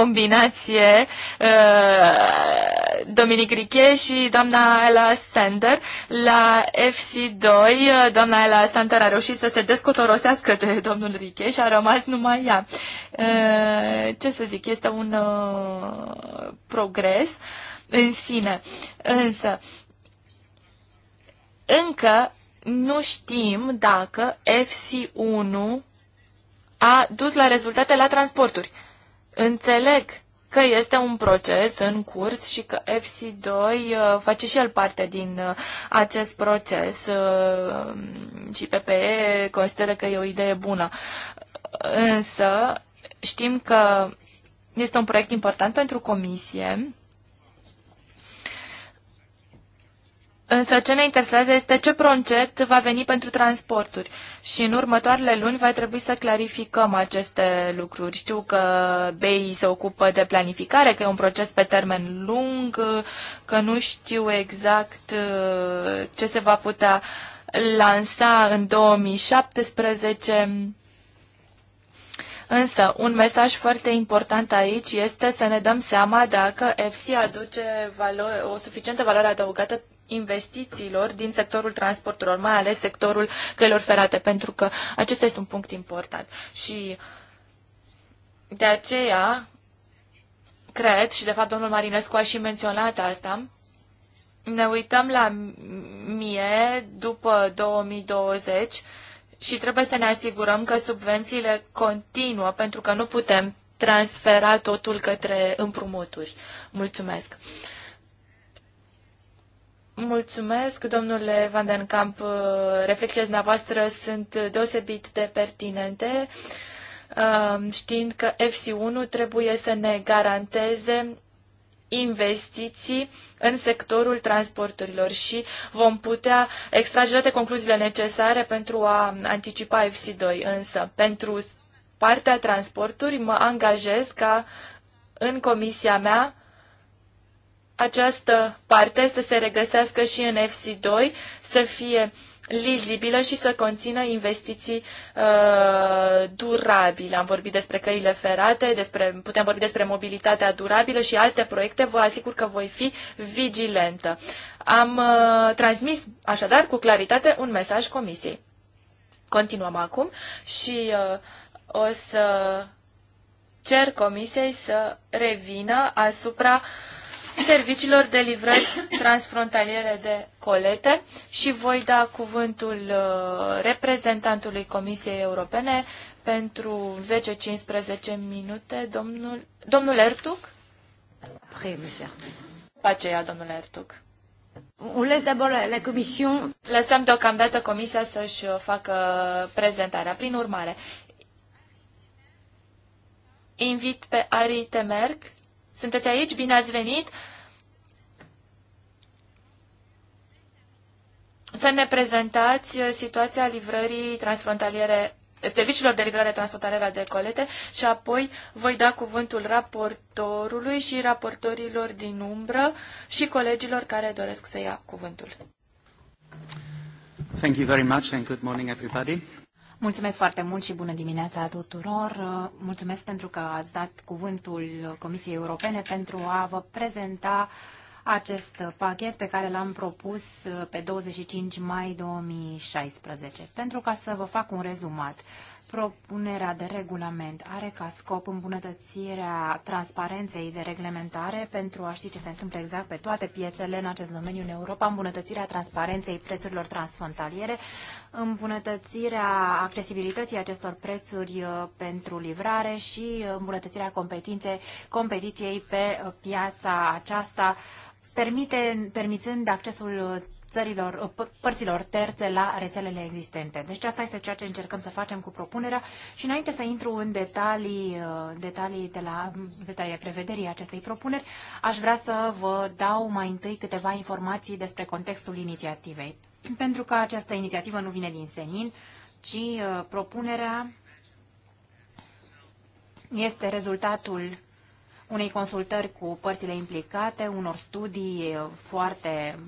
S1: combinație uh, Dominic Riche și doamna Ella Sander. La FC2, uh, doamna Ella Sander a reușit să se descotorosească de domnul Riche și a rămas numai ea. Uh, ce să zic, este un progres în sine. Însă, încă nu știm dacă FC1 a dus la rezultate la transporturi. Înțeleg că este un proces în curs și că FC2 uh, face și el parte din uh, acest proces uh, și PPE consideră că e o idee bună. Însă știm că este un proiect important pentru comisie Însă ce ne interesează este ce proncet va veni pentru transporturi și în următoarele luni va trebui să clarificăm aceste lucruri. Știu că BEI se ocupă de planificare, că e un proces pe termen lung, că nu știu exact uh, ce se va putea lansa în 2017. Însă, un mesaj foarte important aici este să ne dăm seama dacă FC aduce valo- o suficientă valoare adăugată investițiilor din sectorul transporturilor, mai ales sectorul căilor ferate, pentru că acesta este un punct important. Și de aceea, cred, și de fapt domnul Marinescu a și menționat asta, ne uităm la mie după 2020 și trebuie să ne asigurăm că subvențiile continuă, pentru că nu putem transfera totul către împrumuturi. Mulțumesc! Mulțumesc, domnule Van den Camp. Reflexiile dumneavoastră sunt deosebit de pertinente, um, știind că FC1 trebuie să ne garanteze investiții în sectorul transporturilor și vom putea extrage toate concluziile necesare pentru a anticipa FC2. Însă, pentru partea transporturi, mă angajez ca în comisia mea această parte să se regăsească și în FC2, să fie lizibilă și să conțină investiții uh, durabile. Am vorbit despre căile ferate, despre, putem vorbi despre mobilitatea durabilă și alte proiecte. Vă asigur că voi fi vigilentă. Am uh, transmis așadar cu claritate un mesaj comisiei. Continuăm acum și uh, o să cer comisiei să revină asupra uh, serviciilor de livrări transfrontaliere de colete și voi da cuvântul uh, reprezentantului Comisiei Europene pentru 10-15 minute, domnul, domnul Ertuc. După aceea, domnul Ertug. On laisse d'abord la
S3: commission.
S1: Lăsăm deocamdată comisia să-și uh, facă prezentarea. Prin urmare, invit pe Ari Temerc sunteți aici, bine ați venit. Să ne prezentați uh, situația livrării transfrontaliere serviciilor de livrare transfrontaliere de colete și apoi voi da cuvântul raportorului și raportorilor din umbră și colegilor care doresc să ia cuvântul.
S2: Thank you very much and good morning everybody.
S1: Mulțumesc foarte mult și bună
S2: dimineața tuturor. Uh, mulțumesc pentru că ați dat cuvântul Comisiei Europene pentru a vă prezenta acest pachet pe care l-am propus uh, pe 25 mai 2016. Pentru ca să vă fac un rezumat. Propunerea de regulament are ca scop îmbunătățirea transparenței de reglementare pentru a ști ce se întâmplă exact pe toate piețele în acest domeniu în Europa, îmbunătățirea transparenței prețurilor transfrontaliere, îmbunătățirea accesibilității acestor prețuri uh, pentru livrare și uh, îmbunătățirea competiției pe uh, piața aceasta permite, permițând accesul țărilor, uh, părților terțe la rețelele existente. Deci asta este ceea ce încercăm să facem cu propunerea și înainte să intru în detalii, uh, detalii de la detalii prevederii acestei propuneri, aș vrea să vă dau mai întâi câteva informații despre contextul inițiativei. Pentru că această inițiativă nu vine din senin, ci uh, propunerea este rezultatul unei consultări cu părțile implicate, unor studii foarte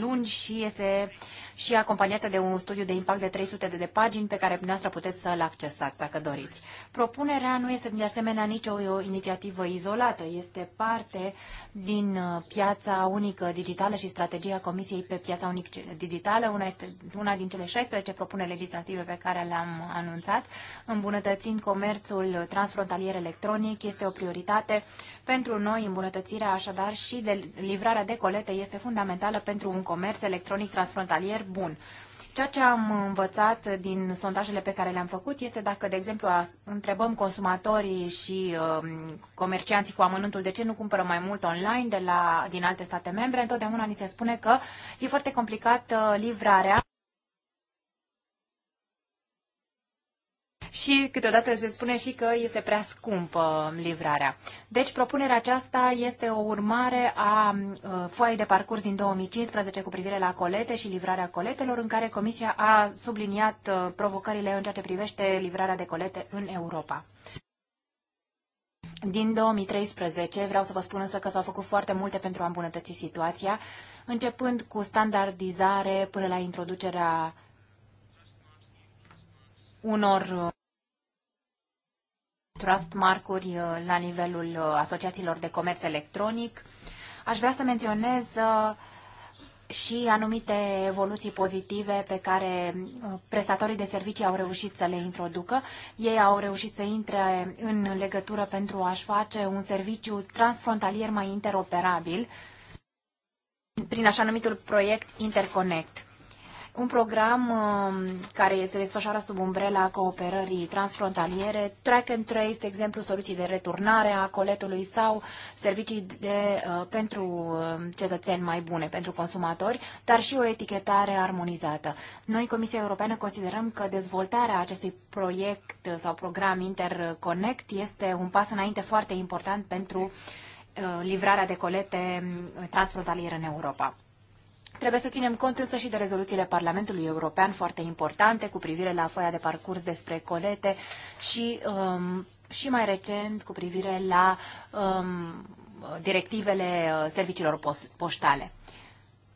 S2: lungi și este și acompaniată de un studiu de impact de 300 de pagini pe care dumneavoastră puteți să-l accesați dacă doriți. Propunerea nu este de asemenea nicio inițiativă izolată, este parte din uh, piața unică digitală și strategia Comisiei pe piața unică digitală. Una este una din cele 16 propuneri legislative pe care le-am anunțat, îmbunătățind comerțul transfrontalier electronic, este o prioritate pentru noi, îmbunătățirea așadar și de livrarea de colete este fundamentală pentru un comerț electronic transfrontalier bun. Ceea ce am învățat din sondajele pe care le-am făcut este dacă, de exemplu, întrebăm consumatorii și um, comercianții cu amănântul de ce nu cumpără mai mult online de la, din alte state membre, întotdeauna ni se spune că e foarte complicat uh, livrarea. și câteodată se spune și că este prea scumpă livrarea. Deci propunerea aceasta este o urmare a uh, foaiei de parcurs din 2015 cu privire la colete și livrarea coletelor în care Comisia a subliniat uh, provocările în ceea ce privește livrarea de colete în Europa. Din 2013 vreau să vă spun însă că s-au făcut foarte multe pentru a îmbunătăți situația, începând cu standardizare până la introducerea unor uh, trust marcuri uh, la nivelul uh, asociațiilor de comerț electronic. Aș vrea să menționez uh, și anumite evoluții pozitive pe care prestatorii de servicii au reușit să le introducă. Ei au reușit să intre în legătură pentru a-și face un serviciu transfrontalier mai interoperabil prin așa numitul proiect Interconnect un program um, care se desfășoară sub umbrela cooperării transfrontaliere, track and trace, de exemplu, soluții de returnare a coletului sau servicii de, uh, pentru um, cetățeni mai bune, pentru consumatori, dar și o etichetare armonizată. Noi, Comisia Europeană, considerăm că dezvoltarea acestui proiect sau program Interconnect este un pas înainte foarte important pentru uh, livrarea de colete um, transfrontalieră în Europa. Trebuie să ținem cont însă și de rezoluțiile Parlamentului European foarte importante cu privire la foaia de parcurs despre colete și, um, și mai recent cu privire la um, directivele uh, serviciilor poștale.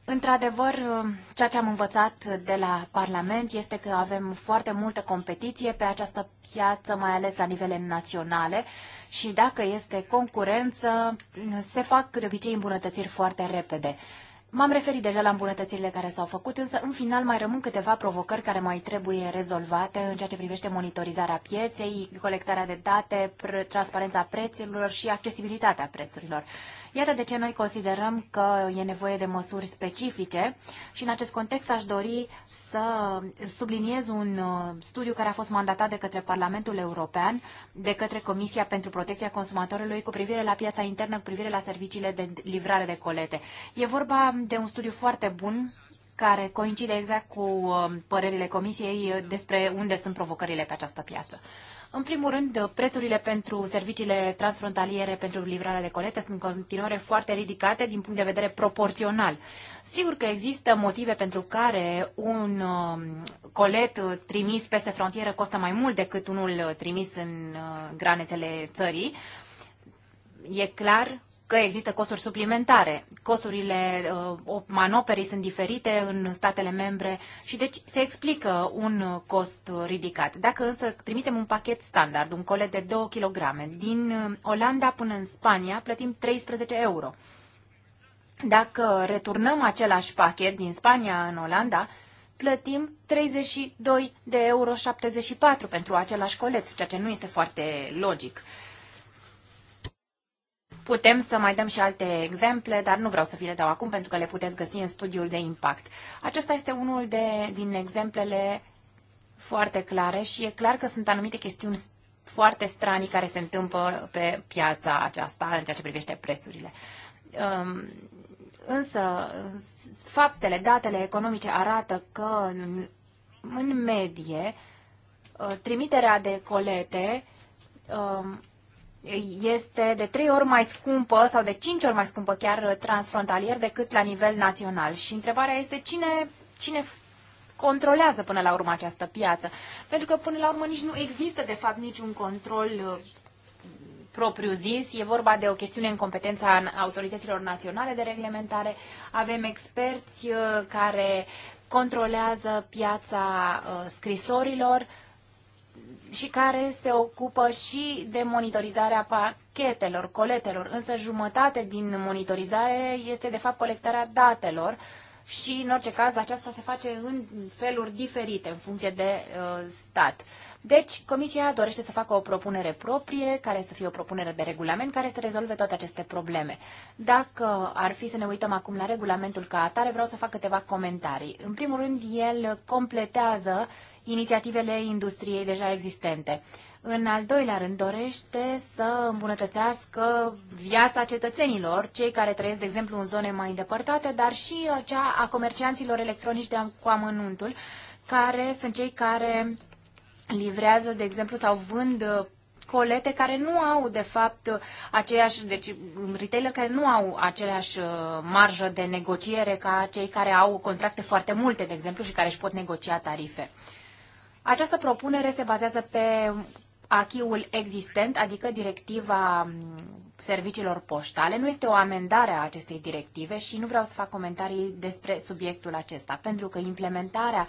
S2: Într-adevăr, um, ceea ce am învățat de la Parlament este că avem foarte multă competiție pe această piață, mai ales la nivele naționale și dacă este concurență, se fac de obicei îmbunătățiri foarte repede. M-am referit deja la îmbunătățirile care s-au făcut, însă în final mai rămân câteva provocări care mai trebuie rezolvate în ceea ce privește monitorizarea pieței, colectarea de date, transparența prețurilor și accesibilitatea prețurilor. Iată de ce noi considerăm că e nevoie de măsuri specifice și în acest context aș dori să subliniez un uh, studiu care a fost mandatat de către Parlamentul European, de către Comisia pentru Protecția Consumatorului cu privire la piața internă, cu privire la serviciile de livrare de colete. E vorba de un studiu foarte bun care coincide exact cu uh, părerile Comisiei despre unde sunt provocările pe această piață. În primul rând, prețurile pentru serviciile transfrontaliere pentru livrarea de colete sunt în continuare foarte ridicate din punct de vedere proporțional. Sigur că există motive pentru care un um, colet uh, trimis peste frontieră costă mai mult decât unul trimis în uh, granețele țării. E clar că există costuri suplimentare. Costurile uh, manoperii sunt diferite în statele membre și deci se explică un cost ridicat. Dacă însă trimitem un pachet standard, un colet de 2 kg, din uh, Olanda până în Spania, plătim 13 euro. Dacă returnăm același pachet din Spania în Olanda, plătim 32 de euro 74 pentru același colet, ceea ce nu este foarte logic. Putem să mai dăm și alte exemple, dar nu vreau să vi le dau acum pentru că le puteți găsi în studiul de impact. Acesta este unul de, din exemplele foarte clare și e clar că sunt anumite chestiuni foarte stranii care se întâmplă pe piața aceasta în ceea ce privește prețurile. Um, însă, faptele, datele economice arată că în medie uh, trimiterea de colete um, este de trei ori mai scumpă sau de cinci ori mai scumpă chiar transfrontalier decât la nivel național. Și întrebarea este cine, cine controlează până la urmă această piață. Pentru că până la urmă nici nu există de fapt niciun control uh, propriu zis, e vorba de o chestiune în competența autorităților naționale de reglementare. Avem experți uh, care controlează piața uh, scrisorilor, și care se ocupă și de monitorizarea pachetelor, coletelor, însă jumătate din monitorizare este de fapt colectarea datelor și în orice caz aceasta se face în feluri diferite în funcție de uh, stat. Deci, Comisia dorește să facă o propunere proprie, care să fie o propunere de regulament, care să rezolve toate aceste probleme. Dacă ar fi să ne uităm acum la regulamentul ca atare, vreau să fac câteva comentarii. În primul rând, el completează inițiativele industriei deja existente. În al doilea rând, dorește să îmbunătățească viața cetățenilor, cei care trăiesc, de exemplu, în zone mai îndepărtate, dar și cea a comercianților electronici de cu amănuntul, care sunt cei care livrează, de exemplu, sau vând uh, colete care nu au, de fapt, aceeași, deci um, retailer care nu au aceleași uh, marjă de negociere ca cei care au contracte foarte multe, de exemplu, și care își pot negocia tarife. Această propunere se bazează pe achiul existent, adică directiva serviciilor poștale. Nu este o amendare a acestei directive și nu vreau să fac comentarii despre subiectul acesta, pentru că implementarea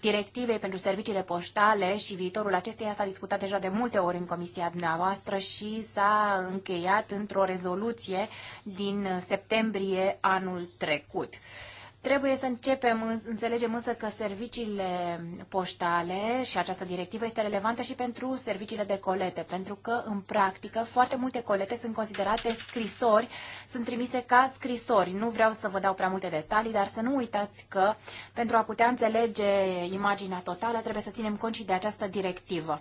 S2: directivei pentru serviciile poștale și viitorul acesteia s-a discutat deja de multe ori în comisia dumneavoastră și s-a încheiat într-o rezoluție din septembrie anul trecut. Trebuie să începem, înțelegem însă că serviciile poștale și această directivă este relevantă și pentru serviciile de colete, pentru că, în practică, foarte multe colete sunt considerate scrisori, sunt trimise ca scrisori. Nu vreau să vă dau prea multe detalii, dar să nu uitați că, pentru a putea înțelege imaginea totală, trebuie să ținem cont și de această directivă.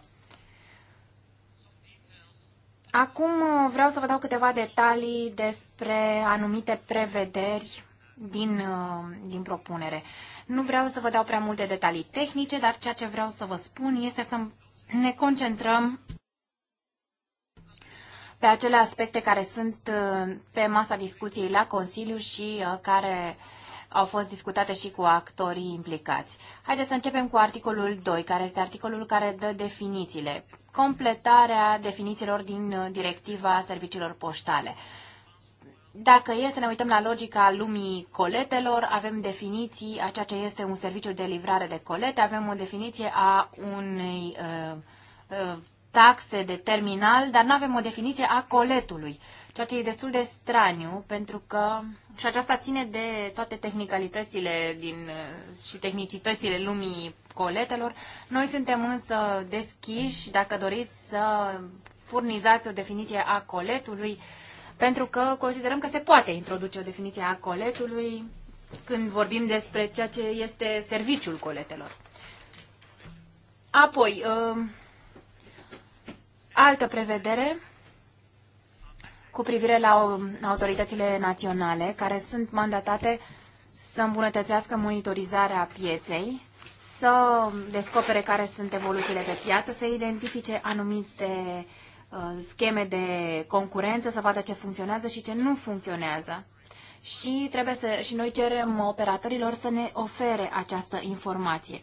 S2: Acum uh, vreau să vă dau câteva detalii despre anumite prevederi din, uh, din propunere. Nu vreau să vă dau prea multe detalii tehnice, dar ceea ce vreau să vă spun este să ne concentrăm pe acele aspecte care sunt uh, pe masa discuției la Consiliu și uh, care au fost discutate și cu actorii implicați. Haideți să începem cu articolul 2, care este articolul care dă definițiile, completarea definițiilor din directiva serviciilor poștale. Dacă e să ne uităm la logica lumii coletelor, avem definiții a ceea ce este un serviciu de livrare de colete, avem o definiție a unei uh, uh, taxe de terminal, dar nu avem o definiție a coletului, ceea ce e destul de straniu, pentru că și aceasta ține de toate tehnicalitățile din, uh, și tehnicitățile lumii coletelor. Noi suntem însă deschiși, dacă doriți să furnizați o definiție a coletului, uh, pentru că considerăm că se poate introduce o definiție a coletului când vorbim despre ceea ce este serviciul coletelor. Apoi, um, altă prevedere cu privire la um, autoritățile naționale care sunt mandatate să îmbunătățească monitorizarea pieței, să descopere care sunt evoluțiile pe piață, să identifice anumite uh, Uh, scheme de concurență, să vadă ce funcționează și ce nu funcționează. Și, trebuie să, și noi cerem operatorilor să ne ofere această informație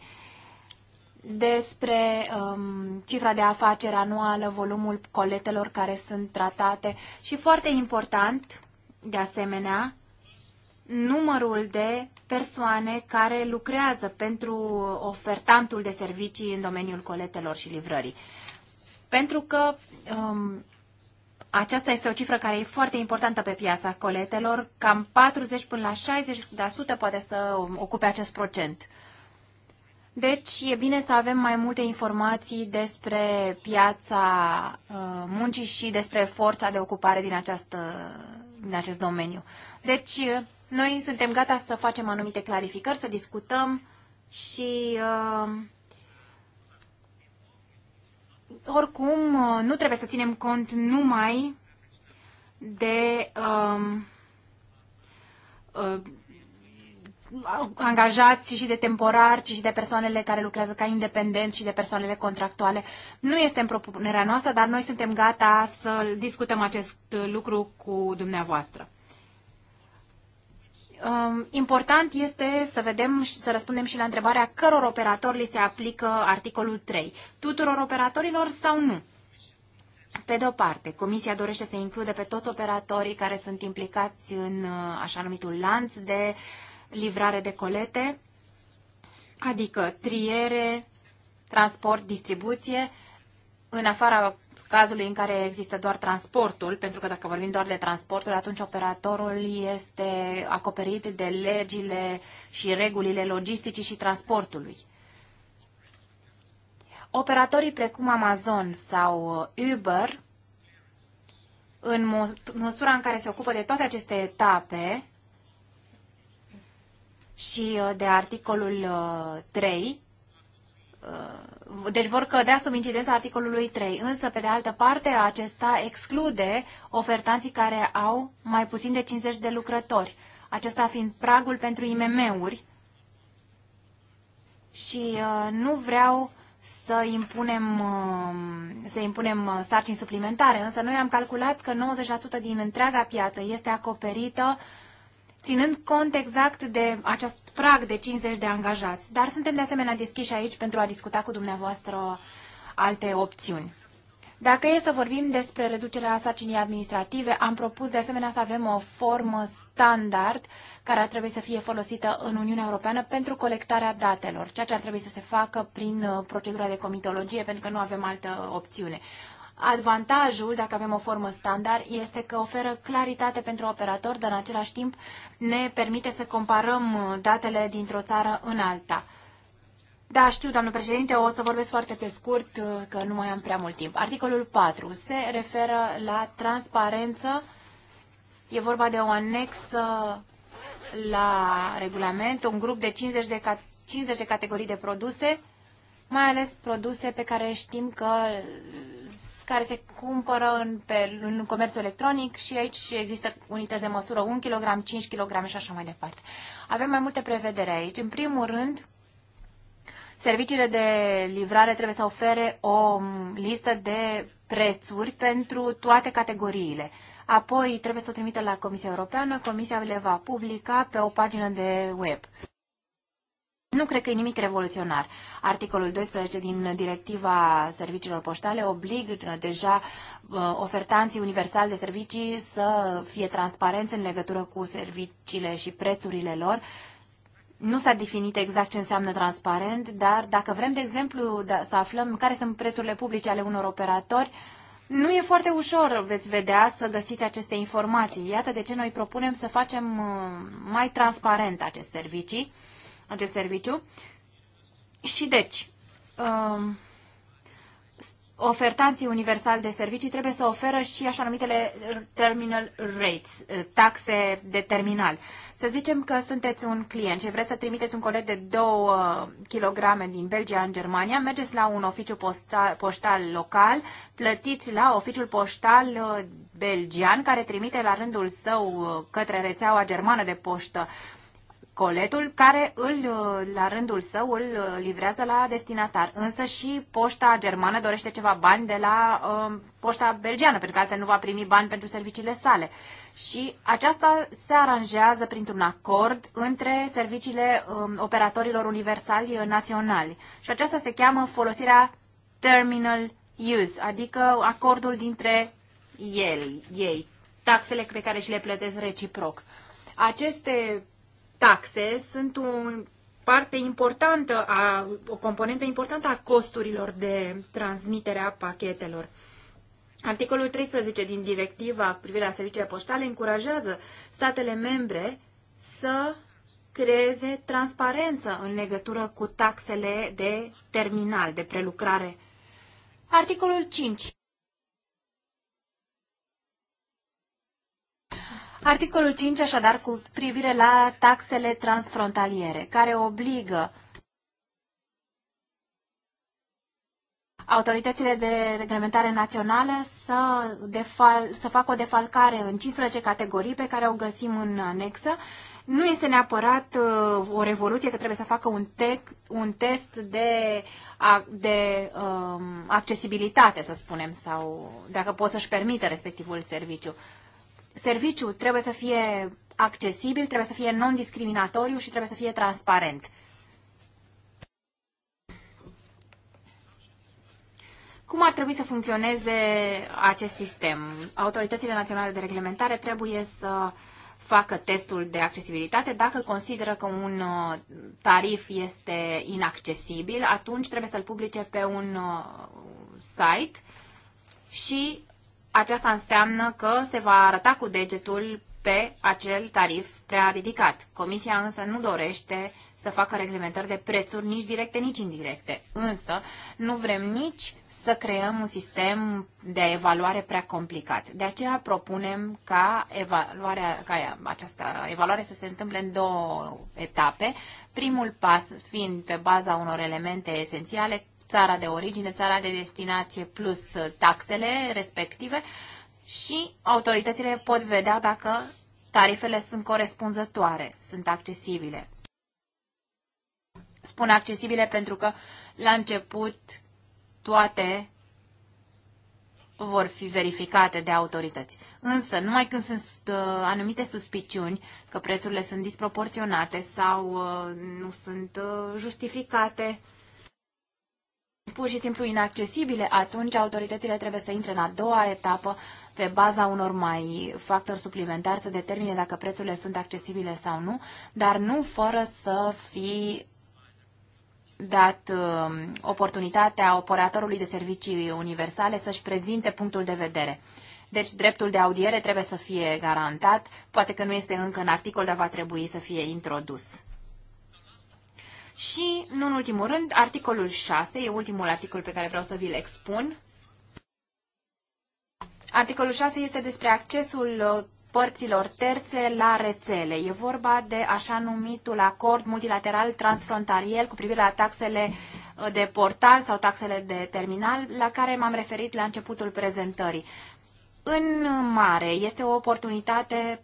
S2: despre um, cifra de afaceri anuală, volumul coletelor care sunt tratate și foarte important, de asemenea, numărul de persoane care lucrează pentru ofertantul de servicii în domeniul coletelor și livrării. Pentru că um, aceasta este o cifră care e foarte importantă pe piața coletelor. Cam 40 până la 60% poate să ocupe acest procent. Deci e bine să avem mai multe informații despre piața uh, muncii și despre forța de ocupare din, această, din acest domeniu. Deci noi suntem gata să facem anumite clarificări, să discutăm și uh, oricum, uh, nu trebuie să ținem cont numai de um, uh, angajați și de temporari, ci și de persoanele care lucrează ca independenți și de persoanele contractuale. Nu este în propunerea noastră, dar noi suntem gata să discutăm acest lucru cu dumneavoastră. Um, important este să vedem și să răspundem și la întrebarea căror operatori li se aplică articolul 3. Tuturor operatorilor sau nu? Pe de o parte, Comisia dorește să include pe toți operatorii care sunt implicați în uh, așa numitul lanț de livrare de colete, adică triere, transport, distribuție, în afara cazului în care există doar transportul, pentru că dacă vorbim doar de transportul, atunci operatorul este acoperit de legile și regulile logisticii și transportului. Operatorii precum Amazon sau Uber, în măsura în care se ocupă de toate aceste etape și uh, de articolul 3, uh, Uh, deci vor cădea sub incidența articolului 3, însă, pe de altă parte, acesta exclude ofertanții care au mai puțin de 50 de lucrători, acesta fiind pragul pentru IMM-uri și uh, nu vreau să impunem, um, să impunem uh, sarcini suplimentare, însă noi am calculat că 90% din întreaga piață este acoperită uh, ținând cont exact de acest prag de 50 de angajați. Dar suntem de asemenea deschiși aici pentru a discuta cu dumneavoastră alte opțiuni. Dacă e să vorbim despre reducerea sarcinii administrative, am propus de asemenea să avem o formă standard care ar trebui să fie folosită în Uniunea Europeană pentru colectarea datelor, ceea ce ar trebui să se facă prin uh, procedura de comitologie, pentru că nu avem altă opțiune. Avantajul, dacă avem o formă standard, este că oferă claritate pentru operator, dar în același timp ne permite să comparăm uh, datele dintr-o țară în alta. Da, știu, doamnă președinte, o să vorbesc foarte pe scurt, uh, că nu mai am prea mult timp. Articolul 4 se referă la transparență. E vorba de o anexă la regulament, un grup de 50 de, 50 de categorii de produse, mai ales produse pe care știm că care se cumpără în, pe, în comerțul electronic și aici există unități de măsură 1 kg, 5 kg și așa mai departe. Avem mai multe prevedere aici. În primul rând, serviciile de livrare trebuie să ofere o listă de prețuri pentru toate categoriile. Apoi trebuie să o trimită la Comisia Europeană, Comisia le va publica pe o pagină de web. Nu cred că e nimic revoluționar. Articolul 12 din directiva serviciilor poștale obligă uh, deja uh, ofertanții universali de servicii să fie transparenți în legătură cu serviciile și prețurile lor. Nu s-a definit exact ce înseamnă transparent, dar dacă vrem, de exemplu, da, să aflăm care sunt prețurile publice ale unor operatori, nu e foarte ușor, veți vedea, să găsiți aceste informații. Iată de ce noi propunem să facem uh, mai transparent acest servicii acest serviciu. Și deci, um, ofertanții universal de servicii trebuie să oferă și așa numitele terminal rates, uh, taxe de terminal. Să zicem că sunteți un client și vreți să trimiteți un colet de 2 kg din Belgia în Germania, mergeți la un oficiu postal, poștal local, plătiți la oficiul poștal uh, belgian care trimite la rândul său uh, către rețeaua germană de poștă uh, coletul care îl, uh, la rândul său, îl uh, livrează la destinatar. Însă și poșta germană dorește ceva bani de la uh, poșta belgiană, pentru că altfel nu va primi bani pentru serviciile sale. Și aceasta se aranjează printr-un acord între serviciile um, operatorilor universali naționali. Și aceasta se cheamă folosirea terminal use, adică acordul dintre el, ei, taxele pe care și le plătesc reciproc. Aceste taxe sunt o parte importantă, a, o componentă importantă a costurilor de transmitere a pachetelor. Articolul 13 din directiva cu privire la serviciile poștale încurajează statele membre să creeze transparență în legătură cu taxele de terminal, de prelucrare. Articolul 5. Articolul 5, așadar, cu privire la taxele transfrontaliere, care obligă autoritățile de reglementare naționale să, defal, să facă o defalcare în 15 categorii pe care o găsim în anexă. Nu este neapărat uh, o revoluție că trebuie să facă un, text, un test de, de um, accesibilitate, să spunem, sau dacă pot să-și permită respectivul serviciu. Uh, serviciu trebuie să fie accesibil, trebuie să fie non-discriminatoriu și trebuie să fie transparent. Cum ar trebui să funcționeze acest sistem? Autoritățile naționale de reglementare trebuie să facă testul de accesibilitate. Dacă consideră că un uh, tarif este inaccesibil, atunci trebuie să-l publice pe un uh, site și aceasta înseamnă că se va arăta cu degetul pe acel tarif prea ridicat. Comisia însă nu dorește să facă reglementări de prețuri nici directe, nici indirecte. Însă nu vrem nici să creăm un sistem de evaluare prea complicat. De aceea propunem ca, evaluarea, ca această evaluare să se întâmple în două etape. Primul pas fiind pe baza unor elemente esențiale țara de origine, țara de destinație plus uh, taxele respective și autoritățile pot vedea dacă tarifele sunt corespunzătoare, sunt accesibile. Spun accesibile pentru că la început toate vor fi verificate de autorități. Însă, numai când sunt uh, anumite suspiciuni că prețurile sunt disproporționate sau uh, nu sunt uh, justificate, pur și simplu inaccesibile, atunci autoritățile trebuie să intre în a doua etapă pe baza unor mai factori suplimentari să determine dacă prețurile sunt accesibile sau nu, dar nu fără să fi dat um, oportunitatea operatorului de servicii universale să-și prezinte punctul de vedere. Deci dreptul de audiere trebuie să fie garantat, poate că nu este încă în articol, dar va trebui să fie introdus. Și, nu în ultimul rând, articolul 6, e ultimul articol pe care vreau să vi-l expun. Articolul 6 este despre accesul uh, părților terțe la rețele. E vorba de așa numitul acord multilateral transfrontariel cu privire la taxele uh, de portal sau taxele de terminal, la care m-am referit la începutul prezentării. În mare, este o oportunitate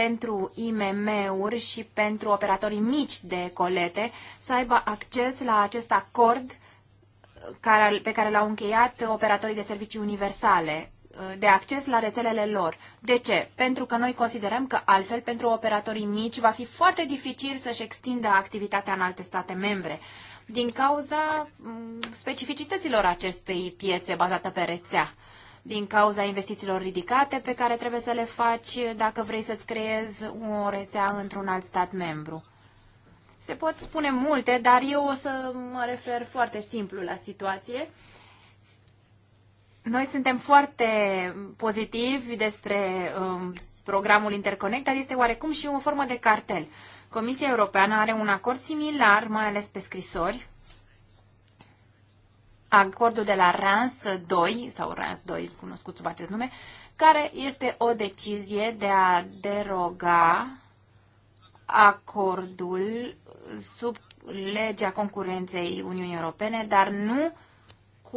S2: pentru IMM-uri și pentru operatorii mici de colete să aibă acces la acest acord pe care l-au încheiat operatorii de servicii universale de acces la rețelele lor. De ce? Pentru că noi considerăm că altfel pentru operatorii mici va fi foarte dificil să-și extindă activitatea în alte state membre din cauza mm, specificităților acestei piețe bazată pe rețea din cauza investițiilor ridicate pe care trebuie să le faci dacă vrei să-ți creezi o rețea într-un alt stat membru. Se pot spune multe, dar eu o să mă refer foarte simplu la situație. Noi suntem foarte pozitivi despre um, programul Interconnect, dar este oarecum și o formă de cartel. Comisia Europeană are un acord similar, mai ales pe scrisori, acordul de la RANS 2, sau RANS 2, cunoscut sub acest nume, care este o decizie de a deroga acordul sub legea concurenței Uniunii Europene, dar nu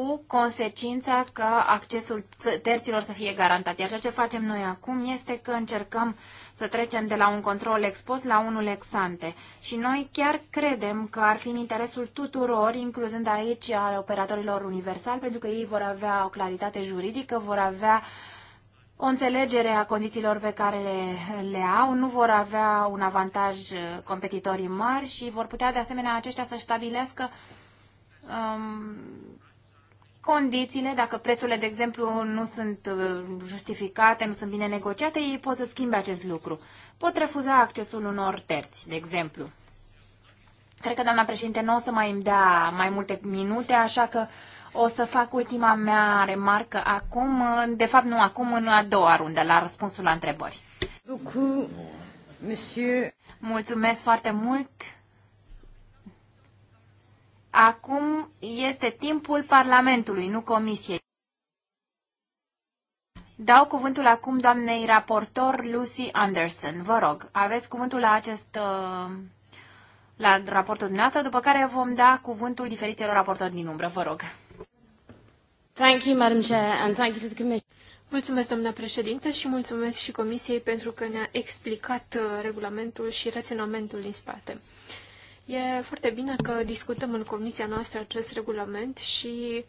S2: cu consecința că accesul terților să fie garantat. Iar ceea ce facem noi acum este că încercăm să trecem de la un control expus la unul ex ante. Și noi chiar credem că ar fi în interesul tuturor, incluzând aici al operatorilor universali, pentru că ei vor avea o claritate juridică, vor avea o înțelegere a condițiilor pe care le, le au, nu vor avea un avantaj uh, competitorii mari și vor putea de asemenea aceștia să stabilească um, condițiile, dacă prețurile, de exemplu, nu sunt uh, justificate, nu sunt bine negociate, ei pot să schimbe acest lucru. Pot refuza accesul unor terți, de exemplu. Cred că, doamna președinte, nu o să mai îmi dea mai multe minute, așa că o să fac ultima mea remarcă acum, de fapt nu acum, în a doua rundă, la răspunsul la întrebări. Mulțumesc foarte mult, Acum este timpul Parlamentului, nu Comisiei. Dau cuvântul acum doamnei raportor Lucy Anderson. Vă rog, aveți cuvântul la acest uh, la raportul dumneavoastră, după care vom da cuvântul diferitelor raportori din umbră. Vă rog. Thank
S3: you, Madam Chair, and thank you to the Commission. Mulțumesc, doamna președintă, și mulțumesc și Comisiei pentru că ne-a explicat uh, regulamentul și raționamentul din spate. E foarte bine că discutăm în comisia noastră acest regulament și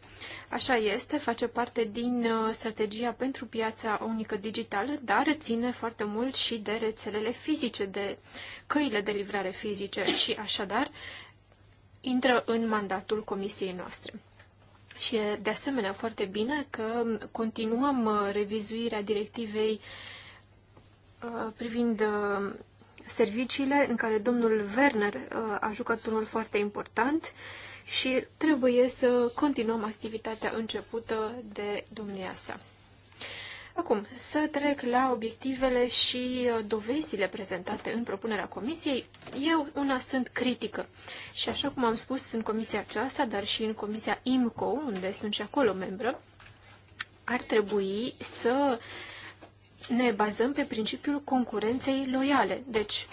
S3: așa este, face parte din uh, strategia pentru piața unică digitală, dar ține foarte mult și de rețelele fizice, de căile de livrare fizice și așadar intră în mandatul comisiei noastre. Și e de asemenea foarte bine că continuăm uh, revizuirea directivei uh, privind serviciile în care domnul Werner uh, a jucat un rol foarte important și trebuie să continuăm activitatea începută de domnia sa. Acum, să trec la obiectivele și uh, dovezile prezentate în propunerea comisiei. Eu una sunt critică și așa cum am spus în comisia aceasta, dar și în comisia IMCO, unde sunt și acolo membră, ar trebui să uh, ne bazăm pe principiul concurenței loiale. Deci,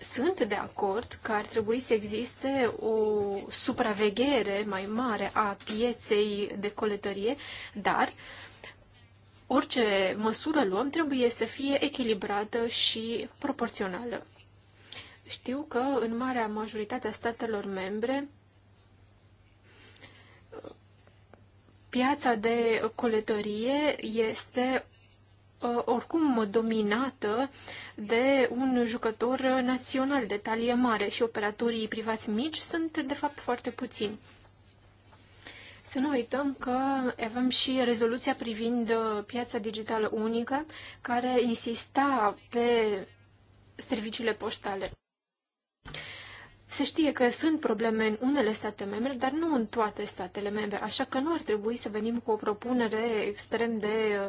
S3: sunt de acord că ar trebui să existe o supraveghere mai mare a pieței de coletărie, dar orice măsură luăm trebuie să fie echilibrată și proporțională. Știu că în marea majoritate a statelor membre piața de coletărie este Uh, oricum dominată de un jucător național de talie mare și operatorii privați mici sunt de fapt foarte puțini. Să nu uităm că avem și rezoluția privind uh, piața digitală unică, care insista pe serviciile poștale. Se știe că sunt probleme în unele state membre, dar nu în toate statele membre, așa că nu ar trebui să venim cu o propunere extrem de uh,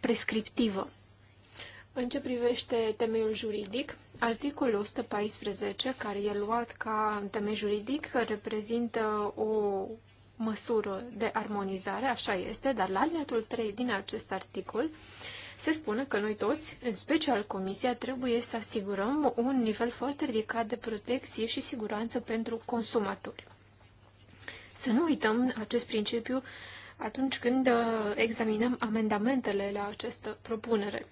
S3: prescriptivă. În ce privește temeiul juridic, articolul 114, care e luat ca temei juridic, reprezintă o măsură de armonizare, așa este, dar la aliniatul 3 din acest articol se spune că noi toți, în special Comisia, trebuie să asigurăm un nivel foarte ridicat de protecție și siguranță pentru consumatori. Să nu uităm acest principiu atunci când uh, examinăm amendamentele la această propunere.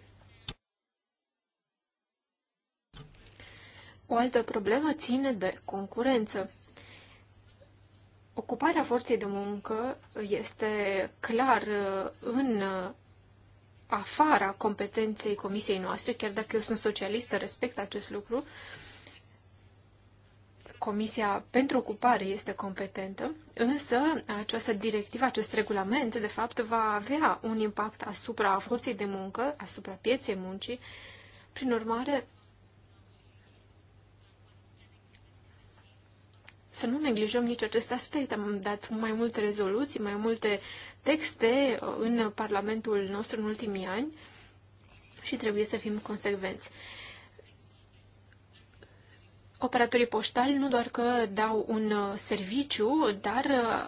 S3: O altă problemă ține de concurență. Ocuparea forței de muncă este clar uh, în uh, afara competenței comisiei noastre, chiar dacă eu sunt socialistă, respect acest lucru, uh, Comisia pentru Ocupare este competentă, însă această directivă, acest regulament, de fapt, va avea un impact asupra forței de muncă, asupra pieței muncii. Prin urmare, să nu neglijăm nici acest aspect. Am dat mai multe rezoluții, mai multe texte uh, în Parlamentul nostru în ultimii ani și trebuie să fim consecvenți. Operatorii poștali nu doar că dau un uh, serviciu, dar uh,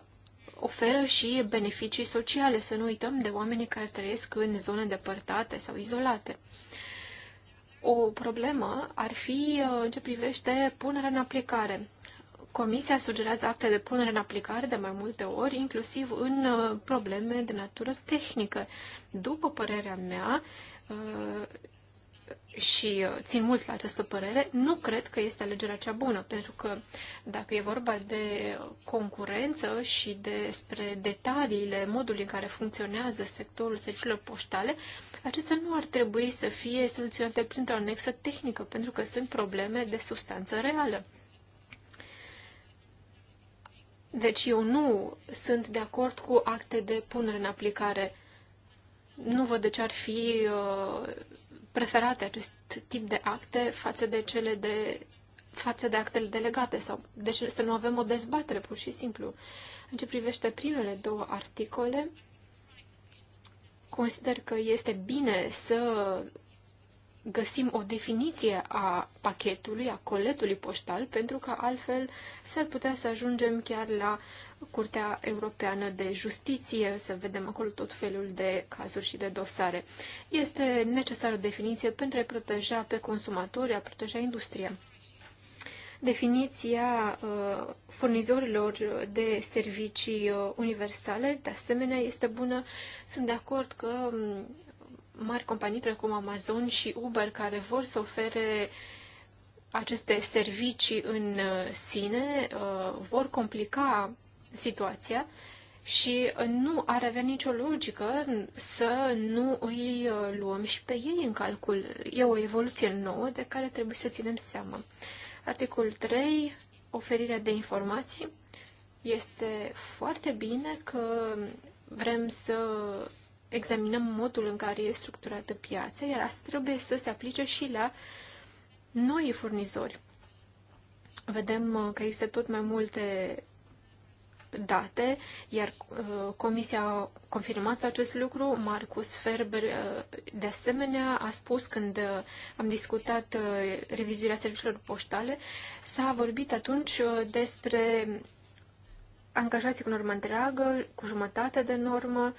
S3: oferă și beneficii sociale, să nu uităm de oamenii care trăiesc în zone depărtate sau izolate. O problemă ar fi uh, în ce privește punerea în aplicare. Comisia sugerează acte de punere în aplicare de mai multe ori, inclusiv în probleme de natură tehnică. După părerea mea, și uh, țin mult la această părere, nu cred că este alegerea cea bună, pentru că dacă e vorba de concurență și despre detaliile, modul în care funcționează sectorul serviciilor poștale, acestea nu ar trebui să fie soluționate printr-o anexă tehnică, pentru că sunt probleme de substanță reală. Deci eu nu sunt de acord cu acte de punere în aplicare. Nu văd de ce ar fi uh, preferate acest tip de acte față de cele de față de actele delegate sau de ce să nu avem o dezbatere pur și simplu. În ce privește primele două articole, consider că este bine să găsim o definiție a pachetului, a coletului poștal, pentru că altfel s-ar putea să ajungem chiar la Curtea Europeană de Justiție, să vedem acolo tot felul de cazuri și de dosare. Este necesară o definiție pentru a proteja pe consumatori, a proteja industria. Definiția uh, furnizorilor de servicii uh, universale, de asemenea, este bună. Sunt de acord că um, mari companii precum Amazon și Uber care vor să ofere aceste servicii în uh, sine uh, vor complica situația și nu ar avea nicio logică să nu îi uh, luăm și pe ei în calcul. E o evoluție nouă de care trebuie să ținem seama. Articolul 3, oferirea de informații. Este foarte bine că vrem să examinăm modul în care e structurată piața, iar asta trebuie să se aplice și la noi furnizori. Vedem uh, că există tot mai multe date, iar uh, Comisia a confirmat acest lucru. Marcus Ferber, uh, de asemenea, a spus când uh, am discutat revizuirea serviciilor poștale, s-a vorbit atunci despre angajații cu normă întreagă, cu jumătate de normă,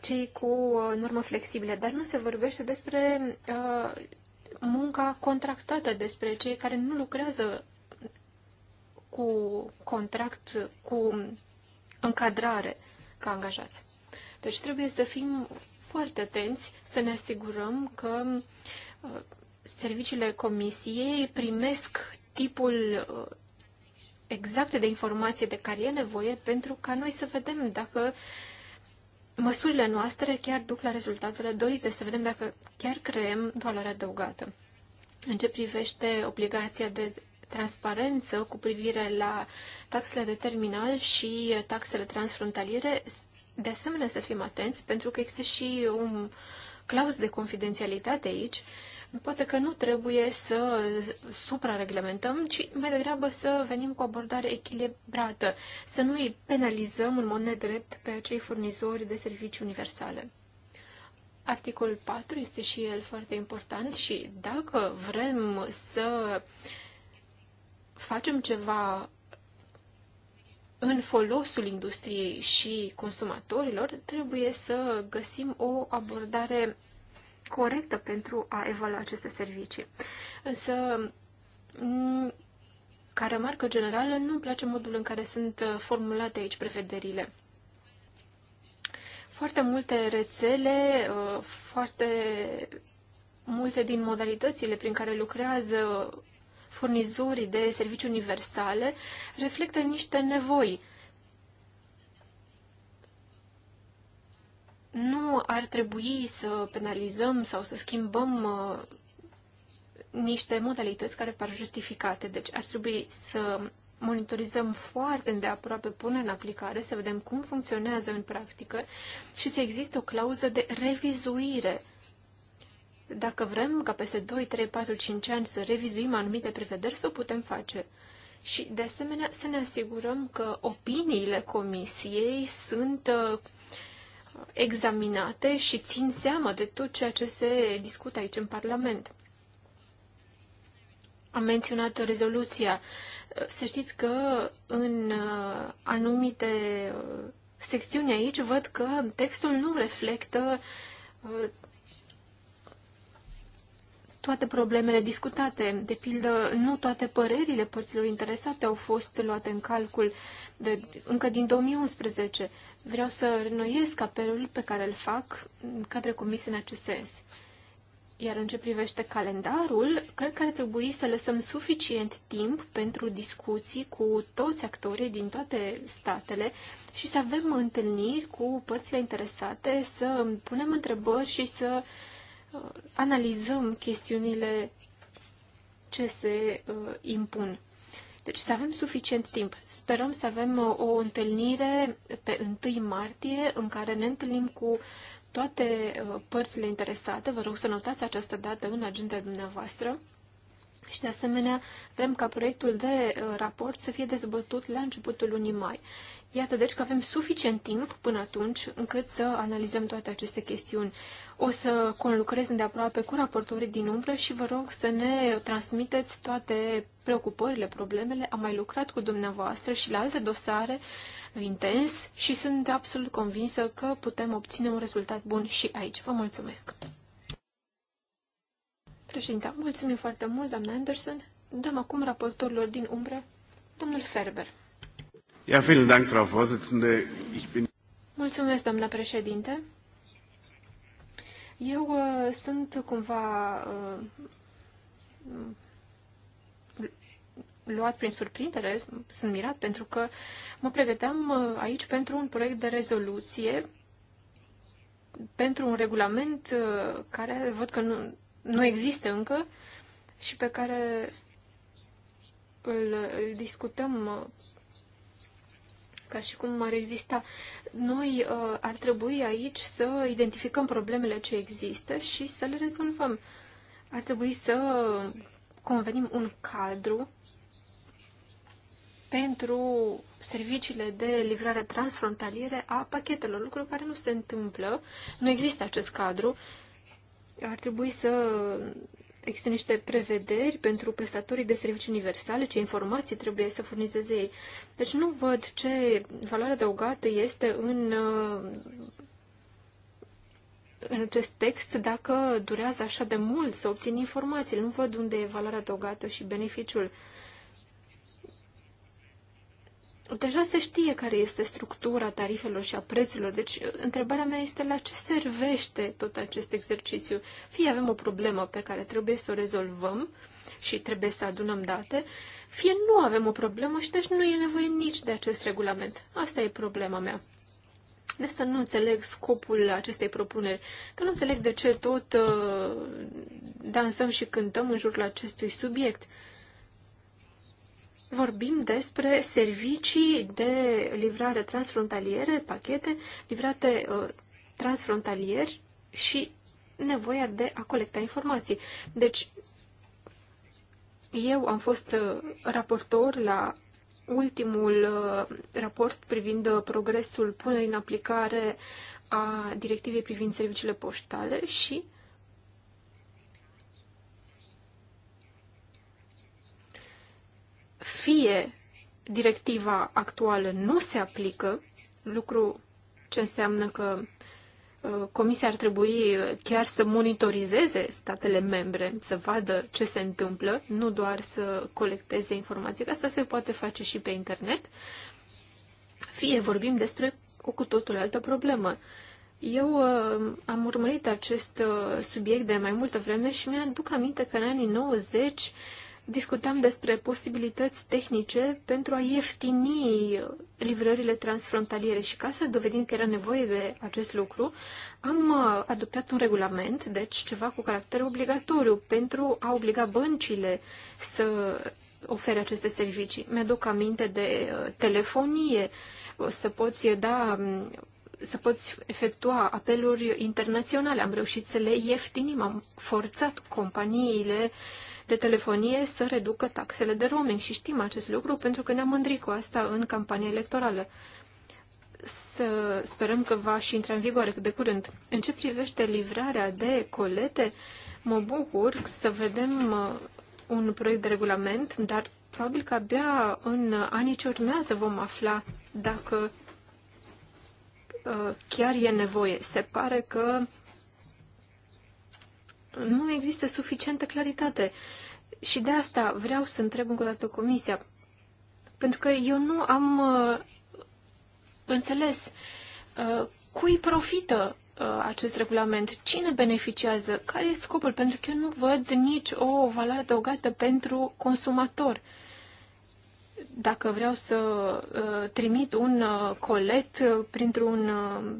S3: cei cu normă flexibilă, dar nu se vorbește despre munca contractată, despre cei care nu lucrează cu contract, cu încadrare ca angajați. Deci trebuie să fim foarte atenți, să ne asigurăm că uh, serviciile comisiei primesc tipul uh, exact de informație de care e nevoie pentru ca noi să vedem dacă măsurile noastre chiar duc la rezultatele dorite, să vedem dacă chiar creăm valoare adăugată. În ce privește obligația de transparență cu privire la taxele de terminal și taxele transfrontaliere, de asemenea să fim atenți, pentru că există și un clauz de confidențialitate aici. Poate că nu trebuie să suprareglementăm, ci mai degrabă să venim cu o abordare echilibrată, să nu îi penalizăm în mod nedrept pe acei furnizori de servicii universale. Articolul 4 este și el foarte important și dacă vrem să uh, facem ceva în folosul industriei și consumatorilor, trebuie să găsim o abordare corectă pentru a evalua aceste servicii. Însă, mm, ca remarcă generală, nu-mi place modul în care sunt uh, formulate aici prevederile. Foarte multe rețele, uh, foarte multe din modalitățile prin care lucrează furnizorii de servicii universale reflectă niște nevoi. Nu ar trebui să penalizăm sau să schimbăm uh, niște modalități care par justificate. Deci ar trebui să monitorizăm foarte îndeaproape până în aplicare, să vedem cum funcționează în practică și să existe o clauză de revizuire dacă vrem ca peste 2, 3, 4, 5 ani să revizuim anumite prevederi, să o putem face. Și, de asemenea, să ne asigurăm că opiniile comisiei sunt uh, examinate și țin seama de tot ceea ce se discută aici în Parlament. Am menționat rezoluția. Uh, să știți că în uh, anumite secțiuni aici văd că textul nu reflectă toate problemele discutate. De pildă, nu toate părerile părților interesate au fost luate în calcul de, încă din 2011. Vreau să renoiesc apelul pe care îl fac în cadre comisiei în acest sens. Iar în ce privește calendarul, cred că ar trebui să lăsăm suficient timp pentru discuții cu toți actorii din toate statele și să avem întâlniri cu părțile interesate, să punem întrebări și să uh, analizăm chestiunile ce se uh, impun. Deci să avem suficient timp. Sperăm să avem uh, o întâlnire pe 1 martie în care ne întâlnim cu toate uh, părțile interesate. Vă rog să notați această dată în agenda dumneavoastră. Și de asemenea, vrem ca proiectul de raport să fie dezbătut la începutul lunii mai. Iată deci că avem suficient timp până atunci încât să analizăm toate aceste chestiuni. O să conlucrez îndeaproape cu raportorii din umbră și vă rog să ne transmiteți toate preocupările, problemele. Am mai lucrat cu dumneavoastră și la alte dosare intens și sunt absolut convinsă că putem obține un rezultat bun și aici. Vă mulțumesc! Președinte, mulțumim foarte mult, doamna Anderson. Dăm acum raportorilor din umbră, domnul Ferber. Mulțumesc, doamna președinte. Eu uh, sunt cumva uh, luat prin surprindere, sunt mirat, pentru că mă pregăteam uh, aici pentru un proiect de rezoluție, pentru un regulament uh, care văd că nu, nu există încă și pe care îl, îl discutăm uh, ca și cum ar exista. Noi uh, ar trebui aici să identificăm problemele ce există și să le rezolvăm. Ar trebui să convenim un cadru pentru serviciile de livrare transfrontaliere a pachetelor, lucru care nu se întâmplă. Nu există acest cadru. Ar trebui să Există niște prevederi pentru prestatorii de servicii universale, ce informații trebuie să furnizeze ei. Deci nu văd ce valoare adăugată este în, uh, în acest text dacă durează așa de mult să obțin informații, Nu văd unde e valoarea adăugată și beneficiul. Uh, Deja se știe care este structura tarifelor și a prețurilor, deci uh, întrebarea mea este la ce servește tot acest exercițiu. Fie avem o problemă pe care trebuie să o rezolvăm și trebuie să adunăm date, fie nu avem o problemă și deci nu e nevoie nici de acest regulament. Asta e problema mea. De asta nu înțeleg scopul acestei propuneri, că nu înțeleg de ce tot uh, dansăm și cântăm în jurul acestui subiect vorbim despre servicii de livrare transfrontaliere, pachete livrate uh, transfrontalier și nevoia de a colecta informații. Deci, eu am fost uh, raportor la ultimul uh, raport privind uh, progresul punerii în aplicare a directivei privind serviciile poștale și fie directiva actuală nu se aplică, lucru ce înseamnă că uh, Comisia ar trebui uh, chiar să monitorizeze statele membre, să vadă ce se întâmplă, nu doar să colecteze informații, că asta se poate face și pe internet, fie vorbim despre o cu totul altă problemă. Eu uh, am urmărit acest uh, subiect de mai multă vreme și mi-aduc aminte că în anii 90 discutam despre posibilități tehnice pentru a ieftini livrările transfrontaliere și ca să dovedim că era nevoie de acest lucru, am uh, adoptat un regulament, deci ceva cu caracter obligatoriu, pentru a obliga băncile să ofere aceste servicii. Mi-aduc aminte de uh, telefonie, să poți da um, să poți efectua apeluri internaționale. Am reușit să le ieftinim, am forțat companiile uh, de telefonie să reducă taxele de roaming și știm acest lucru pentru că ne-am mândrit cu asta în campania electorală. Să sperăm că va și intra în vigoare cât de curând. În ce privește livrarea de colete, mă bucur să vedem uh, un proiect de regulament, dar probabil că abia în anii ce urmează vom afla dacă uh, chiar e nevoie. Se pare că nu există suficientă claritate. Și de asta vreau să întreb încă o dată Comisia, pentru că eu nu am uh, înțeles uh, cui profită uh, acest regulament, cine beneficiază, care este scopul, pentru că eu nu văd nici o valoare adăugată pentru consumator. Dacă vreau să uh, trimit un uh, colet uh, printr-un uh,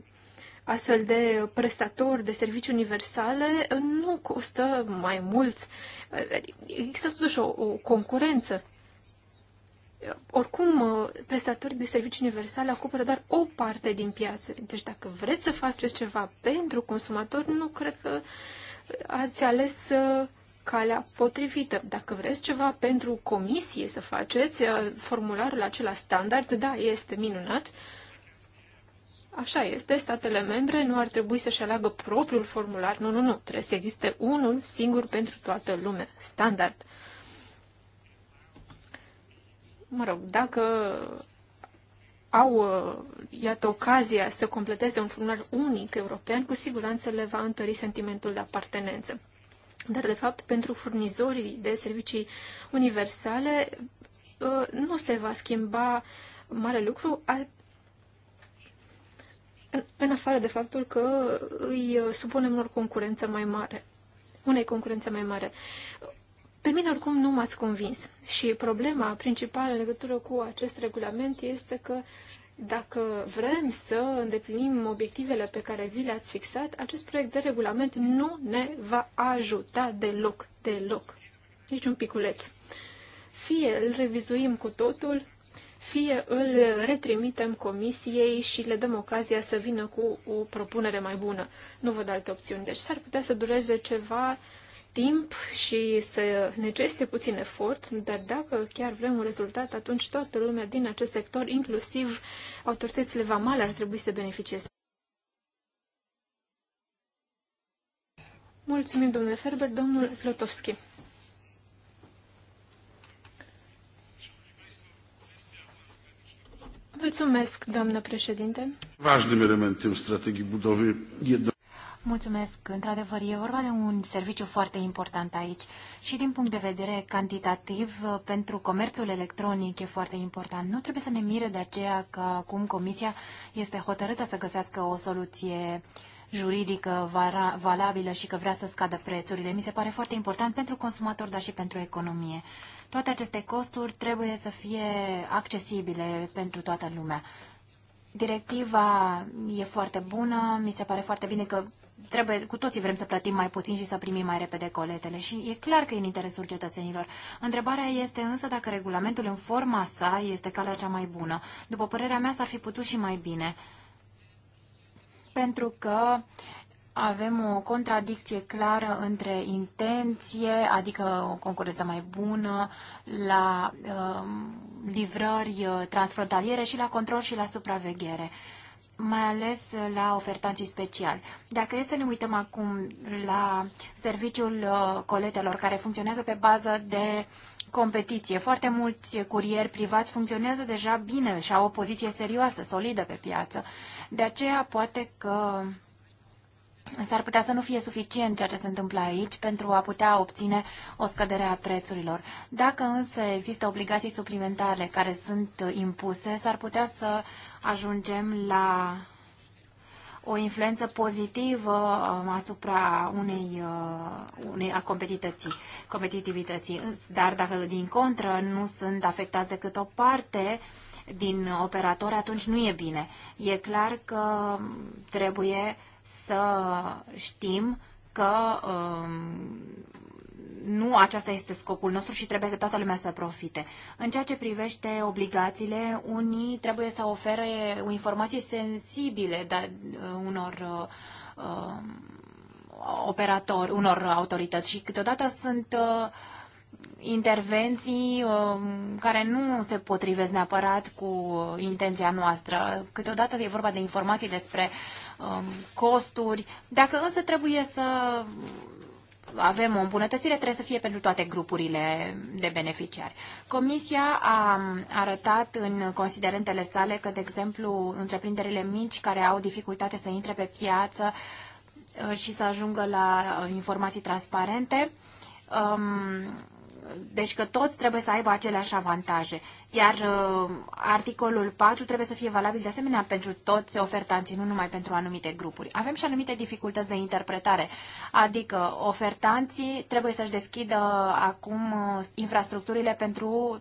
S3: astfel de prestatori de servicii universale uh, nu costă mai mult. Uh, există totuși o, o concurență. Uh, oricum, prestatorii de servicii universale acoperă doar o parte din piață. Deci dacă vreți să faceți ceva pentru consumatori, nu cred că ați ales calea potrivită. Dacă vreți ceva pentru comisie să faceți, formularul acela standard, da, este minunat, Așa este, statele membre nu ar trebui să-și aleagă propriul formular. Nu, nu, nu. Trebuie să existe unul singur pentru toată lumea. Standard. Mă rog, dacă au, uh, iată, ocazia să completeze un formular unic european, cu siguranță le va întări sentimentul de apartenență. Dar, de fapt, pentru furnizorii de servicii universale uh, nu se va schimba mare lucru în, în afară de faptul că îi uh, supunem unor concurență mai mare, unei concurențe mai mare. Pe mine oricum nu m-ați convins și problema principală în legătură cu acest regulament este că dacă vrem să îndeplinim obiectivele pe care vi le-ați fixat, acest proiect de regulament nu ne va ajuta deloc, deloc, nici deci un piculeț. Fie îl revizuim cu totul, fie îl retrimitem comisiei și le dăm ocazia să vină cu o propunere mai bună. Nu văd alte opțiuni. Deci s-ar putea să dureze ceva timp și să necesite puțin efort, dar dacă chiar vrem un rezultat, atunci toată lumea din acest sector, inclusiv autoritățile vamale, ar trebui să beneficieze. Mulțumim, domnule Ferber. Domnul Zlotovski. Mulțumesc, doamnă președinte.
S2: Ważnym elementem strategii budowy Mulțumesc. Într-adevăr, e vorba de un serviciu foarte important aici și din punct de vedere cantitativ pentru comerțul electronic e foarte important. Nu trebuie să ne mire de aceea că acum Comisia este hotărâtă să găsească o soluție juridică valabilă și că vrea să scadă prețurile. Mi se pare foarte important pentru consumator, dar și pentru economie. Toate aceste costuri trebuie să fie accesibile pentru toată lumea. Directiva e foarte bună, mi se pare foarte bine că trebuie, cu toții vrem să plătim mai puțin și să primim mai repede coletele și e clar că e în interesul cetățenilor. Întrebarea este însă dacă regulamentul în forma sa este calea cea mai bună. După părerea mea s-ar fi putut și mai bine. Pentru că avem o contradicție clară între intenție, adică o concurență mai bună la um, uh, livrări transfrontaliere și la control și la supraveghere mai ales la ofertanții speciali. Dacă e să ne uităm acum la serviciul uh, coletelor care funcționează pe bază de competiție, foarte mulți curieri privați funcționează deja bine și au o poziție serioasă, solidă pe piață. De aceea poate că S-ar putea să nu fie suficient ceea ce se întâmplă aici pentru a putea obține o scădere a prețurilor. Dacă însă există obligații suplimentare care sunt uh, impuse, s-ar putea să ajungem la o influență pozitivă um, asupra unei, uh, unei a competitivității, competitivității. Dar dacă din contră nu sunt afectați decât o parte, din operatori, atunci nu e bine. E clar că trebuie să știm că um, nu acesta este scopul nostru și trebuie că toată lumea să profite. În ceea ce privește obligațiile, unii trebuie să ofere o informație sensibile dar, uh, unor uh, operatori, unor autorități și câteodată sunt uh, intervenții uh, care nu se potrivesc neapărat cu uh, intenția noastră. Câteodată e vorba de informații despre uh, Um, costuri. Dacă însă trebuie să avem o îmbunătățire, trebuie să fie pentru toate grupurile de beneficiari. Comisia a arătat în considerentele sale că, de exemplu, întreprinderile mici care au dificultate să intre pe piață uh, și să ajungă la uh, informații transparente, um, deci că toți trebuie să aibă aceleași avantaje. Iar uh, articolul 4 trebuie să fie valabil de asemenea pentru toți ofertanții, nu numai pentru anumite grupuri. Avem și anumite dificultăți de interpretare, adică ofertanții trebuie să-și deschidă acum uh, infrastructurile pentru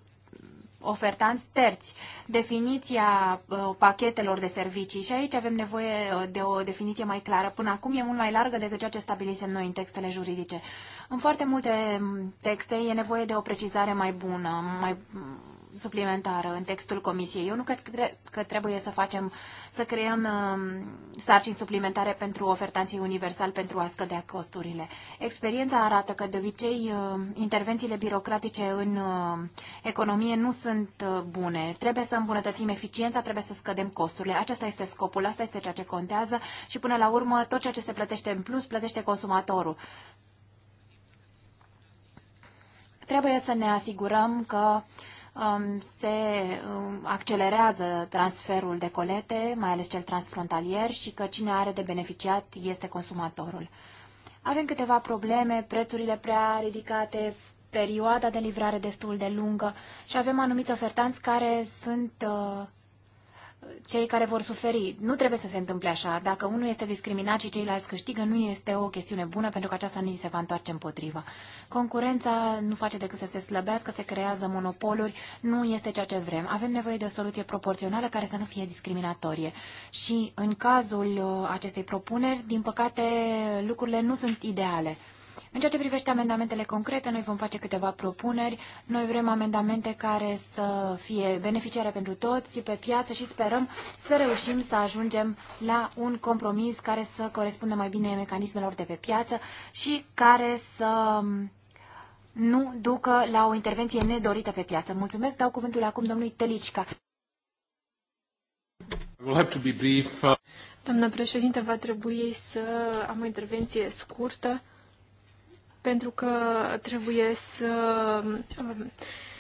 S2: ofertanți terți, definiția uh, pachetelor de servicii și aici avem nevoie uh, de o definiție mai clară. Până acum e mult mai largă decât ceea ce stabilisem noi în textele juridice. În foarte multe mm, texte e nevoie de o precizare mai bună, mai, suplimentară în textul comisiei. Eu nu cred că trebuie să facem, să creăm um, sarcini suplimentare pentru ofertanții universal pentru a scădea costurile. Experiența arată că de obicei um, intervențiile birocratice în um, economie nu sunt uh, bune. Trebuie să îmbunătățim eficiența, trebuie să scădem costurile. Acesta este scopul, asta este ceea ce contează și până la urmă tot ceea ce se plătește în plus plătește consumatorul trebuie să ne asigurăm că Um, se um, accelerează transferul de colete, mai ales cel transfrontalier, și că cine are de beneficiat este consumatorul. Avem câteva probleme, prețurile prea ridicate, perioada de livrare destul de lungă și avem anumiți ofertanți care sunt uh, cei care vor suferi. Nu trebuie să se întâmple așa. Dacă unul este discriminat și ceilalți câștigă, nu este o chestiune bună pentru că aceasta nici se va întoarce împotriva. Concurența nu face decât să se slăbească, se creează monopoluri, nu este ceea ce vrem. Avem nevoie de o soluție proporțională care să nu fie discriminatorie. Și în cazul uh, acestei propuneri, din păcate, lucrurile nu sunt ideale. În ceea ce privește amendamentele concrete, noi vom face câteva propuneri. Noi vrem amendamente care să fie beneficiare pentru toți pe piață și sperăm să reușim să ajungem la un compromis care să corespundă mai bine mecanismelor de pe piață și care să nu ducă la o intervenție nedorită pe piață. Mulțumesc, dau cuvântul acum domnului Telicica.
S3: Domnule președinte, va trebui să am o intervenție scurtă pentru că trebuie să um,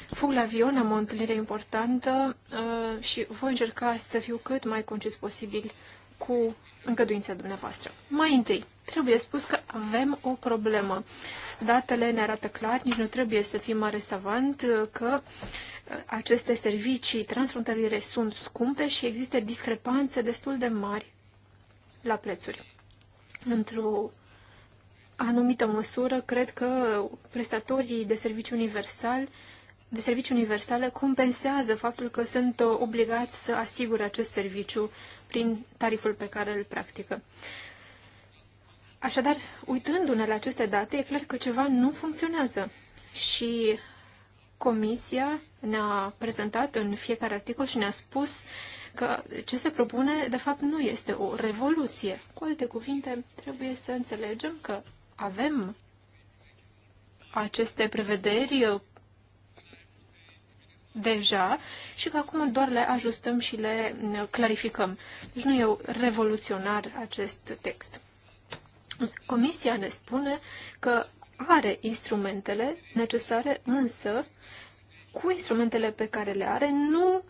S3: fug la avion, am o întâlnire importantă uh, și voi încerca să fiu cât mai concis posibil cu încăduința dumneavoastră. Mai întâi, trebuie spus că avem o problemă. Datele ne arată clar, nici nu trebuie să fim mare savant, uh, că uh, aceste servicii transfrontaliere sunt scumpe și există discrepanțe destul de mari la prețuri. Într-o anumită măsură, cred că prestatorii de serviciu universal de servicii universale compensează faptul că sunt uh, obligați să asigure acest serviciu prin tariful pe care îl practică. Așadar, uitându-ne la aceste date, e clar că ceva nu funcționează și Comisia ne-a prezentat în fiecare articol și ne-a spus că ce se propune, de fapt, nu este o revoluție. Cu alte cuvinte, trebuie să înțelegem că avem aceste prevederi deja și că acum doar le ajustăm și le clarificăm. Deci nu e revoluționar acest text. Comisia ne spune că are instrumentele necesare, însă cu instrumentele pe care le are nu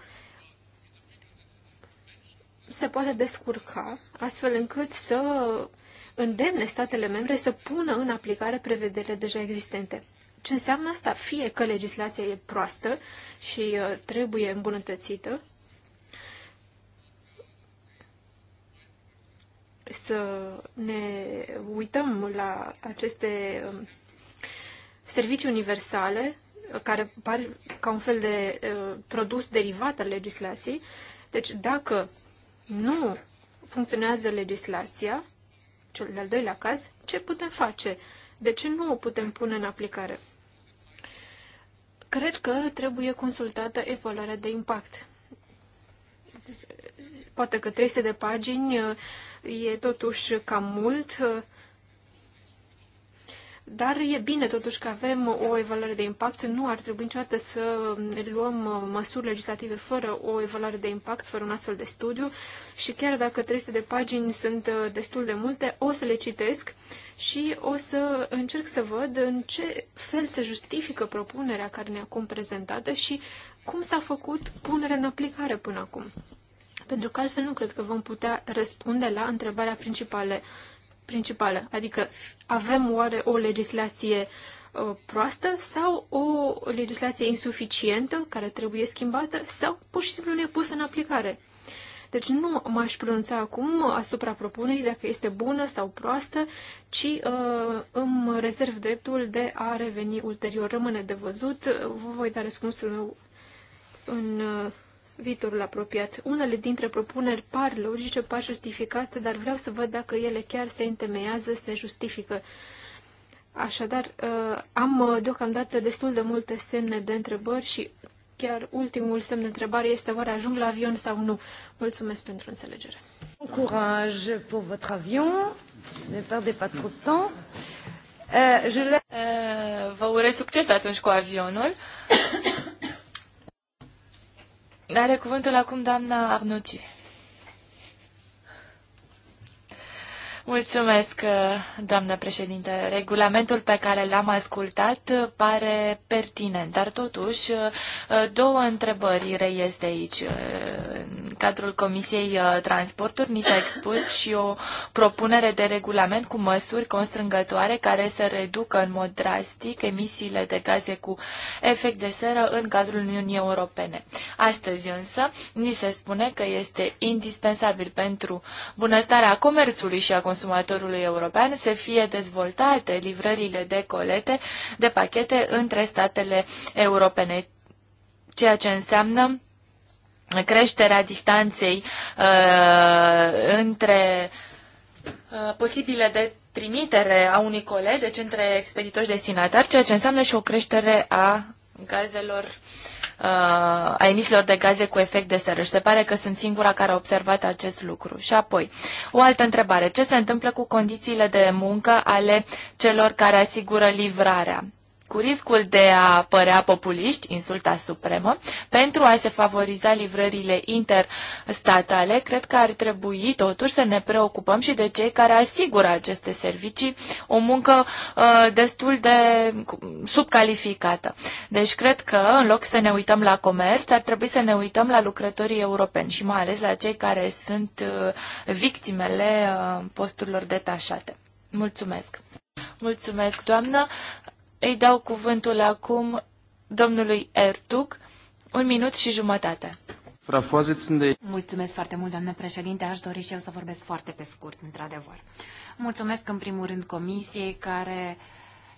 S3: se poate descurca astfel încât să îndemne statele membre să pună în aplicare prevederile deja existente. Ce înseamnă asta? Fie că legislația e proastă și uh, trebuie îmbunătățită, să ne uităm la aceste um, servicii universale care par ca un fel de uh, produs derivat al legislației. Deci, dacă nu funcționează legislația, cel de-al doilea caz, ce putem face? De ce nu o putem pune în aplicare? Cred că trebuie consultată evaluarea de impact. Poate că 300 de pagini e totuși cam mult, dar e bine totuși că avem o evaluare de impact. Nu ar trebui niciodată să luăm măsuri legislative fără o evaluare de impact, fără un astfel de studiu. Și chiar dacă 300 de pagini sunt uh, destul de multe, o să le citesc și o să încerc să văd în ce fel se justifică propunerea care ne-a acum prezentată și cum s-a făcut punerea în aplicare până acum. Pentru că altfel nu cred că vom putea răspunde la întrebarea principală principală. Adică avem oare o legislație uh, proastă sau o legislație insuficientă care trebuie schimbată sau pur și simplu pusă în aplicare. Deci nu m-aș pronunța acum asupra propunerii dacă este bună sau proastă, ci uh, îmi rezerv dreptul de a reveni ulterior. Rămâne de văzut. Vă voi da răspunsul meu în uh, viitorul apropiat. Unele dintre propuneri par logice, par justificate, dar vreau să văd dacă ele chiar se întemeiază, se justifică. Așadar, uh, am uh, deocamdată destul de multe semne de întrebări și chiar ultimul semn de întrebare este oare ajung la avion sau nu. Mulțumesc pentru înțelegere. Curaj pour votre avion. Ne perdez pas trop de temps. Uh, je
S1: uh, vă urez succes atunci cu avionul. Are cuvântul acum doamna Arnautu. Mulțumesc, uh, doamnă președinte. Regulamentul pe care l-am ascultat uh, pare pertinent, dar totuși uh, două întrebări reies de aici. În cadrul Comisiei Transporturi ni s-a expus și o propunere de regulament cu măsuri constrângătoare care să reducă în mod drastic emisiile de gaze cu efect de seră în cadrul Uniunii Europene. Astăzi însă ni se spune că este indispensabil pentru bunăstarea comerțului și a consumatorului european să fie dezvoltate livrările de colete, de pachete între statele europene, ceea ce înseamnă creșterea distanței uh, între uh, posibile de trimitere a unui colet, deci între expeditori destinatari, ceea ce înseamnă și o creștere a gazelor uh, Uh, a emisiilor de gaze cu efect de seră. Și se pare că sunt singura care a observat acest lucru. Și apoi, o altă întrebare. Ce se întâmplă cu condițiile de muncă ale celor care asigură livrarea? cu riscul de a părea populiști, insulta supremă, pentru a se favoriza livrările interstatale, cred că ar trebui totuși să ne preocupăm și de cei care asigură aceste servicii o muncă uh, destul de subcalificată. Deci cred că, în loc să ne uităm la comerț, ar trebui să ne uităm la lucrătorii europeni și mai ales la cei care sunt uh, victimele uh, posturilor detașate. Mulțumesc! Mulțumesc, doamnă. Îi dau cuvântul acum domnului Ertug, un minut și jumătate.
S2: Mulțumesc foarte mult, doamnă președinte. Aș dori și eu să vorbesc foarte pe scurt, într-adevăr. Mulțumesc în primul rând comisiei care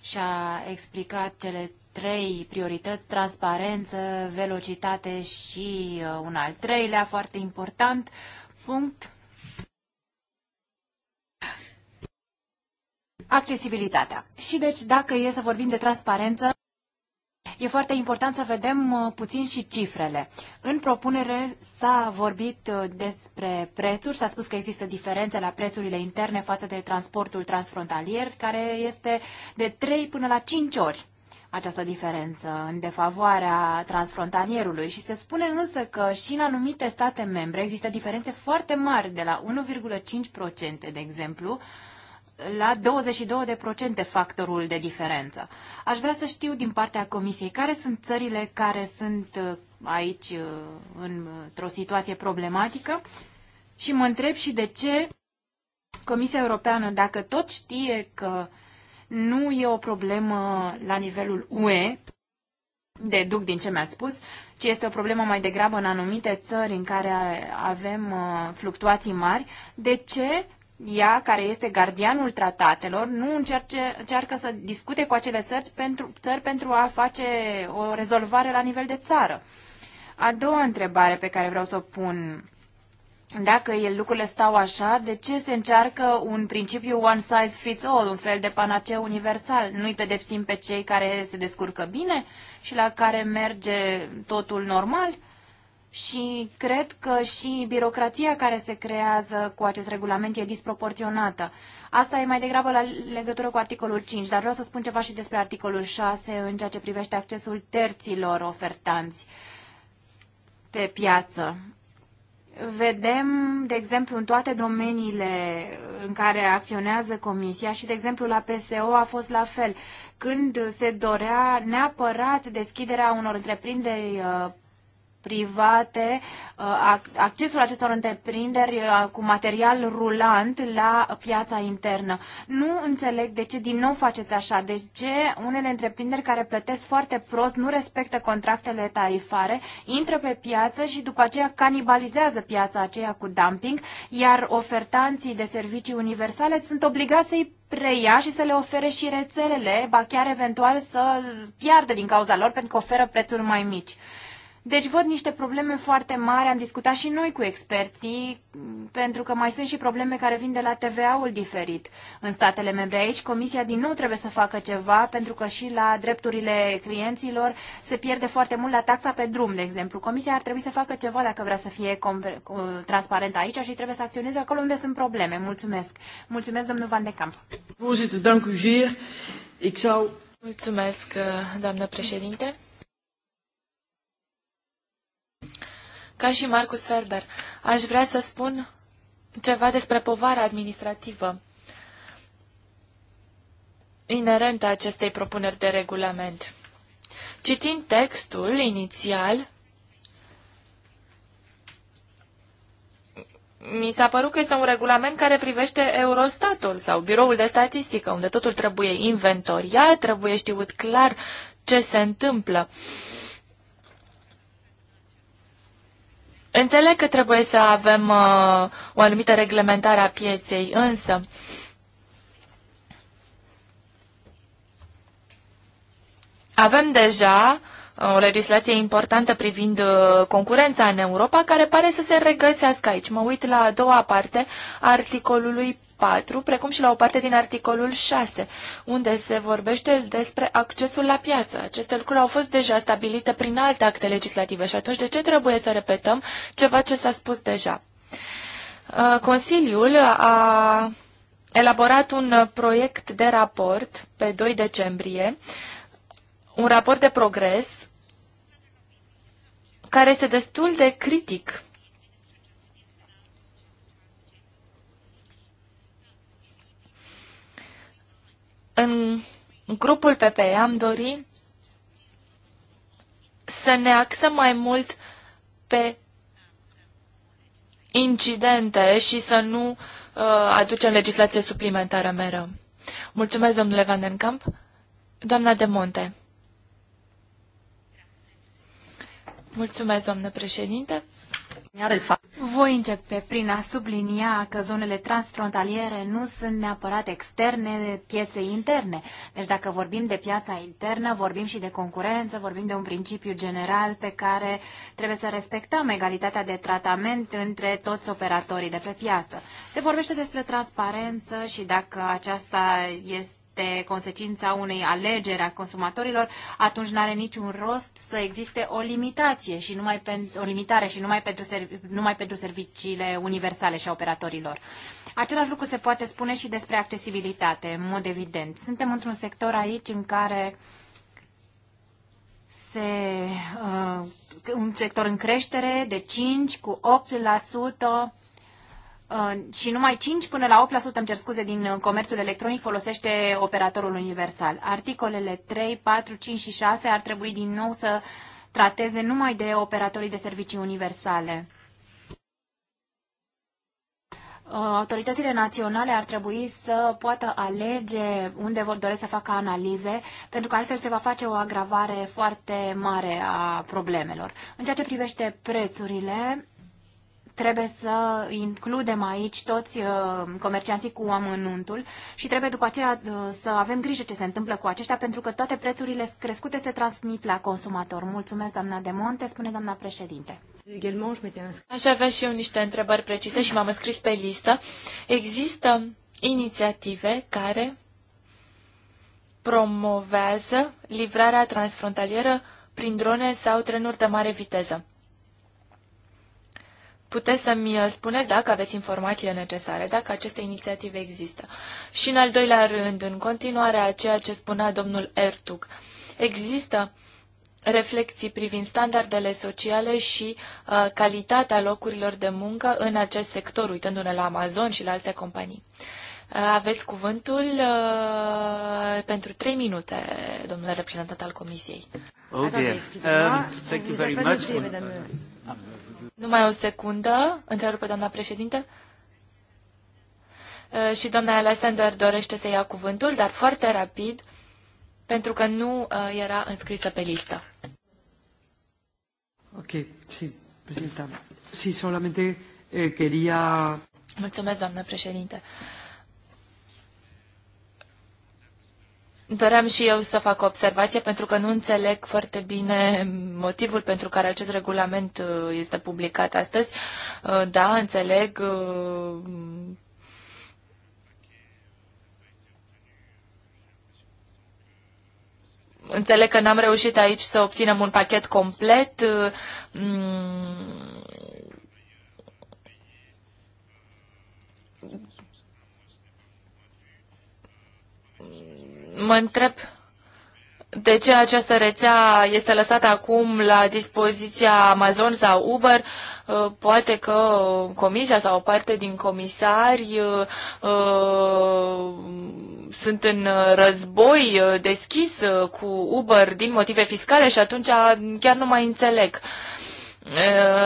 S2: și-a explicat cele trei priorități, transparență, velocitate și uh, un al treilea foarte important punct accesibilitatea. Și deci, dacă e să vorbim de transparență, E foarte important să vedem uh, puțin și cifrele. În propunere s-a vorbit uh, despre prețuri, s-a spus că există diferențe la prețurile interne față de transportul transfrontalier, care este de 3 până la 5 ori această diferență în defavoarea transfrontalierului și se spune însă că și în anumite state membre există diferențe foarte mari de la 1,5% de exemplu la 22% factorul de diferență. Aș vrea să știu din partea Comisiei care sunt țările care sunt uh, aici uh, într-o situație problematică și mă întreb și de ce Comisia Europeană, dacă tot știe că nu e o problemă la nivelul UE, deduc din ce mi-ați spus, ci este o problemă mai degrabă în anumite țări în care avem uh, fluctuații mari, de ce ea, care este gardianul tratatelor, nu încerce, încearcă să discute cu acele țări pentru, țări pentru a face o rezolvare la nivel de țară. A doua întrebare pe care vreau să o pun, dacă lucrurile stau așa, de ce se încearcă un principiu one size fits all, un fel de panaceu universal? Nu-i pedepsim pe cei care se descurcă bine și la care merge totul normal? și cred că și birocrația care se creează cu acest regulament e disproporționată. Asta e mai degrabă la legătură cu articolul 5, dar vreau să spun ceva și despre articolul 6 în ceea ce privește accesul terților ofertanți pe piață. Vedem, de exemplu, în toate domeniile în care acționează Comisia și, de exemplu, la PSO a fost la fel, când se dorea neapărat deschiderea unor întreprinderi uh, private, uh, accesul acestor întreprinderi uh, cu material rulant la piața internă. Nu înțeleg de ce din nou faceți așa, de ce unele întreprinderi care plătesc foarte prost nu respectă contractele tarifare, intră pe piață și după aceea canibalizează piața aceea cu dumping, iar ofertanții de servicii universale sunt obligați să-i preia și să le ofere și rețelele, ba chiar eventual să piardă din cauza lor pentru că oferă prețuri mai mici. Deci văd niște probleme foarte mari, am discutat și noi cu experții, pentru că mai sunt și probleme care vin de la TVA-ul diferit în statele membre. Aici Comisia din nou trebuie să facă ceva, pentru că și la drepturile clienților se pierde foarte mult la taxa pe drum, de exemplu. Comisia ar trebui să facă ceva dacă vrea să fie transparentă aici și trebuie să acționeze acolo unde sunt probleme. Mulțumesc. Mulțumesc, domnul Van de
S1: Camp. Mulțumesc, doamnă președinte. ca și Marcus Ferber. Aș vrea să spun ceva despre povara administrativă inerentă acestei propuneri de regulament. Citind textul inițial, mi s-a părut că este un regulament care privește Eurostatul sau Biroul de Statistică, unde totul trebuie inventoriat, trebuie știut clar ce se întâmplă. Uh, Înțeleg că trebuie să avem uh, o anumită reglementare a pieței, însă avem deja uh, o legislație importantă privind uh, concurența în Europa, care pare să se regăsească aici. Mă uit la a doua parte a articolului 4, precum și la o parte din articolul 6, unde se vorbește despre accesul la piață. Aceste lucruri au fost deja stabilite prin alte acte legislative și atunci de ce trebuie să repetăm ceva ce s-a spus deja? Uh, Consiliul a elaborat un proiect de raport pe 2 decembrie, un raport de progres care este destul de critic În grupul PPE am dorit să ne axăm mai mult pe incidente și să nu uh, aducem legislație suplimentară meră. Mulțumesc, domnule Van den Camp. Doamna de Monte. Mulțumesc, doamnă președinte.
S2: Voi începe prin a sublinia că zonele transfrontaliere nu sunt neapărat externe de pieței interne. Deci dacă vorbim de piața internă, vorbim și de concurență, vorbim de un principiu general pe care trebuie să respectăm egalitatea de tratament între toți operatorii de pe piață. Se vorbește despre transparență și dacă aceasta este este consecința unei alegeri a consumatorilor, atunci nu are niciun rost să existe o limitație și numai pe, o limitare și numai pentru, numai pentru serviciile universale și a operatorilor. Același lucru se poate spune și despre accesibilitate, în mod evident. Suntem într-un sector aici în care se, uh, un sector în creștere de 5 cu 8%, Uh, și numai 5 până la 8%, îmi cer scuze, din uh, comerțul electronic folosește operatorul universal. Articolele 3, 4, 5 și 6 ar trebui din nou să trateze numai de operatorii de servicii universale. Uh, autoritățile naționale ar trebui să poată alege unde vor doresc să facă analize, pentru că altfel se va face o agravare foarte mare a problemelor. În ceea ce privește prețurile, trebuie să includem aici toți uh, comercianții cu amănuntul și trebuie după aceea uh, să avem grijă ce se întâmplă cu aceștia, pentru că toate prețurile crescute se transmit la consumator. Mulțumesc, doamna de Monte, spune doamna președinte. Aș
S1: avea și eu niște întrebări precise și m-am înscris pe listă. Există inițiative care promovează livrarea transfrontalieră prin drone sau trenuri de mare viteză puteți să-mi uh, spuneți dacă aveți informațiile necesare, dacă aceste inițiative există. Și în al doilea rând, în continuare a ceea ce spunea domnul Ertug, există reflexii privind standardele sociale și uh, calitatea locurilor de muncă în acest sector, uitându-ne la Amazon și la alte companii. Uh, aveți cuvântul uh, pentru trei minute, domnule reprezentant al Comisiei. Oh, dear. Um, thank you very much. Numai o secundă, întrerupe doamna președinte. Și doamna Alexander dorește să ia cuvântul, dar foarte rapid, pentru că nu era înscrisă pe
S3: listă. Ok, sí, presidenta. Sí, solamente eh, quería...
S1: Mulțumesc, doamna președinte. Uh, Doream și eu să fac o observație pentru că nu înțeleg foarte bine motivul pentru care acest regulament uh, este publicat astăzi. Uh, da, înțeleg uh, Înțeleg că n-am reușit aici să obținem un pachet complet. Mm, mă întreb de ce această rețea este lăsată acum la dispoziția Amazon sau Uber. Uh, poate că comisia sau o parte din comisari uh, uh sunt în război uh, deschis cu Uber din motive fiscale și atunci chiar nu mai înțeleg. Uh,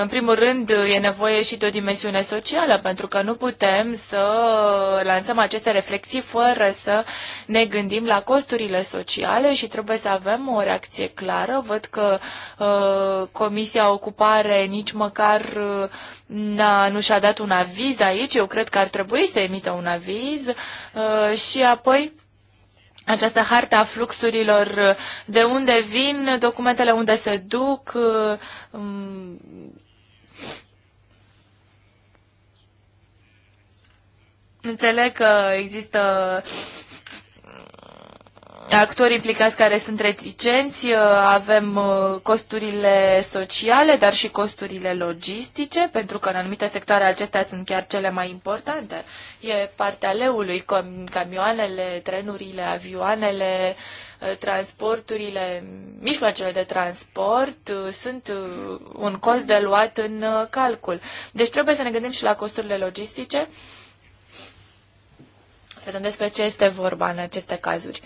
S1: în primul rând, e nevoie și de o dimensiune socială, pentru că nu putem să lansăm aceste reflexii fără să ne gândim la costurile sociale și trebuie să avem o reacție clară. Văd că uh, Comisia Ocupare nici măcar nu și-a dat un aviz aici. Eu cred că ar trebui să emită un aviz uh, și apoi această harta a fluxurilor, de unde vin documentele, unde se duc. Um, înțeleg că există actori implicați care sunt reticenți, uh, avem uh, costurile sociale, dar și costurile logistice, pentru că în anumite sectoare acestea sunt chiar cele mai importante. E partea leului, camioanele, trenurile, avioanele, uh, transporturile, mijloacele de transport sunt un cost de luat în calcul. Deci trebuie să ne gândim și la costurile logistice, să gândesc despre ce este vorba în aceste cazuri.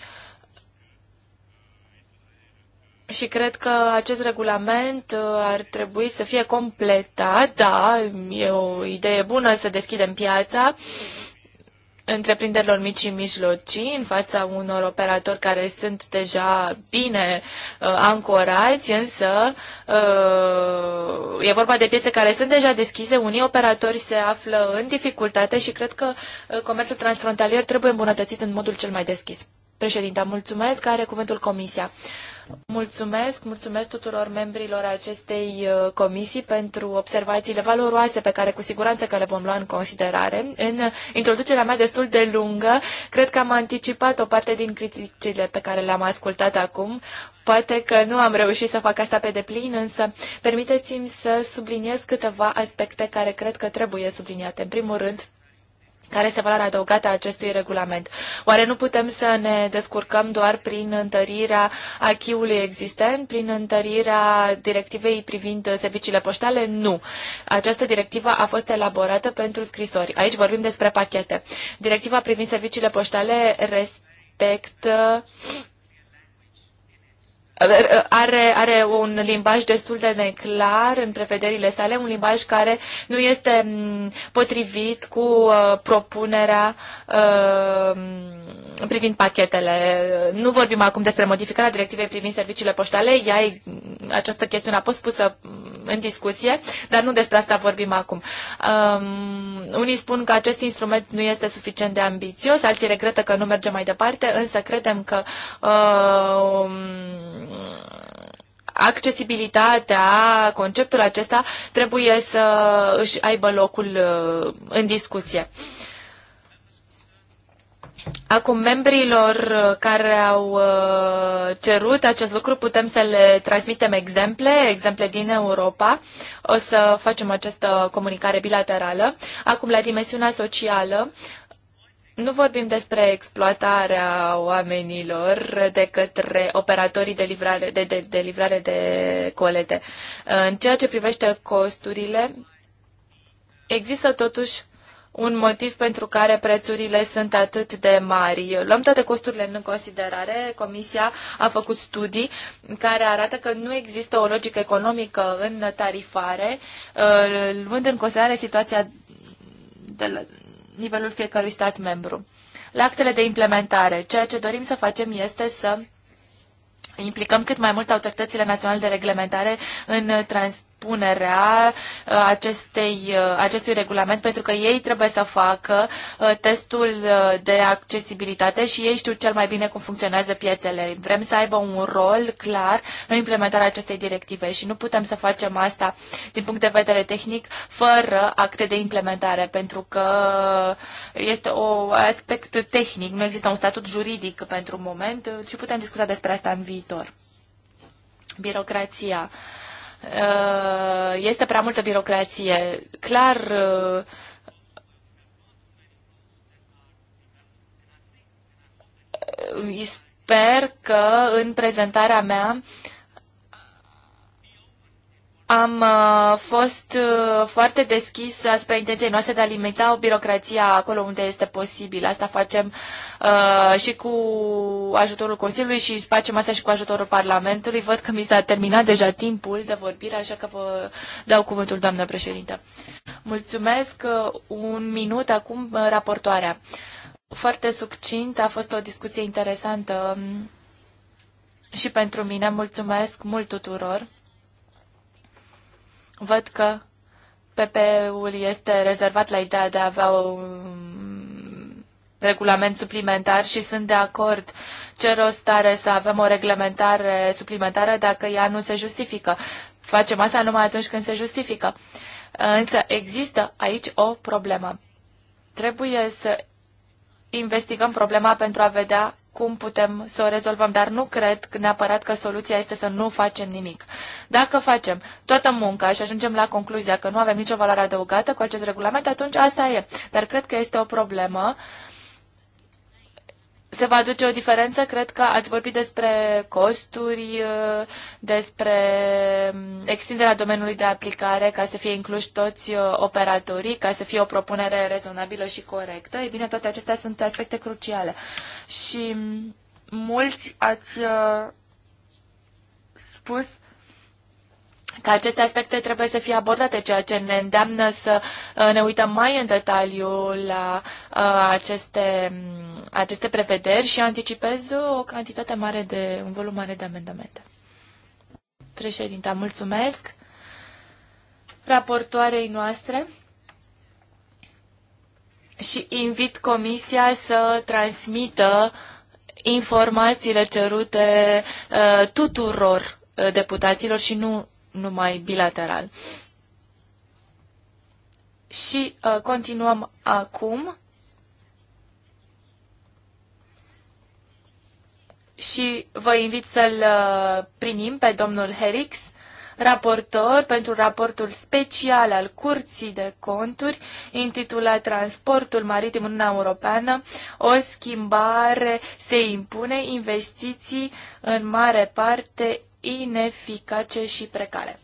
S1: Și cred că acest regulament uh, ar trebui să fie completat. Da, e o idee bună să deschidem piața întreprinderilor mici și mijlocii în fața unor operatori care sunt deja bine uh, ancorați, însă uh, e vorba de piețe care sunt deja deschise, unii operatori se află în dificultate și cred că uh, comerțul transfrontalier trebuie îmbunătățit în modul cel mai deschis. Președinta, mulțumesc, are cuvântul Comisia. Mulțumesc, mulțumesc tuturor membrilor acestei uh, comisii pentru observațiile valoroase pe care cu siguranță că le vom lua în considerare. În uh, introducerea mea destul de lungă, cred că am anticipat o parte din criticile pe care le-am ascultat acum. Poate că nu am reușit să fac asta pe deplin, însă permiteți-mi să subliniez câteva aspecte care cred că trebuie subliniate. În primul rând, care este valoarea adăugată a acestui regulament? Oare nu putem să ne descurcăm doar prin întărirea achiului existent, prin întărirea directivei privind serviciile poștale? Nu. Această directivă a fost elaborată pentru scrisori. Aici vorbim despre pachete. Directiva privind serviciile poștale respectă are, are un limbaj destul de neclar în prevederile sale, un limbaj care nu este mm, potrivit cu uh, propunerea uh, privind pachetele. Nu vorbim acum despre modificarea directivei privind serviciile poștale. Ea, această chestiune a fost pusă în discuție, dar nu despre asta vorbim acum. Um, unii spun că acest instrument nu este suficient de ambițios, alții regretă că nu merge mai departe, însă credem că um, accesibilitatea, conceptul acesta trebuie să își aibă locul uh, în discuție. Uh, Acum, membrilor uh, care au uh, cerut acest lucru, putem să le transmitem exemple, exemple din Europa. O să facem această comunicare bilaterală. Acum, la dimensiunea socială, nu vorbim despre exploatarea oamenilor de către operatorii de livrare de, de, de, livrare de colete. În ceea ce privește costurile, există totuși un motiv pentru care prețurile sunt atât de mari. Luăm toate costurile în considerare. Comisia a făcut studii care arată că nu există o logică economică în tarifare, uh, luând în considerare situația de la nivelul fiecărui stat membru. La actele de implementare, ceea ce dorim să facem este să implicăm cât mai mult autoritățile naționale de reglementare în trans punerea uh, acestei, uh, acestui regulament, pentru că ei trebuie să facă uh, testul de accesibilitate și ei știu cel mai bine cum funcționează piețele. Vrem să aibă un rol clar în implementarea acestei directive și nu putem să facem asta din punct de vedere tehnic fără acte de implementare, pentru că este un aspect tehnic, nu există un statut juridic pentru moment și putem discuta despre asta în viitor. Birocrația. Uh, Uh, este prea multă birocrație. Clar, uh, sper că în prezentarea mea uh, am uh, fost uh, foarte deschis asupra intenției noastre de a limita o birocrația acolo unde este posibil. Asta facem uh, și cu ajutorul Consiliului și facem asta și cu ajutorul Parlamentului. Văd că mi s-a terminat deja timpul de vorbire, așa că vă dau cuvântul, doamnă președintă. Mulțumesc. Uh, un minut acum raportoarea. Foarte succint, a fost o discuție interesantă um, și pentru mine. Mulțumesc mult tuturor. Văd că PP-ul este rezervat la ideea de a avea un regulament suplimentar și sunt de acord ce rost are să avem o reglementare suplimentară dacă ea nu se justifică. Facem asta numai atunci când se justifică. Însă există aici o problemă. Trebuie să investigăm problema pentru a vedea cum putem să o rezolvăm, dar nu cred neapărat că soluția este să nu facem nimic. Dacă facem toată munca și ajungem la concluzia că nu avem nicio valoare adăugată cu acest regulament, atunci asta e. Dar cred că este o problemă uh, se va aduce o diferență? Cred că ați vorbit despre costuri, uh, despre um, extinderea domeniului de aplicare, ca să fie incluși toți uh, operatorii, ca să fie o propunere rezonabilă și corectă. Ei bine, toate acestea sunt aspecte cruciale. Și um, mulți ați uh, spus că aceste aspecte trebuie să fie abordate, ceea ce ne îndeamnă să uh, ne uităm mai în detaliu la uh, aceste, mm, aceste prevederi și anticipez o cantitate mare de, un volum mare de amendamente. Președinta, mulțumesc raportoarei noastre și invit comisia să transmită informațiile cerute uh, tuturor deputaților și nu numai bilateral. Și uh, continuăm acum și vă invit să-l uh, primim pe domnul Herix, raportor pentru raportul special al Curții de Conturi, intitulat Transportul maritim în Uniunea Europeană, o schimbare se impune, investiții în mare parte ineficace și precare.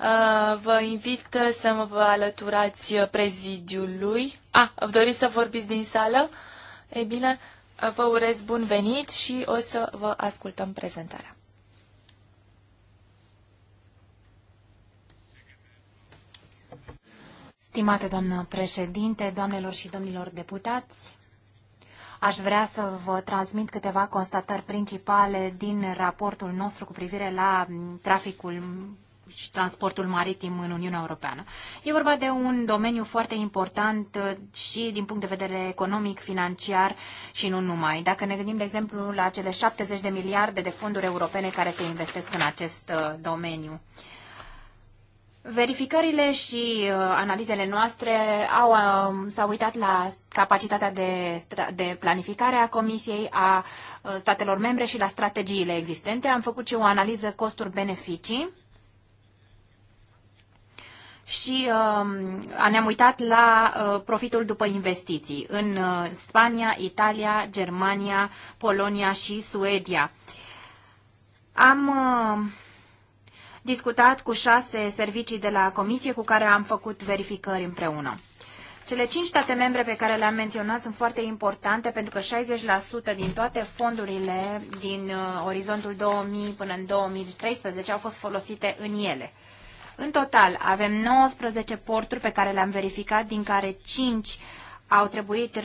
S1: Uh, vă invit să vă alăturați prezidiului. A, ah, doriți să vorbiți din sală? E bine, vă urez bun venit și o să vă ascultăm prezentarea.
S2: Stimate doamnă președinte, doamnelor și domnilor deputați, Aș vrea să vă transmit câteva constatări principale din raportul nostru cu privire la traficul și transportul maritim în Uniunea Europeană. E vorba de un domeniu foarte important uh, și din punct de vedere economic, financiar și nu numai. Dacă ne gândim, de exemplu, la cele 70 de miliarde de fonduri europene care se investesc în acest uh, domeniu. Verificările și uh, analizele noastre au, uh, s-au uitat la capacitatea de, de planificare a Comisiei, a uh, statelor membre și la strategiile existente. Am făcut și o analiză costuri-beneficii și uh, ne-am uitat la uh, profitul după investiții în uh, Spania, Italia, Germania, Polonia și Suedia. Am... Uh, discutat cu șase servicii de la Comisie cu care am făcut verificări împreună. Cele cinci state membre pe care le-am menționat sunt foarte importante pentru că 60% din toate fondurile din uh, orizontul 2000 până în 2013 au fost folosite în ele. În total avem 19 porturi pe care le-am verificat, din care 5 au, trebuit, uh,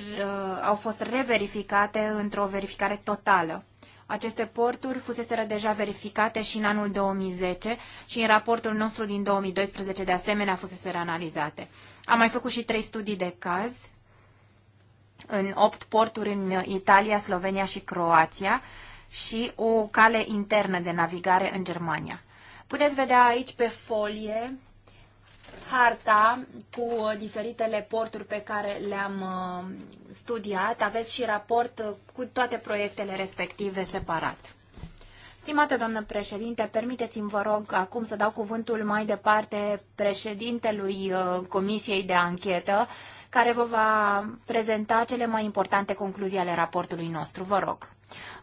S2: au fost reverificate într-o verificare totală. Aceste porturi fuseseră deja verificate și în anul 2010 și în raportul nostru din 2012 de asemenea fuseseră analizate. Am mai făcut și trei studii de caz în opt porturi în Italia, Slovenia și Croația și o cale internă de navigare în Germania. Puteți vedea aici pe folie harta cu diferitele porturi pe care le-am uh, studiat. Aveți și raport uh, cu toate proiectele respective separat. Stimată doamnă președinte, permiteți-mi, vă rog, acum să dau cuvântul mai departe președintelui uh, Comisiei de Anchetă, care vă va prezenta cele mai importante concluzii ale raportului nostru. Vă rog.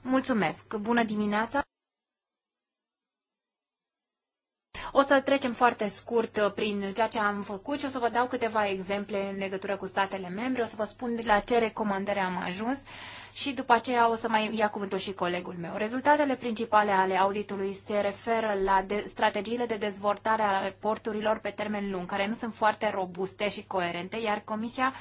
S2: Mulțumesc. Bună dimineața! O să trecem foarte scurt uh, prin ceea ce am făcut și o să vă dau câteva exemple în legătură cu statele membre. O să vă spun la ce recomandare am ajuns și după aceea o să mai ia cuvântul și colegul meu. Rezultatele principale ale auditului se referă la de- strategiile de dezvoltare ale porturilor pe termen lung, care nu sunt foarte robuste și coerente, iar Comisia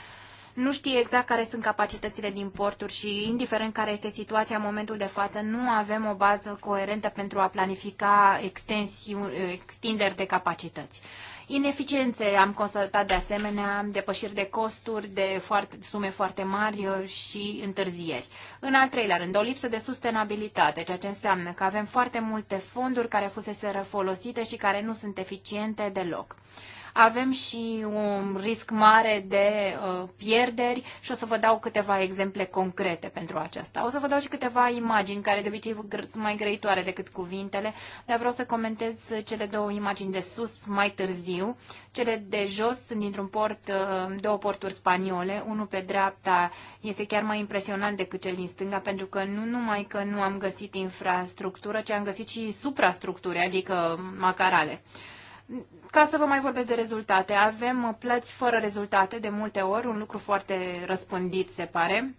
S2: nu știe exact care sunt capacitățile din porturi și, indiferent care este situația în momentul de față, nu avem o bază coerentă pentru a planifica extinderi de capacități. Ineficiențe am constatat de asemenea, depășiri de costuri, de foarte, sume foarte mari uh, și întârzieri. În al treilea rând, o lipsă de sustenabilitate, ceea ce înseamnă că avem foarte multe fonduri care fusese folosite și care nu sunt eficiente deloc avem și un risc mare de uh, pierderi și o să vă dau câteva exemple concrete pentru aceasta. O să vă dau și câteva imagini care de obicei sunt mai grăitoare decât cuvintele, dar vreau să comentez cele două imagini de sus mai târziu. Cele de jos sunt dintr-un port, uh, două porturi spaniole, unul pe dreapta este chiar mai impresionant decât cel din stânga, pentru că nu numai că nu am găsit infrastructură, ci am găsit și suprastructuri, adică macarale. Ca să vă mai vorbesc de rezultate, avem uh, plăți fără rezultate de multe ori, un lucru foarte răspândit se pare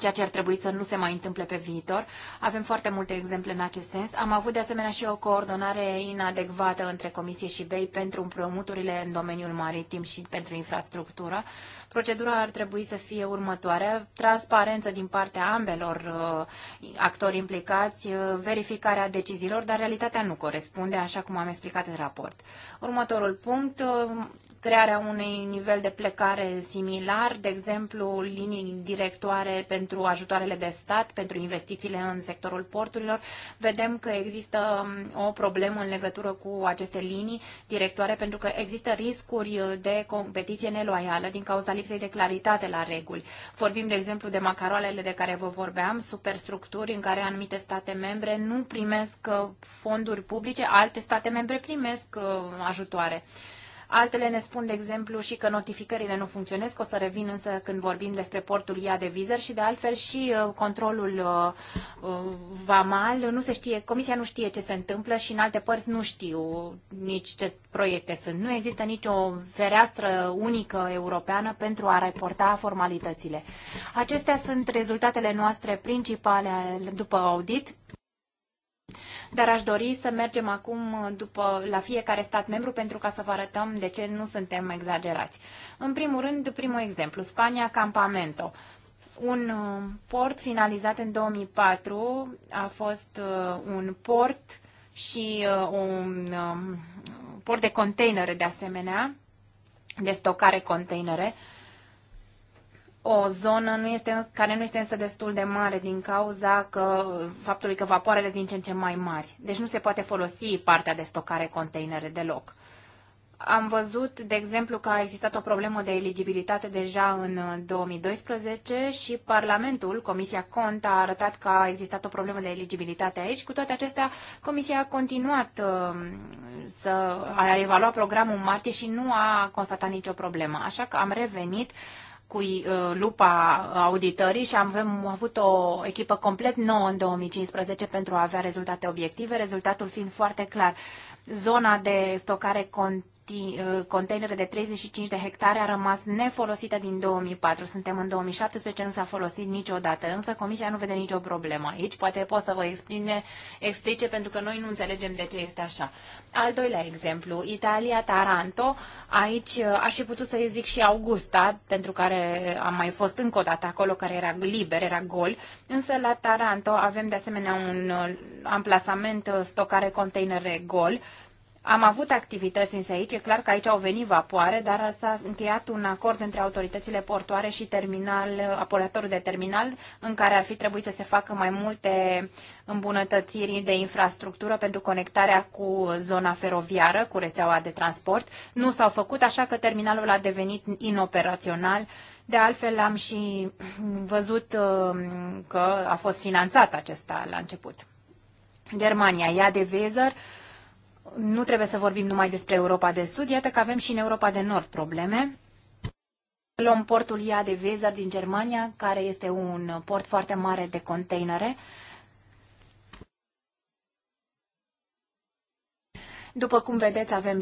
S2: ceea ce ar trebui să nu se mai întâmple pe viitor. Avem foarte multe exemple în acest sens. Am avut de asemenea și o coordonare inadecvată între Comisie și BEI pentru împrumuturile în domeniul maritim și pentru infrastructură. Procedura ar trebui să fie următoarea. Transparență din partea ambelor uh, actori implicați, uh, verificarea deciziilor, dar realitatea nu corespunde, așa cum am explicat în raport. Următorul punct, uh, crearea unui nivel de plecare similar, de exemplu, linii directoare pentru ajutoarele de stat, pentru investițiile în sectorul porturilor. Vedem că există um, o problemă în legătură cu aceste linii directoare pentru că există riscuri de competiție neloială din cauza lipsei de claritate la reguli. Vorbim, de exemplu, de macaroalele de care vă vorbeam, superstructuri în care anumite state membre nu primesc uh, fonduri publice, alte state membre primesc uh, ajutoare. Altele ne spun, de exemplu, și că notificările nu funcționează, o să revin însă când vorbim despre portul IA de vizer și de altfel și uh, controlul uh, uh, VAMAL, nu se știe, comisia nu știe ce se întâmplă și în alte părți nu știu nici ce proiecte sunt. Nu există nicio fereastră unică europeană pentru a raporta formalitățile. Acestea sunt rezultatele noastre principale după audit dar aș dori să mergem acum uh, după, la fiecare stat membru pentru ca să vă arătăm de ce nu suntem exagerați. În primul rând, primul exemplu, Spania Campamento. Un uh, port finalizat în 2004 a fost uh, un port și un um, port de containere de asemenea, de stocare containere, o zonă nu este, care nu este însă destul de mare din cauza că, faptului că vapoarele din ce în ce mai mari. Deci nu se poate folosi partea de stocare containere deloc. Am văzut, de exemplu, că a existat o problemă de eligibilitate deja în 2012 uh, și Parlamentul, Comisia Cont, a arătat că a existat o problemă de eligibilitate aici. Cu toate acestea, Comisia a continuat uh, să a evalua programul în martie și nu a constatat nicio problemă. Așa că am revenit uh, cu uh, lupa auditării și am avut o echipă complet nouă în 2015 pentru a avea rezultate obiective, rezultatul fiind foarte clar. Zona de stocare cont Uh, containere de 35 de hectare a rămas nefolosită din 2004. Suntem în 2017, nu s-a folosit niciodată, însă Comisia nu vede nicio problemă aici. Poate pot să vă explice, explice pentru că noi nu înțelegem de ce este așa. Al doilea exemplu, Italia, Taranto. Aici uh, aș fi putut să-i zic și Augusta, pentru care am mai fost încă o dată acolo, care era liber, era gol. Însă la Taranto avem de asemenea un uh, amplasament stocare containere gol am avut activități însă aici, e clar că aici au venit vapoare, dar s-a încheiat un acord între autoritățile portoare și terminal, apolatorul de terminal, în care ar fi trebuit să se facă mai multe îmbunătățiri de infrastructură pentru conectarea cu zona feroviară, cu rețeaua de transport. Nu s-au făcut, așa că terminalul a devenit inoperațional. De altfel, am și văzut um, că a fost finanțat acesta la început. Germania, ea de Weser, nu trebuie să vorbim numai despre Europa de Sud, iată că avem și în Europa de Nord probleme. Luăm portul IA de Weser din Germania, care este un port foarte mare de containere. După cum vedeți, avem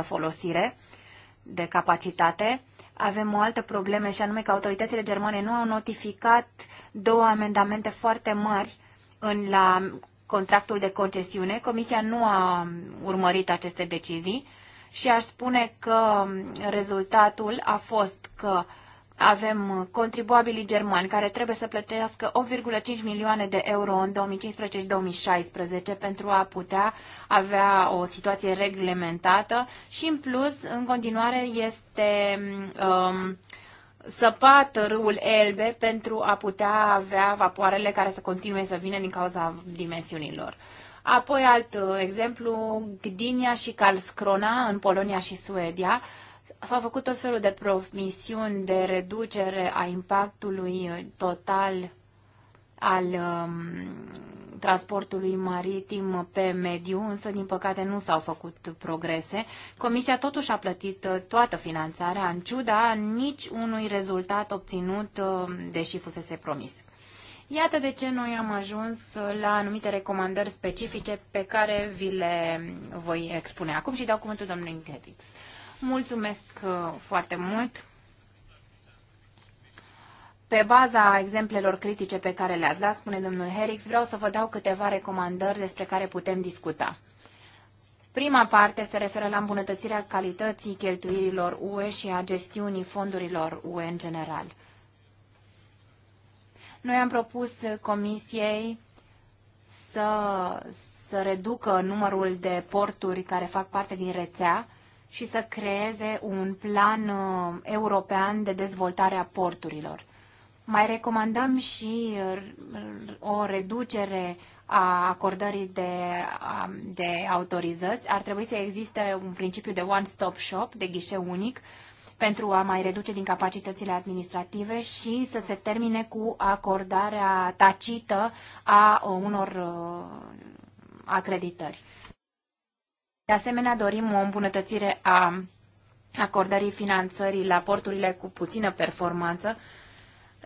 S2: 16-17% folosire de capacitate. Avem o altă problemă și anume că autoritățile germane nu au notificat două amendamente foarte mari în la contractul de concesiune. Comisia nu a urmărit aceste decizii și aș spune că rezultatul a fost că avem contribuabilii germani care trebuie să plătească 8,5 milioane de euro în 2015 și 2016 pentru a putea avea o situație reglementată și în plus, în continuare, este um, săpat râul Elbe pentru a putea avea vapoarele care să continue să vină din cauza dimensiunilor. Apoi alt uh, exemplu, Gdynia și Karlskrona în Polonia și Suedia s-au făcut tot felul de promisiuni de reducere a impactului total al um, transportului maritim pe mediu, însă din păcate nu s-au făcut progrese. Comisia totuși a plătit uh, toată finanțarea, în ciuda nici unui rezultat obținut, uh, deși fusese promis. Iată de ce noi am ajuns la anumite recomandări specifice pe care vi le voi expune acum și dau cuvântul domnului Gredix. Mulțumesc uh, foarte mult! Pe baza exemplelor critice pe care le-ați dat, spune domnul Herix, vreau să vă dau câteva recomandări despre care putem discuta. Prima parte se referă la îmbunătățirea calității cheltuirilor UE și a gestiunii fondurilor UE în general. Noi am propus Comisiei să, să reducă numărul de porturi care fac parte din rețea și să creeze un plan uh, european de dezvoltare a porturilor. Mai recomandăm și uh, o reducere a acordării de, um, de autorizări. Ar trebui să existe un principiu de one-stop shop, de ghișeu unic, pentru a mai reduce din capacitățile administrative și să se termine cu acordarea tacită a uh, unor uh, acreditări. De asemenea, dorim o îmbunătățire a acordării finanțării la porturile cu puțină performanță,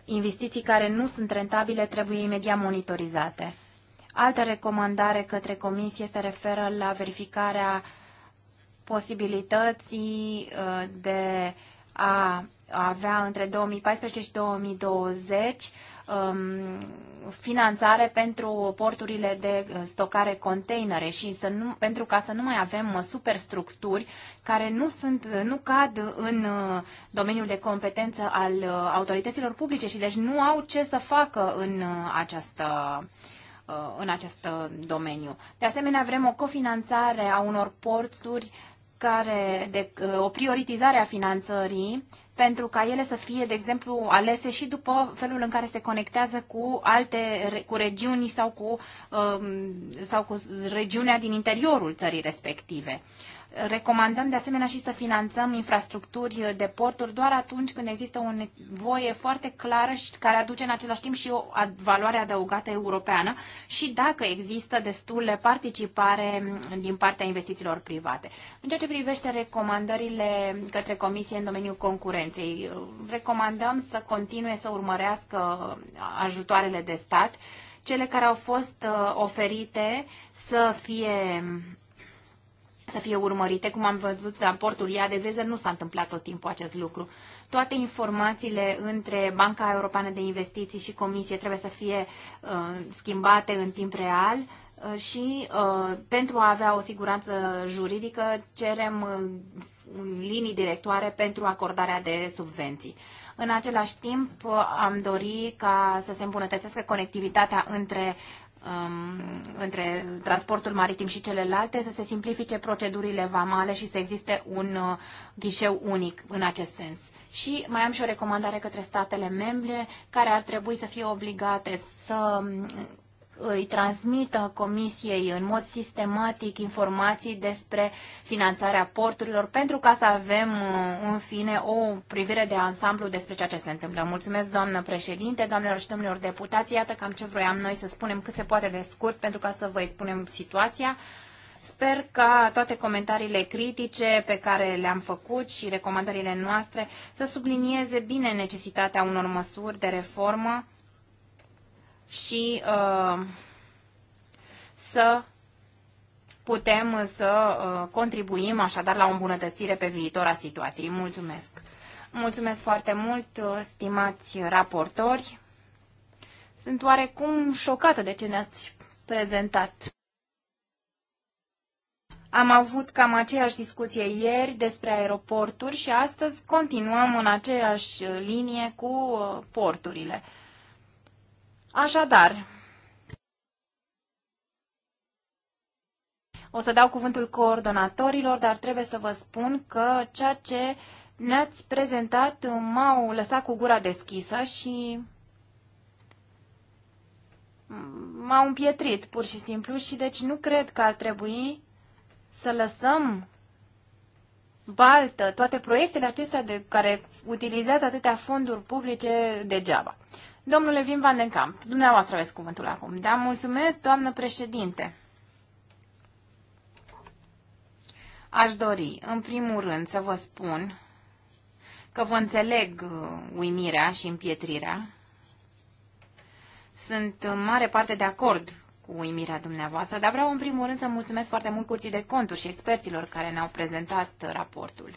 S2: investiții care nu sunt rentabile trebuie imediat monitorizate. Altă recomandare către comisie se referă la verificarea posibilității uh, de a avea între 2014 și 2020 um, finanțare pentru porturile de uh, stocare containere și să nu, pentru ca să nu mai avem uh, superstructuri care nu, sunt, uh, nu cad în domeniul de competență al autorităților publice și deci nu au ce să facă în această în acest domeniu. De asemenea, vrem o cofinanțare a unor porturi care de, o prioritizare a finanțării pentru ca ele să fie, de exemplu, alese și după felul în care se conectează cu alte, cu regiuni sau cu, um, sau cu regiunea din interiorul țării respective. Recomandăm de asemenea și să finanțăm infrastructuri de porturi doar atunci când există o nevoie foarte clară și care aduce în același timp și o valoare adăugată europeană și dacă există destule participare din partea investițiilor private. În ceea ce privește recomandările către Comisie în domeniul concurenței, recomandăm să continue să urmărească ajutoarele de stat cele care au fost uh, oferite să fie să fie urmărite. Cum am văzut la portul IA de Vezer, nu s-a întâmplat tot timpul acest lucru. Toate informațiile între Banca Europeană de Investiții și Comisie trebuie să fie uh, schimbate în timp real uh, și uh, pentru a avea o siguranță juridică cerem uh, linii directoare pentru acordarea de subvenții. În același timp, am dori ca să se îmbunătățească conectivitatea între Um, între transportul maritim și celelalte, să se simplifice procedurile vamale și să existe un uh, ghișeu unic în acest sens. Și mai am și o recomandare către statele membre care ar trebui să fie obligate să îi transmită comisiei în mod sistematic informații despre finanțarea porturilor pentru ca să avem uh, în fine o privire de ansamblu despre ceea ce se întâmplă. Mulțumesc, doamnă președinte, doamnelor și domnilor deputați. Iată cam ce vroiam noi să spunem cât se poate de scurt pentru ca să vă spunem situația. Sper ca toate comentariile critice pe care le-am făcut și recomandările noastre să sublinieze bine necesitatea unor măsuri de reformă și uh, să putem să uh, contribuim așadar la o îmbunătățire pe viitor a situației. Mulțumesc! Mulțumesc foarte mult, uh, stimați raportori! Sunt oarecum șocată de ce ne-ați prezentat. Am avut cam aceeași discuție ieri despre aeroporturi și astăzi continuăm în aceeași linie cu porturile. Așadar, o să dau cuvântul coordonatorilor, dar trebuie să vă spun că ceea ce ne-ați prezentat m-au lăsat cu gura deschisă și m-au împietrit pur și simplu și deci nu cred că ar trebui să lăsăm baltă toate proiectele acestea de care utilizează atâtea fonduri publice degeaba. Domnule Vim Van den Kamp, dumneavoastră aveți cuvântul acum. Da, mulțumesc, doamnă președinte. Aș dori, în primul rând, să vă spun că vă înțeleg uh, uimirea și împietrirea. Sunt în mare parte de acord cu uimirea dumneavoastră, dar vreau în primul rând să mulțumesc foarte mult curții de conturi și experților care ne-au prezentat raportul.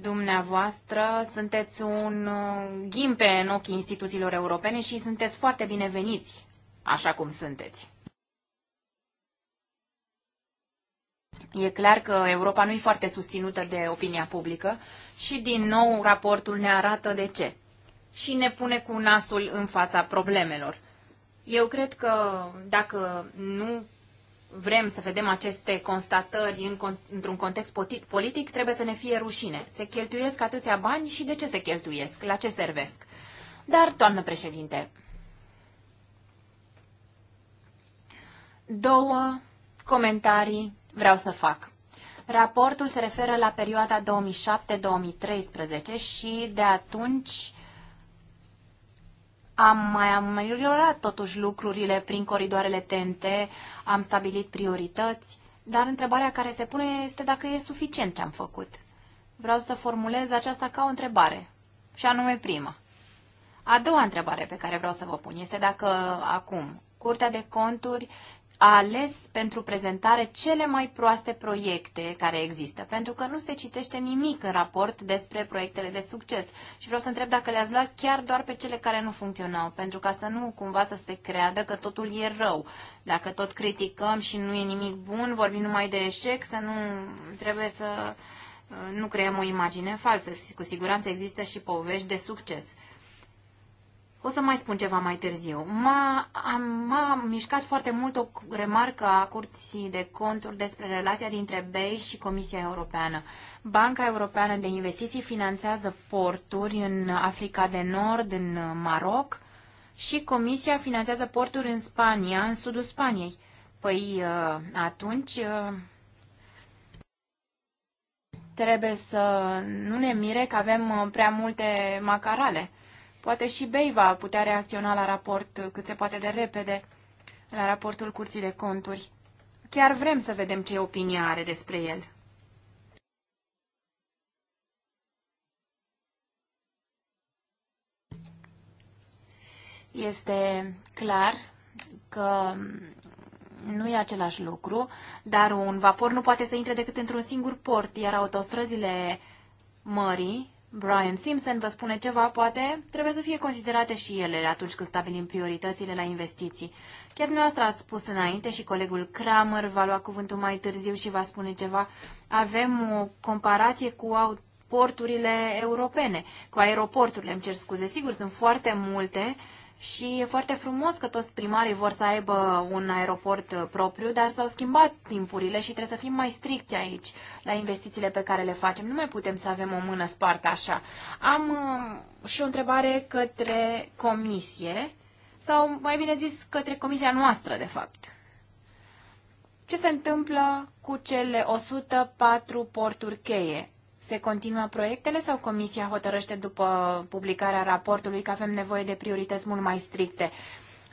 S2: dumneavoastră sunteți un uh, ghimpe în ochii instituțiilor europene și sunteți foarte bineveniți așa cum sunteți. E clar că Europa nu e foarte susținută de opinia publică și din nou raportul ne arată de ce. Și ne pune cu nasul în fața problemelor. Eu cred că dacă nu vrem să vedem aceste constatări în, într-un context politic, trebuie să ne fie rușine. Se cheltuiesc atâția bani și de ce se cheltuiesc? La ce servesc? Dar, doamnă președinte, două comentarii vreau să fac. Raportul se referă la perioada 2007-2013 și de atunci am mai ameliorat totuși lucrurile prin coridoarele TNT, am stabilit priorități, dar întrebarea care se pune este dacă e suficient ce am făcut. Vreau să formulez aceasta ca o întrebare, și anume prima. A doua întrebare pe care vreau să vă pun este dacă acum Curtea de Conturi a ales pentru prezentare cele mai proaste proiecte care există, pentru că nu se citește nimic în raport despre proiectele de succes. Și vreau să întreb dacă le-ați luat chiar doar pe cele care nu funcționau, pentru ca să nu cumva să se creadă că totul e rău. Dacă tot criticăm și nu e nimic bun, vorbim numai de eșec, să nu trebuie să uh, nu creăm o imagine falsă. Cu siguranță există și povești de succes. O să mai spun ceva mai târziu. M-a, m-a mișcat foarte mult o remarcă a Curții de Conturi despre relația dintre BEI și Comisia Europeană. Banca Europeană de Investiții finanțează porturi în Africa de Nord, în Maroc, și Comisia finanțează porturi în Spania, în sudul Spaniei. Păi uh, atunci uh, trebuie să nu ne mire că avem uh, prea multe macarale. Poate și BEI va putea reacționa la raport cât se poate de repede, la raportul Curții de Conturi. Chiar vrem să vedem ce opinie are despre el. Este clar că nu e același lucru, dar un vapor nu poate să intre decât într-un singur port, iar autostrăzile mării Brian Simpson vă spune ceva, poate, trebuie să fie considerate și ele atunci când stabilim prioritățile la investiții. Chiar dumneavoastră ați spus înainte și colegul Kramer va lua cuvântul mai târziu și va spune ceva. Avem o comparație cu porturile europene, cu aeroporturile, îmi cer scuze. Sigur, sunt foarte multe și e foarte frumos că toți primarii vor să aibă un aeroport uh, propriu, dar s-au schimbat timpurile și trebuie să fim mai stricți aici la investițiile pe care le facem. Nu mai putem să avem o mână spartă așa. Am uh, și o întrebare către comisie, sau mai bine zis către comisia noastră, de fapt. Ce se întâmplă cu cele 104 porturi cheie se continuă proiectele sau Comisia hotărăște după publicarea raportului că avem nevoie de priorități mult mai stricte?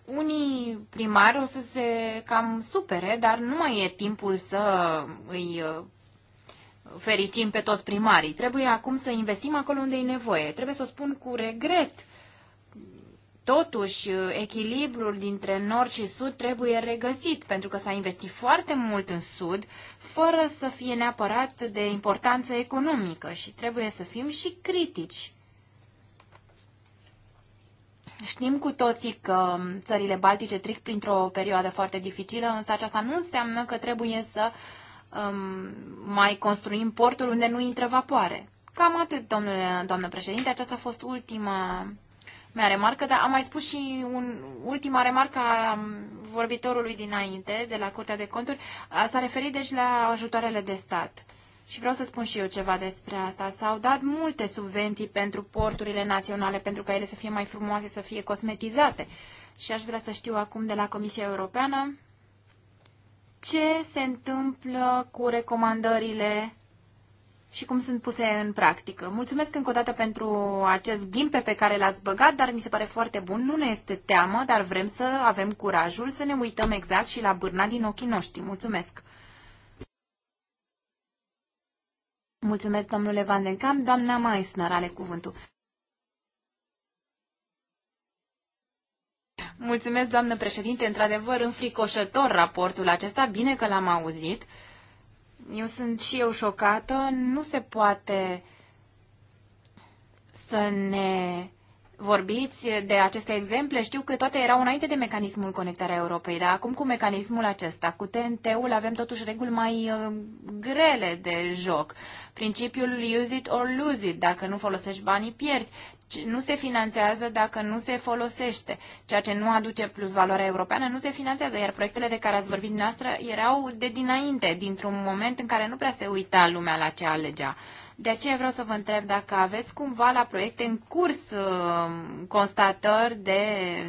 S2: Unii primari o să se cam supere, dar nu mai e timpul să îi uh, fericim pe toți primarii. Trebuie acum să investim acolo unde e nevoie. Trebuie să o spun cu regret. Totuși, uh, echilibrul dintre nord și sud trebuie regăsit, pentru că s-a investit foarte mult în sud fără să fie neapărat de importanță economică și trebuie să fim și critici. Știm cu toții că țările baltice trec printr-o perioadă foarte dificilă, însă aceasta nu înseamnă că trebuie să um, mai construim portul unde nu intră vapoare. Cam atât, domnule, doamnă președinte, aceasta a fost ultima mea remarcă, dar am mai spus și un, ultima remarcă a vorbitorului dinainte, de la Curtea de Conturi, s-a referit deci la ajutoarele de stat. Și vreau să spun și eu ceva despre asta. S-au dat multe subvenții pentru porturile naționale, pentru ca ele să fie mai frumoase, să fie cosmetizate. Și aș vrea să știu acum de la Comisia Europeană ce se întâmplă cu recomandările și cum sunt puse în practică. Mulțumesc încă o dată pentru acest ghimpe pe care l-ați băgat, dar mi se pare foarte bun. Nu ne este teamă, dar vrem să avem curajul să ne uităm exact și la bârna din ochii noștri. Mulțumesc! Mulțumesc, domnule Van den Kamp. Doamna Meissner ale cuvântul. Mulțumesc, doamnă președinte. Într-adevăr, înfricoșător raportul acesta. Bine că l-am auzit. Eu sunt și eu șocată. Nu se poate să ne vorbiți de aceste exemple, știu că toate erau înainte de mecanismul conectarea Europei, dar acum cu mecanismul acesta, cu TNT-ul, avem totuși reguli mai uh, grele de joc. Principiul use it or lose it, dacă nu folosești banii, pierzi. Nu se finanțează dacă nu se folosește. Ceea ce nu aduce plus valoarea europeană nu se finanțează, iar proiectele de care ați vorbit noastră erau de dinainte, dintr-un moment în care nu prea se uita lumea la ce alegea. De aceea vreau să vă întreb dacă aveți cumva la proiecte în curs uh, constatări de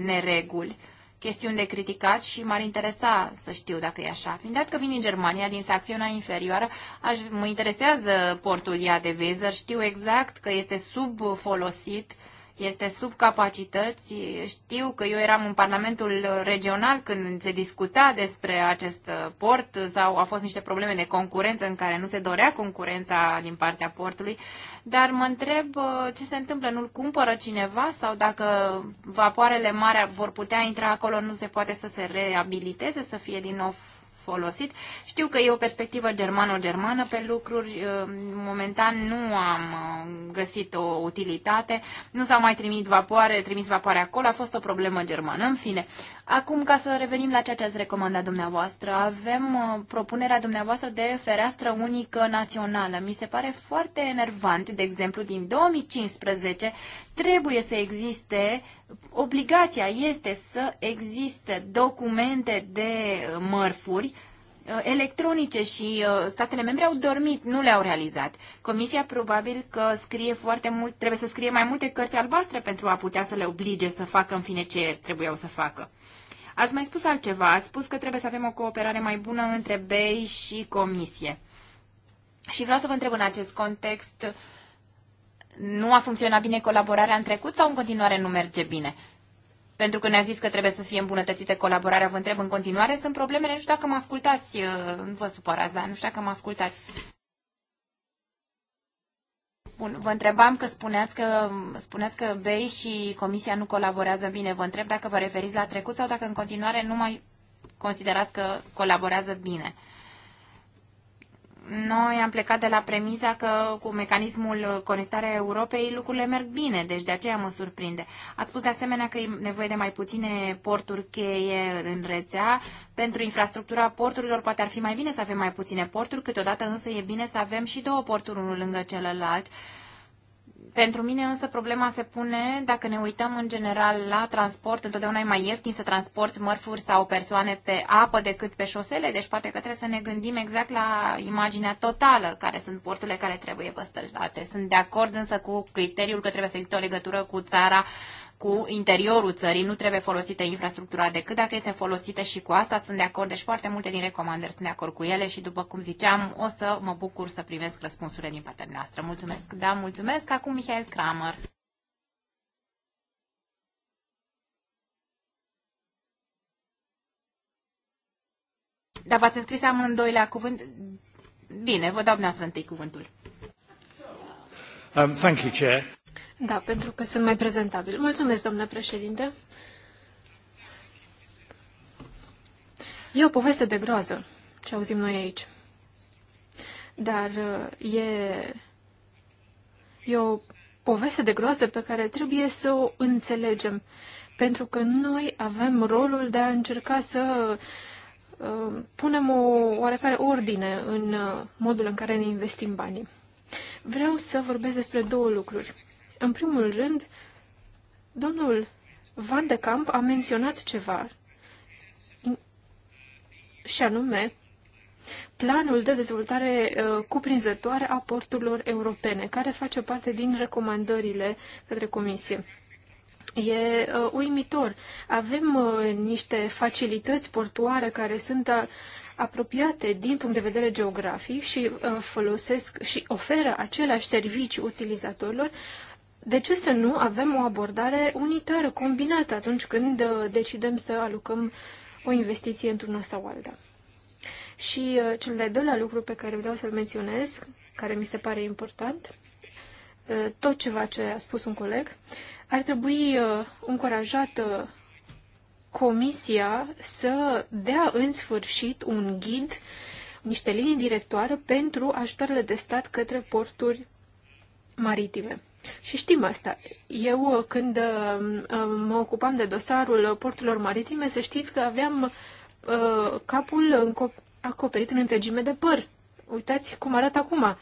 S2: nereguli, chestiuni de criticat și m-ar interesa să știu dacă e așa. Fiind dat că vin din Germania, din secțiunea inferioară, aș, mă interesează portul ea de Weser, știu exact că este subfolosit folosit este sub capacități. Știu că eu eram în Parlamentul Regional când se discuta despre acest port sau au fost niște probleme de concurență în care nu se dorea concurența din partea portului, dar mă întreb uh, ce se întâmplă, nu-l cumpără cineva sau dacă vapoarele mari vor putea intra acolo, nu se poate să se reabiliteze, să fie din nou folosit. Știu că e o perspectivă germano-germană pe lucruri. Uh, momentan nu am uh, găsit o utilitate. Nu s-au mai trimit vapoare, trimis vapoare acolo. A fost o problemă germană. În fine, acum ca să revenim la ceea ce ați recomandat dumneavoastră. Avem uh, propunerea dumneavoastră de fereastră unică națională. Mi se pare foarte enervant, de exemplu, din 2015 trebuie să existe, obligația este să existe documente de uh, mărfuri uh, electronice și uh, statele membre au dormit, nu le-au realizat. Comisia probabil că scrie foarte mult, trebuie să scrie mai multe cărți albastre pentru a putea să le oblige să facă în fine ce trebuiau să facă. Ați mai spus altceva, ați spus că trebuie să avem o cooperare mai bună între BEI și Comisie. Și vreau să vă întreb în acest context nu a funcționat bine colaborarea în trecut sau în continuare nu merge bine? Pentru că ne-a zis că trebuie să fie îmbunătățită colaborarea, vă întreb în continuare, sunt problemele, nu știu dacă mă ascultați, nu uh, vă supărați, dar nu știu dacă mă ascultați. Bun, vă întrebam că spuneați că, spuneați că BEI și Comisia nu colaborează bine. Vă întreb dacă vă referiți la trecut sau dacă în continuare nu mai considerați că colaborează bine. Noi am plecat de la premiza că cu mecanismul conectarea Europei lucrurile merg bine, deci de aceea mă surprinde. Ați spus de asemenea că e nevoie de mai puține porturi cheie în rețea. Pentru infrastructura porturilor poate ar fi mai bine să avem mai puține porturi, câteodată însă e bine să avem și două porturi unul lângă celălalt. Uh, pentru mine însă problema se pune dacă ne uităm în general la transport, întotdeauna e mai ieftin să transporti mărfuri sau persoane pe apă decât pe șosele, deci poate că trebuie să ne gândim exact la imaginea totală, care sunt porturile care trebuie păstrate. Sunt de acord însă cu criteriul că trebuie să există o legătură cu țara cu interiorul țării, nu trebuie folosită infrastructura decât dacă este folosită și cu asta sunt de acord, deci foarte multe din recomandări sunt de acord cu ele și după cum ziceam, o să mă bucur să primesc răspunsurile din partea noastră. Mulțumesc, da, mulțumesc. Acum Michael Kramer. Dar v-ați înscris amândoi la cuvânt?
S3: Bine, vă dau dumneavoastră întâi cuvântul.
S1: Um, thank you, Chair.
S3: Da, pentru că sunt mai prezentabil. Mulțumesc, domnule președinte. E o poveste de groază ce auzim noi aici. Dar uh, e, e o poveste de groază pe care trebuie să o înțelegem. Pentru că noi avem rolul de a încerca să uh, punem o oarecare ordine în uh, modul în care ne investim banii. Vreau să vorbesc despre două lucruri. În primul rând, domnul Van de Camp a menționat ceva, și anume planul de dezvoltare uh, cuprinzătoare a porturilor europene, care face parte din recomandările către Comisie. E uh, uimitor. Avem uh, niște facilități portoare care sunt uh, apropiate din punct de vedere geografic și uh, folosesc și oferă aceleași servicii utilizatorilor, de ce să nu avem o abordare unitară, combinată, atunci când uh, decidem să alucăm o investiție într-una sau alta? Și uh, cel de-al doilea lucru pe care vreau să-l menționez, care mi se pare important, uh, tot ceva ce a spus un coleg, ar trebui încurajată comisia să dea în sfârșit un ghid, niște linii directoare pentru ajutoarele de stat către porturi maritime. Și știm asta. Eu, când uh, mă ocupam de dosarul porturilor maritime, să știți că aveam uh, capul acoperit în întregime de păr. Uitați cum arată acum.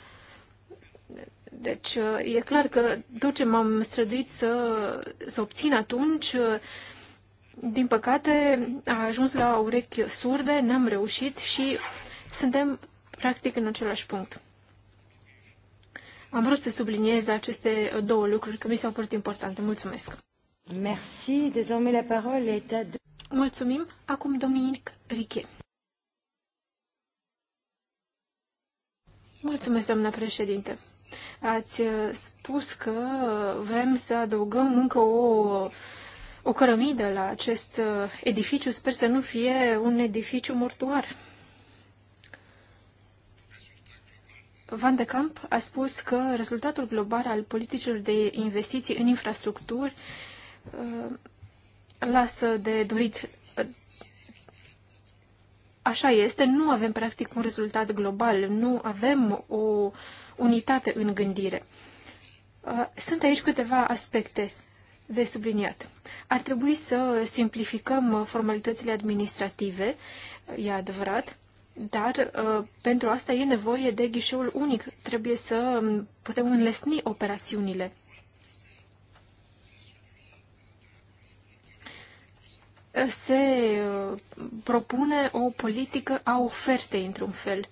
S3: Deci, uh, e clar că tot ce m-am străduit să, să obțin atunci, din păcate, a ajuns la urechi surde, n-am reușit și suntem practic în același punct. Am vrut să subliniez aceste două lucruri, că mi s-au părut importante. Mulțumesc! Merci. Désormais, la parole est à... Mulțumim. Acum Dominic Riche. Mulțumesc, doamna președinte. Ați uh, spus că vrem să adăugăm încă o, o cărămidă la acest uh, edificiu. Sper să nu fie un edificiu mortuar. Van de Camp a spus că rezultatul global al politicilor de investiții în infrastructuri uh, lasă de dorit. Așa este, nu avem practic un rezultat global, nu avem o unitate în gândire. Uh, sunt aici câteva aspecte de subliniat. Ar trebui să simplificăm formalitățile administrative, e adevărat, dar uh, pentru asta e nevoie de ghișeul unic. Trebuie să um, putem înlesni operațiunile. Se uh, propune o politică a ofertei, într-un fel.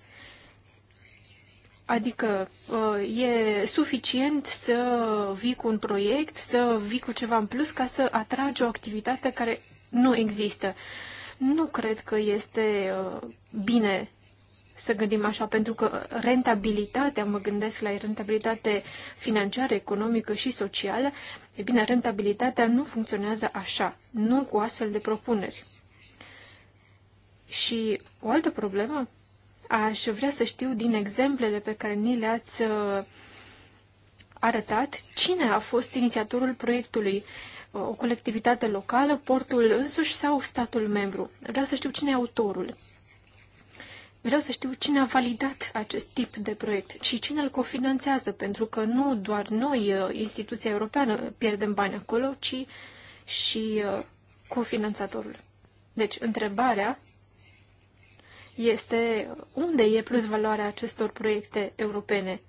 S3: Adică uh, e suficient să vii cu un proiect, să vii cu ceva în plus ca să atragi o activitate care nu există. Uh, nu cred că este uh, bine să gândim așa, pentru că rentabilitatea, mă gândesc la rentabilitate financiară, economică și socială, e bine, rentabilitatea nu funcționează așa, nu cu astfel de propuneri. Și o altă problemă, aș vrea să știu din exemplele pe care ni le-ați uh, arătat, cine a fost inițiatorul proiectului o colectivitate locală, portul însuși sau statul membru. Vreau să știu cine e autorul. Vreau să știu cine a validat acest tip de proiect și cine îl cofinanțează, pentru că nu doar noi, uh, instituția europeană, pierdem bani acolo, ci și uh, cofinanțatorul. Deci, întrebarea este unde e plus valoarea acestor proiecte europene?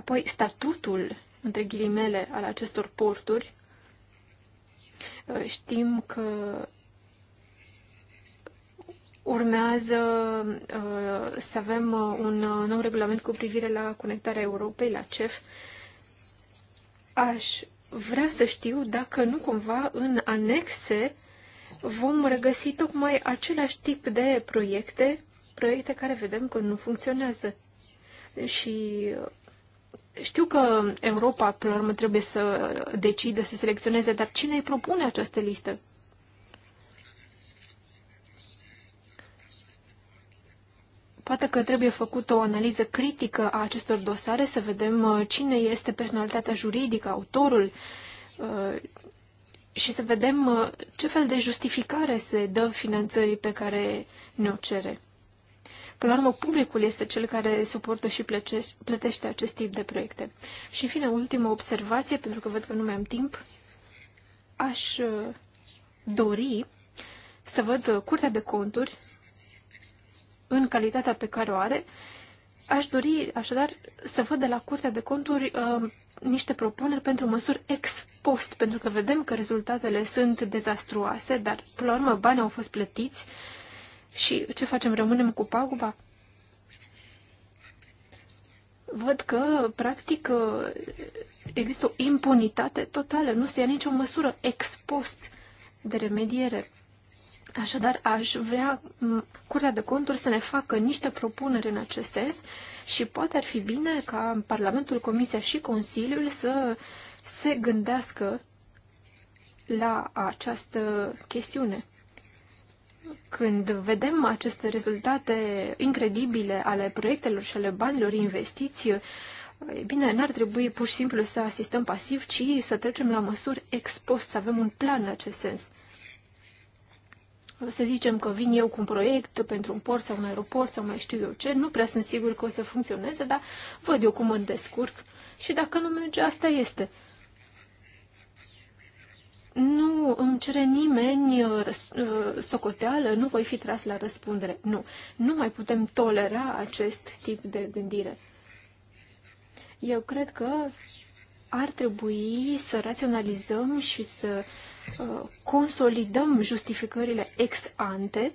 S3: Apoi, statutul, între ghilimele, al acestor porturi. Știm că urmează uh, să avem uh, un uh, nou regulament cu privire la conectarea Europei, la CEF. Aș vrea să știu dacă nu cumva în anexe vom regăsi tocmai același tip de proiecte, proiecte care vedem că nu funcționează. Și știu că Europa, până la urmă, trebuie să decide, să selecționeze, dar cine îi propune această listă? Poate că trebuie făcută o analiză critică a acestor dosare, să vedem uh, cine este personalitatea juridică, autorul, uh, și să vedem uh, ce fel de justificare se dă finanțării pe care ne-o cere. Până la urmă, publicul este cel care suportă și plătește acest tip de proiecte. Și, în fine, ultima observație, pentru că văd că nu mai am timp, aș uh, dori să văd uh, Curtea de Conturi în calitatea pe care o are. Aș dori, așadar, să văd de la Curtea de Conturi uh, niște propuneri pentru măsuri ex post, pentru că vedem că rezultatele sunt dezastruoase, dar, până la urmă, banii au fost plătiți, uh, și ce facem? Rămânem cu paguba? Văd că, practic, există o impunitate totală. Nu se ia nicio măsură ex post de remediere. Așadar, aș vrea Curtea de Conturi să ne facă niște propuneri în acest sens și poate ar fi bine ca Parlamentul, Comisia și Consiliul să se gândească la această chestiune. Când vedem aceste rezultate incredibile ale proiectelor și ale banilor investiți, e bine, n-ar trebui pur și simplu să asistăm pasiv, ci să trecem la măsuri ex post, să avem un plan în acest sens. Să zicem că vin eu cu un proiect pentru un port sau un aeroport sau mai știu eu ce, nu prea sunt sigur că o să funcționeze, dar văd eu cum mă descurc și dacă nu merge, asta este nu îmi cere nimeni uh, uh, socoteală, nu voi fi tras la răspundere. Nu. Nu mai putem tolera acest tip de gândire. Eu cred că ar trebui să raționalizăm și să uh, consolidăm justificările ex ante,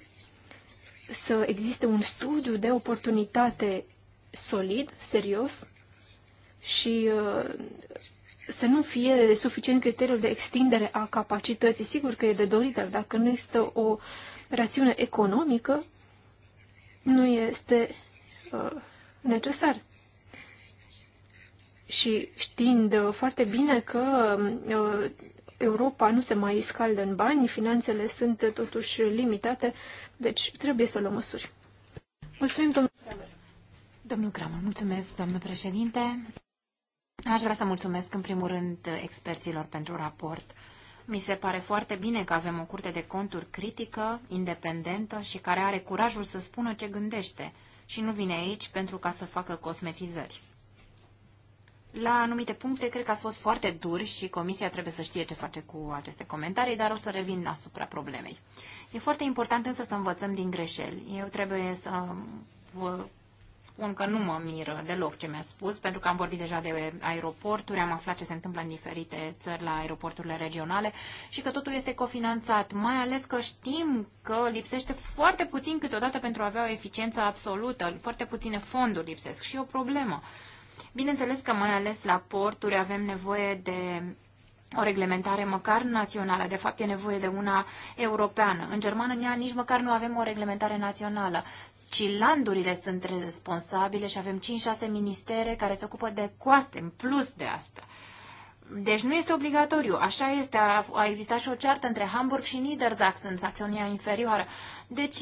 S3: să existe un studiu de oportunitate solid, serios și să nu fie suficient criteriul de extindere a capacității. Sigur că e de dorit, dar dacă nu există o rațiune economică, nu este uh, necesar. Și știind uh, foarte bine că uh, Europa nu se mai scaldă în bani, finanțele sunt totuși limitate, deci trebuie să luăm măsuri. Mulțumim, domnul Kramer. Domnul Kramer,
S2: mulțumesc, doamnă președinte. Aș vrea să mulțumesc în primul rând experților pentru raport. Mi se pare foarte bine că avem o curte de conturi critică, independentă și care are curajul să spună ce gândește și nu vine aici pentru ca să facă cosmetizări. La anumite puncte cred că ați fost foarte duri și comisia trebuie să știe ce face cu aceste comentarii, dar o să revin asupra problemei. E foarte important însă să învățăm din greșeli. Eu trebuie să vă spun că nu mă miră deloc ce mi-a spus, pentru că am vorbit deja de aeroporturi, am aflat ce se întâmplă în diferite țări la aeroporturile regionale și că totul este cofinanțat, mai ales că știm că lipsește foarte puțin câteodată pentru a avea o eficiență absolută, foarte puține fonduri lipsesc și o problemă. Bineînțeles că mai ales la porturi avem nevoie de o reglementare măcar națională. De fapt, e nevoie de una europeană. În Germania nici măcar nu avem o reglementare națională ci landurile sunt responsabile și avem 5-6 ministere care se ocupă de coaste în plus de asta. Deci nu este obligatoriu. Așa este. A, existat și o ceartă între Hamburg și Niedersachsen, Saxonia inferioară. Deci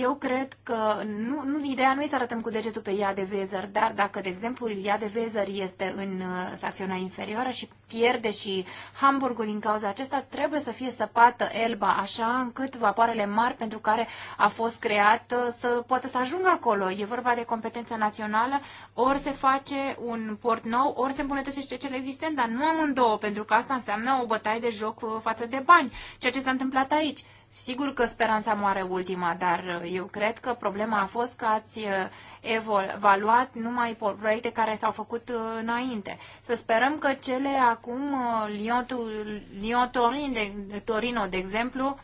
S2: eu cred că nu, nu, ideea nu e să arătăm cu degetul pe ea de Weser, dar dacă, de exemplu, ea de Weser este în uh, secțiunea inferioară și pierde și Hamburgul din cauza acesta, trebuie să fie săpată Elba așa încât vapoarele mari pentru care a fost creat uh, să poată să ajungă acolo. E vorba de competență națională, ori se face un port nou, ori se îmbunătățește cel existent, dar nu amândouă, pentru că asta înseamnă o bătaie de joc uh, față de bani, ceea ce s-a întâmplat aici. Sigur că speranța moare ultima, dar uh, eu cred că problema a fost că ați uh, evaluat numai proiecte care s-au făcut uh, înainte. Să sperăm că cele acum, Lyon-Torino, de, Torino, de exemplu,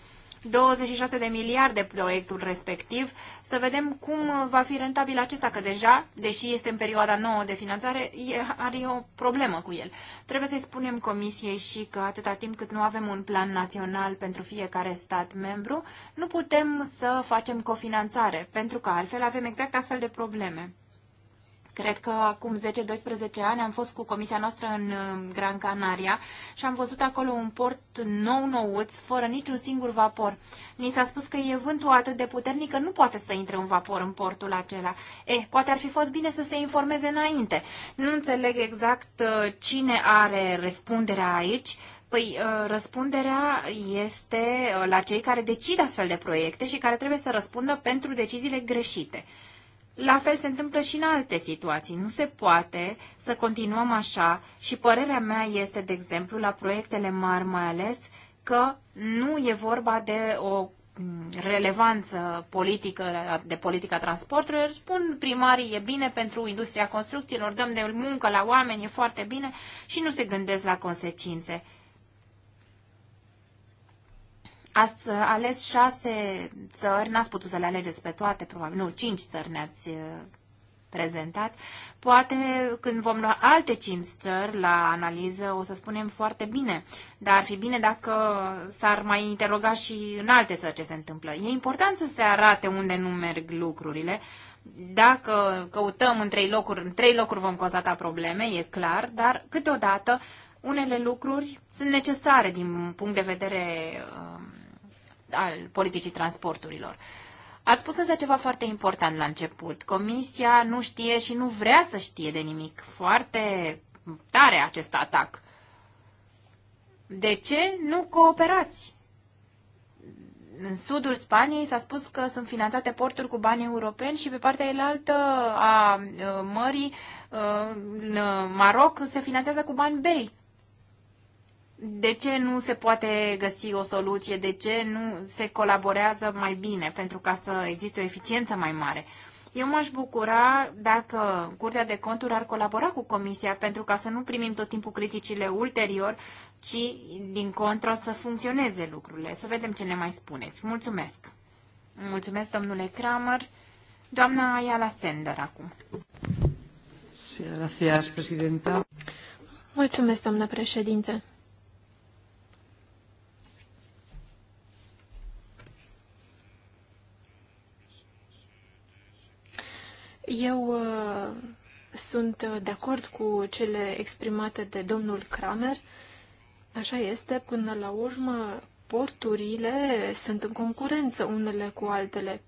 S2: 26 de miliarde proiectul respectiv, să vedem cum va fi rentabil acesta, că deja, deși este în perioada nouă de finanțare, are o problemă cu el. Trebuie să-i spunem Comisiei și că atâta timp cât nu avem un plan național pentru fiecare stat membru, nu putem să facem cofinanțare, pentru că altfel avem exact astfel de probleme. Cred că acum 10-12 ani am fost cu comisia noastră în um, Gran Canaria și am văzut acolo un port nou-nouț, fără niciun singur vapor. Ni s-a spus că e vântul atât de puternic că nu poate să intre un vapor în portul acela. Eh, poate ar fi fost bine să se informeze înainte. Nu înțeleg exact uh, cine are răspunderea aici, Păi, uh, răspunderea este uh, la cei care decid astfel de proiecte și care trebuie să răspundă pentru deciziile greșite. La fel se întâmplă și în alte situații. Nu se poate să continuăm așa și părerea mea este, de exemplu, la proiectele mari mai ales, că nu e vorba de o mm, relevanță politică, de politica transporturilor. Spun primarii, e bine pentru industria construcțiilor, dăm de muncă la oameni, e foarte bine și nu se gândesc la consecințe. Ați ales șase țări, n-ați putut să le alegeți pe toate, probabil, nu, cinci țări ne-ați uh, prezentat. Poate când vom lua alte cinci țări la analiză o să spunem foarte bine, dar ar fi bine dacă s-ar mai interoga și în alte țări ce se întâmplă. E important să se arate unde nu merg lucrurile. Dacă căutăm în trei locuri, în trei locuri vom constata probleme, e clar, dar câteodată unele lucruri sunt necesare din punct de vedere um, al politicii transporturilor. A spus însă ceva foarte important la început. Comisia nu știe și nu vrea să știe de nimic. Foarte tare acest atac. De ce nu cooperați? În sudul Spaniei s-a spus că sunt finanțate porturi cu bani europeni și pe partea elaltă a uh, mării, uh, în Maroc, se finanțează cu bani bei de ce nu se poate găsi o soluție, de ce nu se colaborează mai bine pentru ca să existe o eficiență mai mare. Eu m-aș bucura dacă Curtea de Conturi ar colabora cu Comisia pentru ca să nu primim tot timpul criticile ulterior, ci, din contră, să funcționeze lucrurile. Să vedem ce ne mai spuneți. Mulțumesc! Mulțumesc, domnule Kramer. Doamna Ayala Sender, acum.
S3: Mulțumesc, doamnă președinte. Eu uh, sunt uh, de acord cu cele exprimate de domnul Kramer. Așa este, până la urmă, porturile sunt în concurență unele cu altele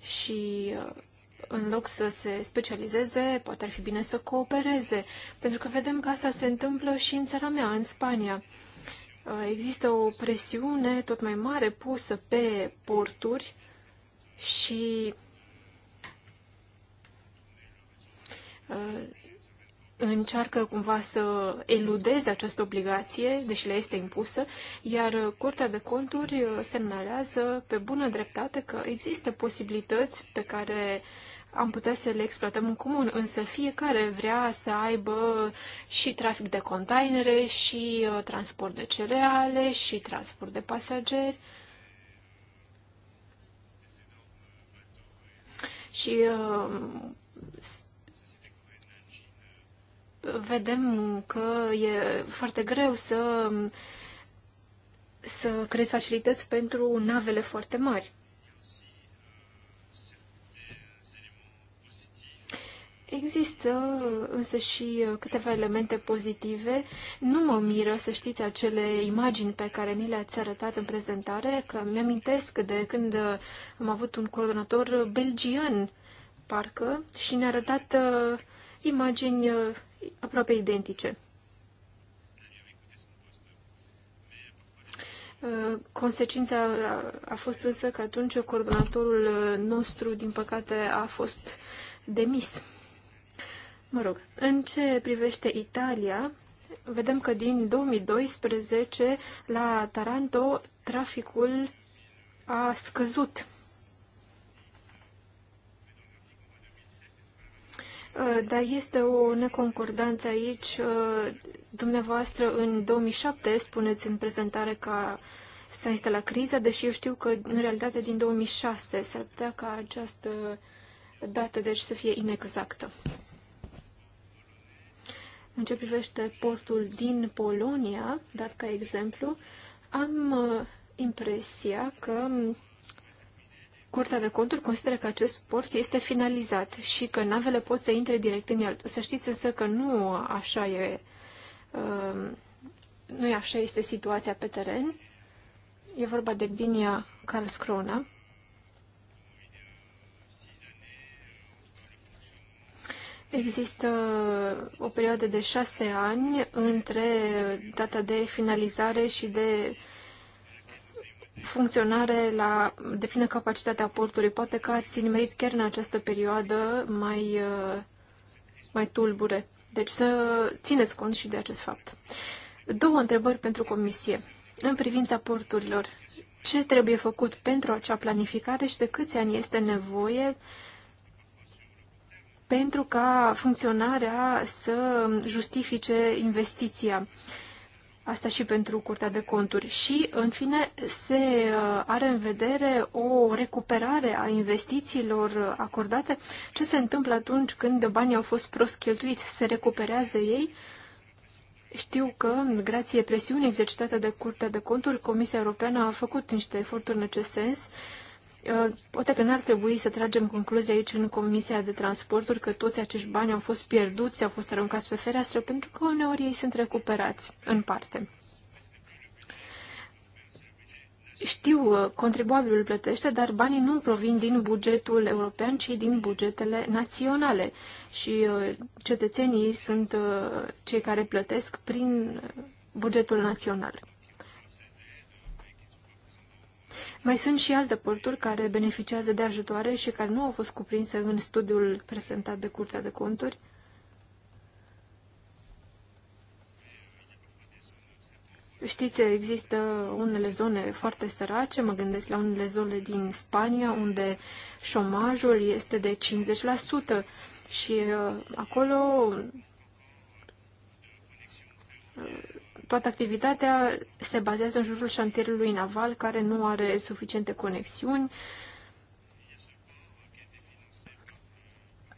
S3: și uh, în loc să se specializeze, poate ar fi bine să coopereze, pentru că vedem că asta se întâmplă și în țara mea, în Spania. Există o presiune tot mai mare pusă pe porturi și Uh, încearcă cumva să eludeze această obligație, deși le este impusă, iar Curtea de Conturi uh, semnalează pe bună dreptate că există posibilități pe care am putea să le exploatăm în comun, însă fiecare vrea să aibă și trafic de containere, și uh, transport de cereale, și transport de pasageri. Și uh, vedem că e foarte greu să, să creezi facilități pentru navele foarte mari. Există însă și câteva elemente pozitive. Nu mă miră să știți acele imagini pe care ni le-ați arătat în prezentare, că mi-amintesc de când am avut un coordonator belgian, parcă, și ne-a arătat uh, imagini uh, aproape identice. Uh, consecința a fost însă că atunci coordonatorul uh, nostru, din păcate, a fost demis. Mă rog, în ce privește Italia, vedem că din 2012 la Taranto traficul a scăzut Uh, dar este o neconcordanță aici. Uh, dumneavoastră, în 2007, spuneți în prezentare că s-a instalat criza, deși eu știu că, în realitate, din 2006 s-ar putea ca această dată, deci, să fie inexactă. În ce privește portul din Polonia, dat ca exemplu, am uh, impresia că Curtea de conturi consideră că acest port este finalizat și că navele pot să intre direct în el. Să știți însă că nu așa e, um, nu e așa este situația pe teren. E vorba de Gdynia Karlskrona. Există o perioadă de șase ani între data de finalizare și de uh, funcționare la deplină capacitatea portului. Poate că ați nimerit chiar în această perioadă mai, uh, mai tulbure. Deci să țineți cont și de acest fapt. Două întrebări pentru comisie. În privința porturilor, ce trebuie făcut pentru acea planificare și de câți ani este nevoie pentru ca funcționarea să justifice investiția? Asta și pentru Curtea de Conturi. Și, în fine, se uh, are în vedere o recuperare a investițiilor acordate. Ce se întâmplă atunci când banii au fost prost cheltuiți? Se recuperează ei? Știu că, grație presiunii exercitate de Curtea de Conturi, Comisia Europeană a făcut niște eforturi în acest sens. Uh, Uh, poate că n-ar trebui să tragem concluzia aici în Comisia de Transporturi că toți acești bani au fost pierduți, au fost aruncați pe fereastră, pentru că uneori ei sunt recuperați în parte. Știu, uh, contribuabilul plătește, dar banii nu provin din bugetul european, ci din bugetele naționale. Și uh, cetățenii sunt cei care plătesc prin bugetul național. Mai sunt și alte porturi care beneficiază de ajutoare și care nu au fost cuprinse în studiul prezentat de Curtea de Conturi. Știți, există unele zone foarte sărace, mă gândesc la unele zone din Spania, unde șomajul este de 50% și uh, acolo uh, toată activitatea se bazează în jurul șantierului naval, care nu are suficiente conexiuni.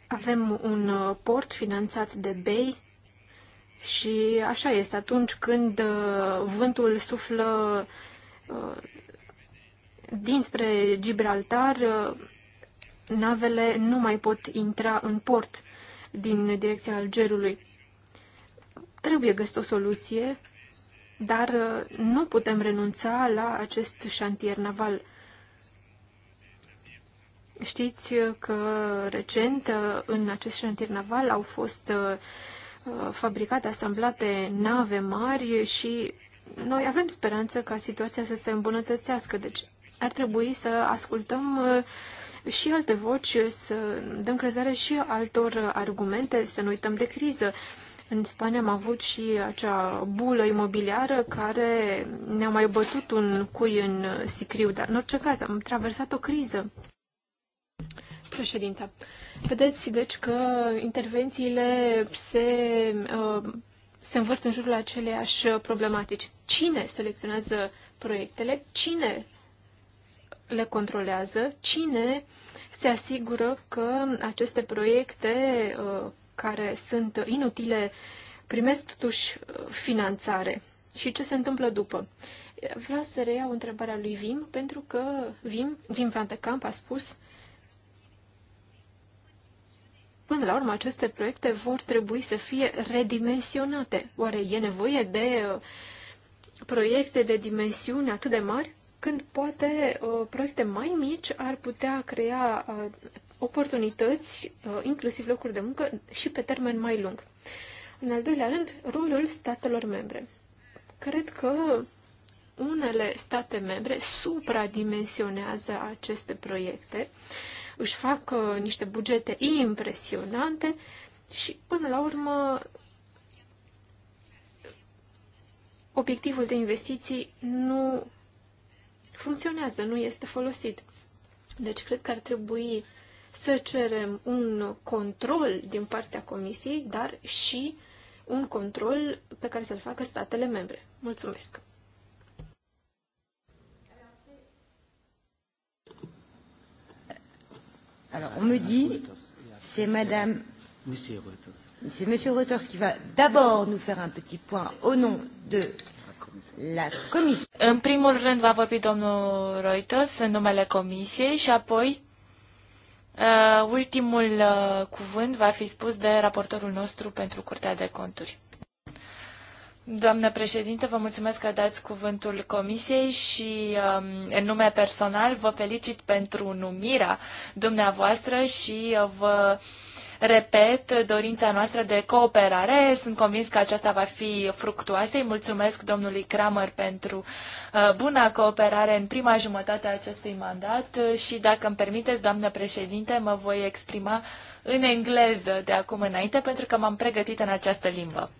S3: Avem un uh, port finanțat de BEI și așa este atunci când uh, vântul suflă uh, dinspre Gibraltar, navele nu mai pot intra în port din direcția Algerului. Trebuie găsit o soluție dar uh, nu putem renunța la acest șantier naval. Știți uh, că recent uh, în acest șantier naval au fost fabricate, asamblate nave mari și noi avem speranță ca situația să se îmbunătățească. Deci ar trebui să ascultăm și alte voci, să dăm crezare și altor argumente, să nu uităm de criză. În Spania am avut și acea bulă imobiliară care ne-a mai bătut un cui în sicriu, dar în orice caz am traversat o criză. Președinta, vedeți deci că intervențiile se, uh, se învârt în jurul aceleiași problematici. Cine selecționează proiectele? Cine le controlează? Cine se asigură că aceste proiecte uh, care sunt inutile primesc totuși uh, finanțare. Și ce se întâmplă după? Vreau să reiau întrebarea lui Vim, pentru că Vim, Vim Vantecamp a spus Până la urmă, aceste proiecte vor trebui să fie redimensionate. Oare e nevoie de uh, proiecte de dimensiuni atât de mari, când poate uh, proiecte mai mici ar putea crea oportunități, uh, inclusiv locuri de muncă, și pe termen mai lung. În al doilea rând, rolul statelor membre. Cred că unele state membre supradimensionează aceste proiecte, își fac uh, niște bugete impresionante și, până la urmă, obiectivul de investiții nu funcționează, nu este folosit. Deci cred că ar trebui să cerem un control din partea Comisiei, dar și un control pe care să-l facă statele membre. Mulțumesc! Alors, on me dit, c'est Madame. C'est Monsieur Reuters qui va d'abord nous faire un petit point au nom de
S1: la Commission. În primul rând va vorbi domnul Reuters de numele Comisiei și apoi Uh, ultimul uh, cuvânt va fi spus de raportorul nostru pentru Curtea de Conturi. Doamnă președintă, vă mulțumesc că dați cuvântul comisiei și um, în nume personal vă felicit pentru numirea dumneavoastră și uh, vă repet, dorința noastră de cooperare. Sunt convins că aceasta va fi fructuoasă. Îi mulțumesc domnului Kramer pentru uh, buna cooperare în prima jumătate a acestui mandat și, dacă îmi permiteți, doamnă președinte, mă voi exprima în engleză de acum înainte, pentru că m-am pregătit în această limbă.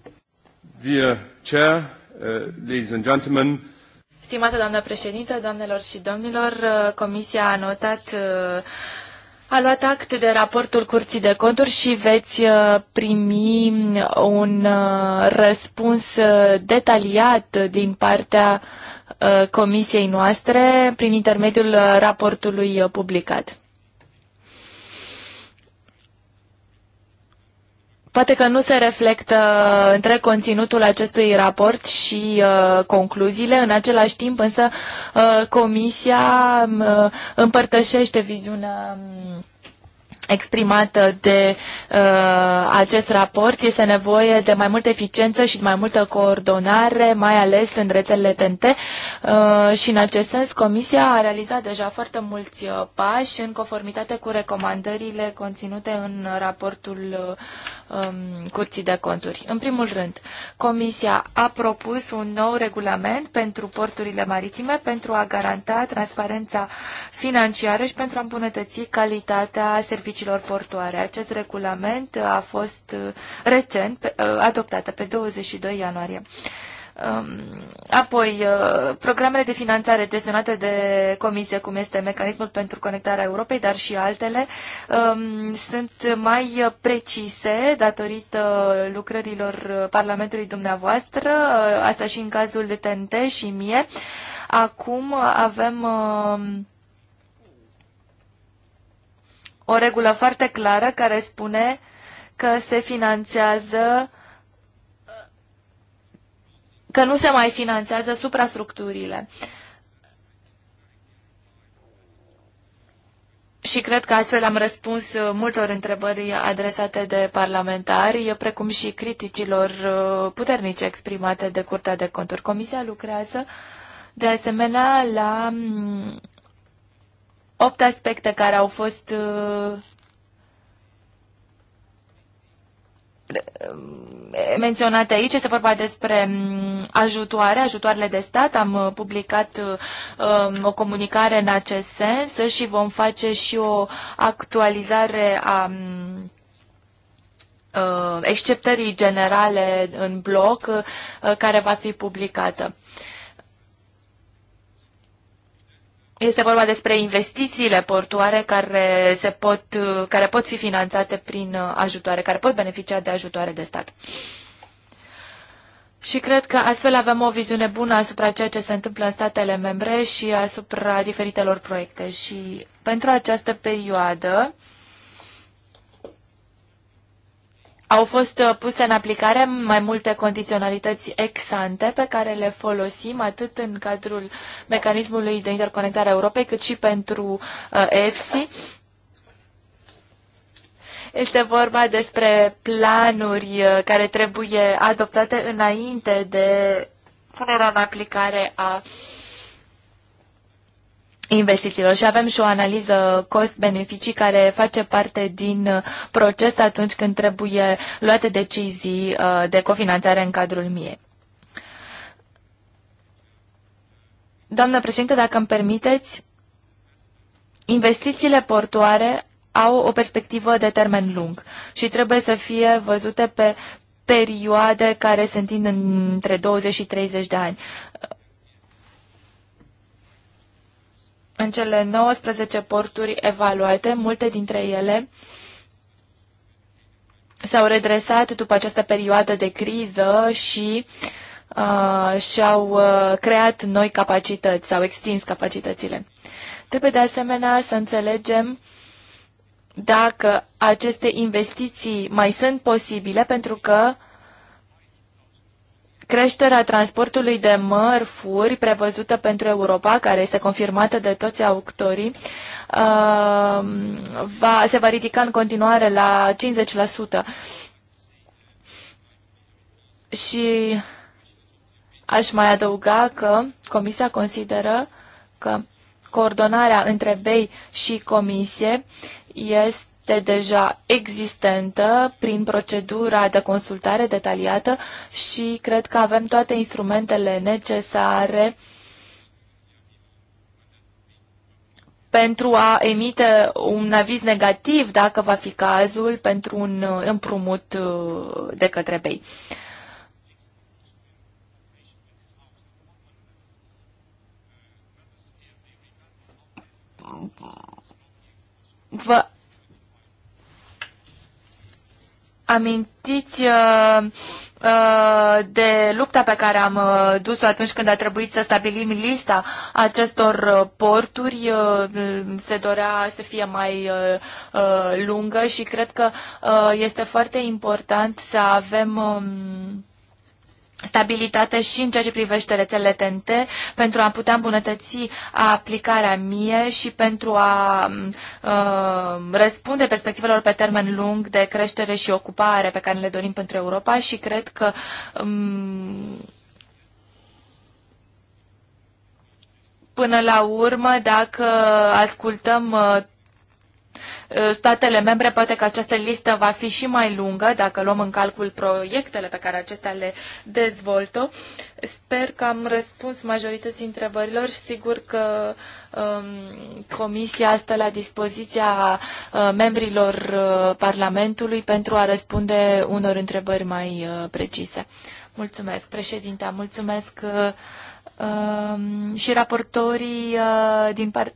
S1: Dear Chair, uh, ladies and gentlemen, Stimată doamnă președintă, doamnelor și domnilor, uh, Comisia a notat uh, a luat act de raportul Curții de Conturi și veți uh, primi un uh, răspuns uh, detaliat din partea comisiei noastre prin intermediul raportului publicat. Poate că nu se reflectă între conținutul acestui raport și uh, concluziile, în același timp însă uh, Comisia um, uh, împărtășește viziunea um, exprimată de uh, acest raport. Este nevoie de mai multă eficiență și de mai multă coordonare, mai ales în rețelele TNT uh, și în acest sens Comisia a realizat deja foarte mulți uh, pași în conformitate cu recomandările conținute în raportul uh, um, curții de conturi. În primul rând, Comisia a propus un nou regulament pentru porturile maritime pentru a garanta transparența financiară și pentru a îmbunătăți calitatea serviciilor portoare. Acest regulament a fost uh, recent uh, adoptat pe 22 ianuarie. Um, apoi, uh, programele de finanțare gestionate de comisie, cum este mecanismul pentru conectarea Europei, dar și altele, um, sunt mai precise datorită lucrărilor Parlamentului dumneavoastră, uh, asta și în cazul de TNT și mie. Acum avem um, o regulă foarte clară care spune că se finanțează că nu se mai finanțează suprastructurile. Și cred că astfel am răspuns uh, multor întrebări adresate de parlamentari, uh, precum și criticilor uh, puternice exprimate de Curtea de Conturi. Comisia lucrează, de asemenea, la mm, opt aspecte care au fost Eh, menționate aici. Este vorba despre mm, ajutoare, ajutoarele de stat. Am eh, publicat eh, o comunicare în acest sens și vom face și o actualizare a mm, exceptării generale în bloc care va fi publicată. Este vorba despre investițiile portoare care, se pot, care pot fi finanțate prin ajutoare, care pot beneficia de ajutoare de stat. Și cred că astfel avem o viziune bună asupra ceea ce se întâmplă în statele membre și asupra diferitelor proiecte. Și pentru această perioadă Au fost uh, puse în aplicare mai multe condiționalități exante pe care le folosim atât în cadrul mecanismului de interconectare a Europei cât și pentru uh, EFSI. Este vorba despre planuri uh, care trebuie adoptate înainte de punerea în aplicare a uh, investițiilor și avem și o analiză cost-beneficii care face parte din uh, proces atunci când trebuie luate decizii uh, de cofinanțare în cadrul MIE. Doamnă președinte, dacă îmi permiteți, investițiile portoare au o perspectivă de termen lung și trebuie să fie văzute pe perioade care se întind între 20 și 30 de ani. În cele 19 porturi evaluate, multe dintre ele s-au redresat după această perioadă de criză și uh, și-au uh, creat noi capacități, s-au extins capacitățile. Trebuie de asemenea să înțelegem dacă aceste investiții mai sunt posibile, pentru că uh, creșterea transportului de mărfuri prevăzută pentru Europa, care este confirmată de toți autorii, uh, va, se va ridica în continuare la 50%. Și aș mai adăuga că Comisia consideră că coordonarea între BEI și Comisie este este deja existentă prin procedura de consultare detaliată și cred că avem toate instrumentele necesare pentru a emite un aviz negativ, dacă va fi cazul, pentru un împrumut uh, de către BEI. Vă amintiți uh, uh, de lupta pe care am uh, dus-o atunci când a trebuit să stabilim lista acestor porturi. Se dorea să fie mai lungă și cred că este foarte important să avem um, stabilitate și în ceea ce privește rețelele TNT pentru a putea îmbunătăți aplicarea mie și pentru a mm, uh, răspunde perspectivelor pe termen lung de creștere și ocupare pe care le dorim pentru Europa și cred că um, până la urmă, dacă ascultăm uh, Eh, statele membre, poate că această listă va fi și mai lungă dacă luăm în calcul proiectele pe care acestea le dezvoltă. Sper că am răspuns majorității întrebărilor și sigur că um, Comisia stă la dispoziția uh, membrilor uh, Parlamentului pentru a răspunde unor întrebări mai uh, precise. Mulțumesc, președinte, mulțumesc uh, um, și raportorii uh, din partea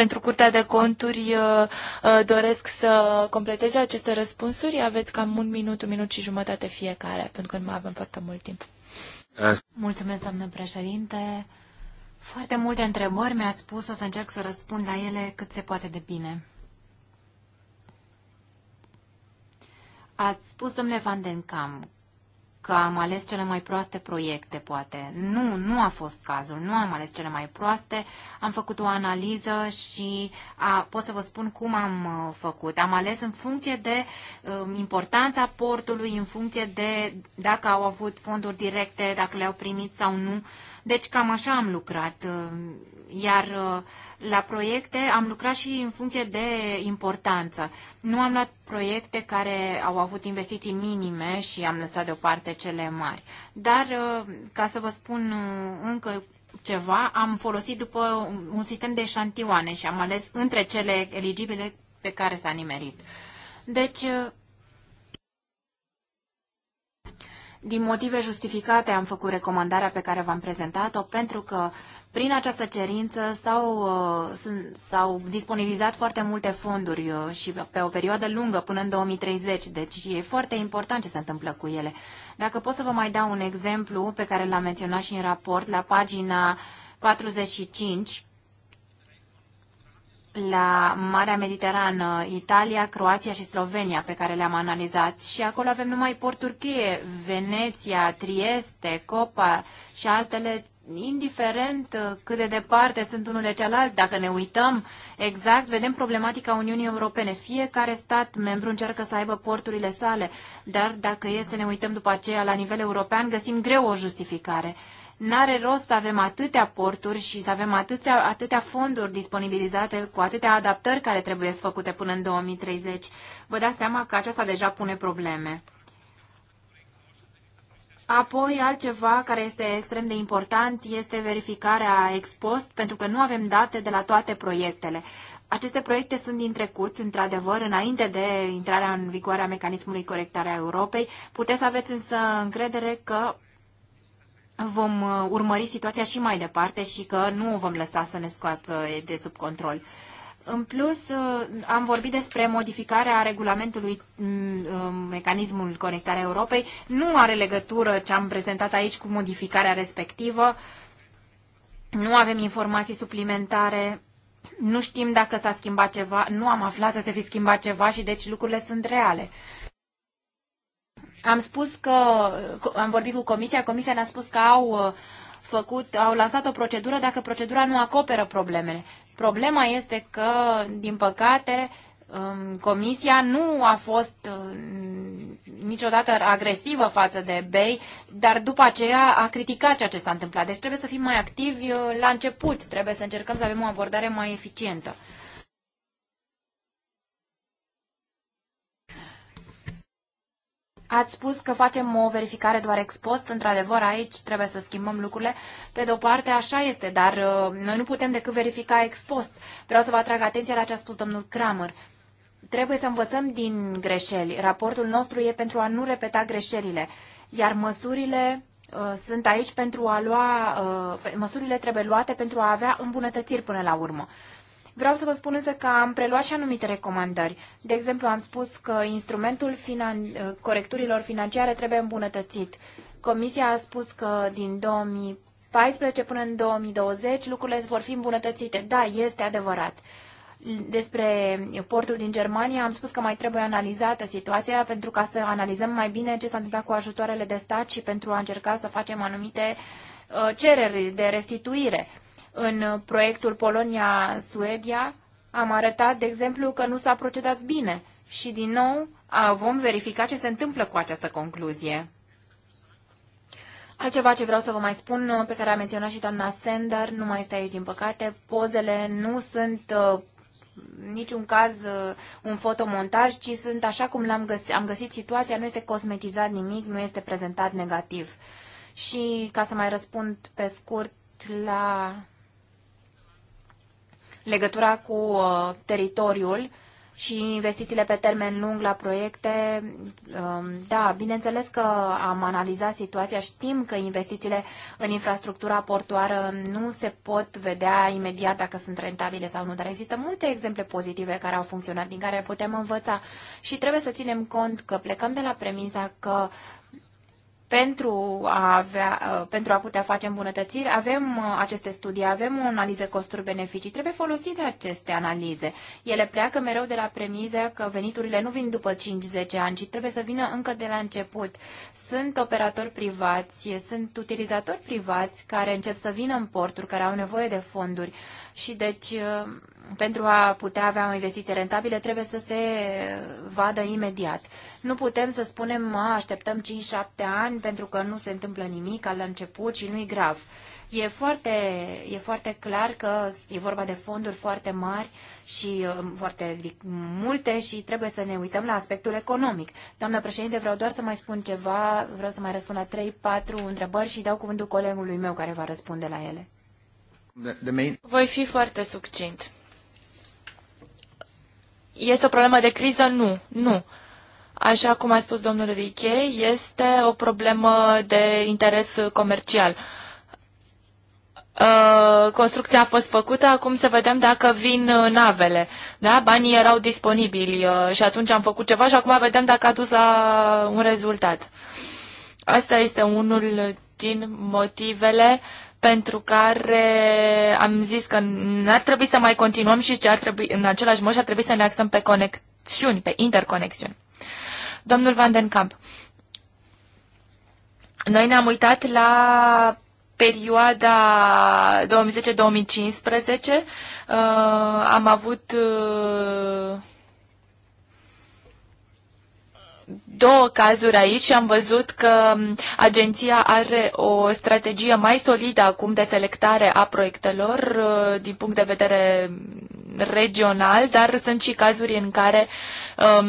S1: pentru Curtea de Conturi uh, uh, doresc să completeze aceste răspunsuri. Aveți cam un minut, un minut și jumătate fiecare, pentru că nu mai avem foarte mult timp. Mulțumesc, doamnă președinte. Foarte multe întrebări mi-ați spus, o să încerc să răspund
S2: la ele cât se poate de bine. Ați spus, domnule Van den Cam, că am ales cele mai proaste proiecte, poate. Nu, nu a fost cazul, nu am ales cele mai proaste, am făcut o analiză și a, pot să vă spun cum am uh, făcut. Am ales în funcție de uh, importanța portului, în funcție de dacă au avut fonduri directe, dacă le-au primit sau nu. Uh, deci cam așa am lucrat. Iar uh, la proiecte am lucrat și în funcție de importanță. Nu am luat proiecte care au avut investiții minime și am lăsat deoparte cele mari. Dar, uh, ca să vă spun uh, încă ceva, am folosit după un sistem de șantioane și am ales între cele eligibile pe care s-a nimerit. Deci, Din motive justificate am făcut recomandarea pe care v-am prezentat-o pentru că prin această cerință s-au, uh, s-au disponibilizat foarte multe fonduri uh, și pe o perioadă lungă până în 2030, deci e foarte important ce se întâmplă cu ele. Dacă pot să vă mai dau un exemplu pe care l-am menționat și în raport, la pagina 45, la Marea Mediterană, Italia, Croația și Slovenia, pe care le-am analizat. Și acolo avem numai porturi cheie, Veneția, Trieste, Copa și altele, indiferent uh, cât de departe sunt unul de celălalt. Dacă ne uităm exact, vedem problematica Uniunii Europene. Fiecare stat membru încearcă să aibă porturile sale, dar dacă e să ne uităm după aceea la nivel european, găsim greu o justificare. N-are rost să avem atâtea porturi și să avem atâtea, atâtea fonduri disponibilizate cu atâtea adaptări care trebuie să făcute până în 2030. Vă dați seama că aceasta deja pune probleme. Apoi, altceva care este extrem de important este verificarea expost, pentru că nu avem date de la toate proiectele. Aceste proiecte sunt din trecut, într-adevăr, înainte de intrarea în vigoare a mecanismului corectare a Europei. Puteți să aveți însă încredere că vom uh, urmări situația și mai departe și că nu o vom lăsa să ne scoată uh, de sub control. În plus, uh, am vorbit despre modificarea regulamentului mm, um, mecanismul conectarea Europei. Nu are legătură ce am prezentat aici cu modificarea respectivă. Nu avem informații suplimentare. Nu știm dacă s-a schimbat ceva, nu am aflat să se fi schimbat ceva și deci lucrurile sunt reale. Am spus că, am vorbit cu comisia, comisia ne-a spus că au uh, făcut, au lansat o procedură dacă procedura nu acoperă problemele. Problema este că, din păcate, um, Comisia nu a fost uh, niciodată agresivă față de BEI, dar după aceea a criticat ceea ce s-a întâmplat. Deci trebuie să fim mai activi uh, la început, trebuie să încercăm să avem o abordare mai eficientă. Ați spus că facem o verificare doar ex post, într-adevăr aici trebuie să schimbăm lucrurile. Pe de o parte așa este, dar uh, noi nu putem decât verifica ex post. Vreau să vă atrag atenția la ce a spus domnul Kramer. Trebuie să învățăm din greșeli. Raportul nostru e pentru a nu repeta greșelile, iar măsurile uh, sunt aici pentru a lua, uh, măsurile trebuie luate pentru a avea îmbunătățiri până la urmă. Uh, Vreau să vă spun însă că am preluat și anumite recomandări. De exemplu, am spus că instrumentul finan- corecturilor financiare trebuie îmbunătățit. Comisia a spus că din 2014 până în 2020 lucrurile vor fi îmbunătățite. Da, este adevărat despre portul din Germania, am spus că mai trebuie analizată situația pentru ca să analizăm mai bine ce s-a întâmplat cu ajutoarele de stat și pentru a încerca să facem anumite uh, cereri de restituire. În proiectul Polonia-Suedia am arătat, de exemplu, că nu s-a procedat bine și, din nou, vom verifica ce se întâmplă cu această concluzie. Altceva ce vreau să vă mai spun, uh, pe care a menționat și doamna Sender, nu mai este aici din păcate, pozele nu sunt uh, niciun caz uh, un fotomontaj, ci sunt așa cum l-am găsit, am găsit situația, nu este cosmetizat nimic, nu este prezentat negativ. Și ca să mai răspund pe scurt la legătura cu uh, teritoriul și investițiile pe termen lung la proiecte. Um, da, bineînțeles că am analizat situația. Știm că investițiile în infrastructura portoară nu se pot vedea imediat dacă sunt rentabile sau nu, dar există multe exemple pozitive care au funcționat, din care putem învăța. Și trebuie să ținem cont că plecăm de la premisa că pentru a, avea, uh, pentru a putea face îmbunătățiri, avem uh, aceste studii, avem o analiză costuri-beneficii. Trebuie folosite aceste analize. Ele pleacă mereu de la premiza că veniturile nu vin după 5-10 ani, ci trebuie să vină încă de la început. Sunt operatori privați, sunt utilizatori privați care încep să vină în porturi, care au nevoie de fonduri și deci uh, pentru a putea avea o investiție rentabilă, trebuie să se vadă imediat. Nu putem să spunem, mă, așteptăm 5-7 ani pentru că nu se întâmplă nimic al început și nu-i grav. E foarte, e foarte clar că e vorba de fonduri foarte mari și uh, foarte multe și trebuie să ne uităm la aspectul economic. Doamna președinte, vreau doar să mai spun ceva, vreau să mai răspund la 3-4 întrebări și dau cuvântul colegului
S1: meu care va răspunde la ele. The, the main... Voi fi foarte succint. Este o problemă de criză? Nu, nu. Așa cum a spus domnul Riche, este o problemă de interes comercial. Uh, construcția a fost făcută, acum să vedem dacă vin uh, navele. Da? Banii erau disponibili uh, și atunci am făcut ceva și acum vedem dacă a dus la un rezultat. Asta este unul din motivele uh, pentru care am zis că n-ar trebui să mai continuăm și ce ar trebui, în același mod și ar trebui să ne axăm pe conexiuni, pe interconexiuni. Domnul Van den Kamp, noi ne-am uitat la perioada 2010-2015, uh, am avut uh, două cazuri aici și am văzut că um, agenția are o strategie mai solidă acum de selectare a proiectelor uh, din punct de vedere regional, dar sunt și cazuri în care um,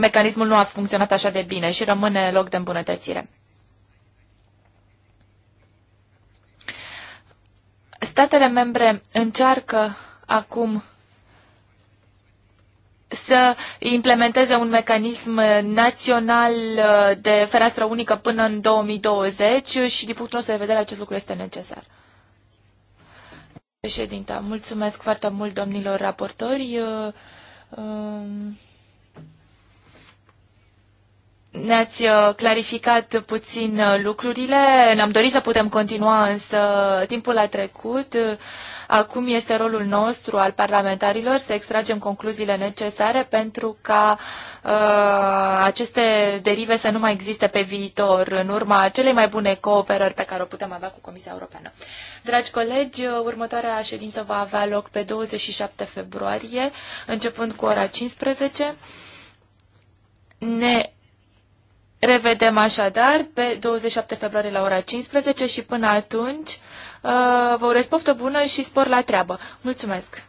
S1: mecanismul nu a funcționat așa de bine și rămâne loc de îmbunătățire. Statele membre încearcă acum să implementeze un mecanism național uh, de fereastră unică până în 2020 și din punctul nostru de vedere acest lucru este necesar. Președinta, mulțumesc foarte mult domnilor raportori. Uh, um, ne-ați uh, clarificat puțin uh, lucrurile. Ne-am dorit să putem continua, însă timpul a trecut. Acum este rolul nostru al parlamentarilor să extragem concluziile necesare pentru ca uh, aceste derive să nu mai existe pe viitor în urma celei mai bune cooperări pe care o putem avea cu Comisia Europeană. Dragi colegi, uh, următoarea ședință va avea loc pe 27 februarie, începând cu ora 15. Ne revedem așadar pe 27 februarie la ora 15 și până atunci uh, vă urez poftă bună și spor la treabă. Mulțumesc!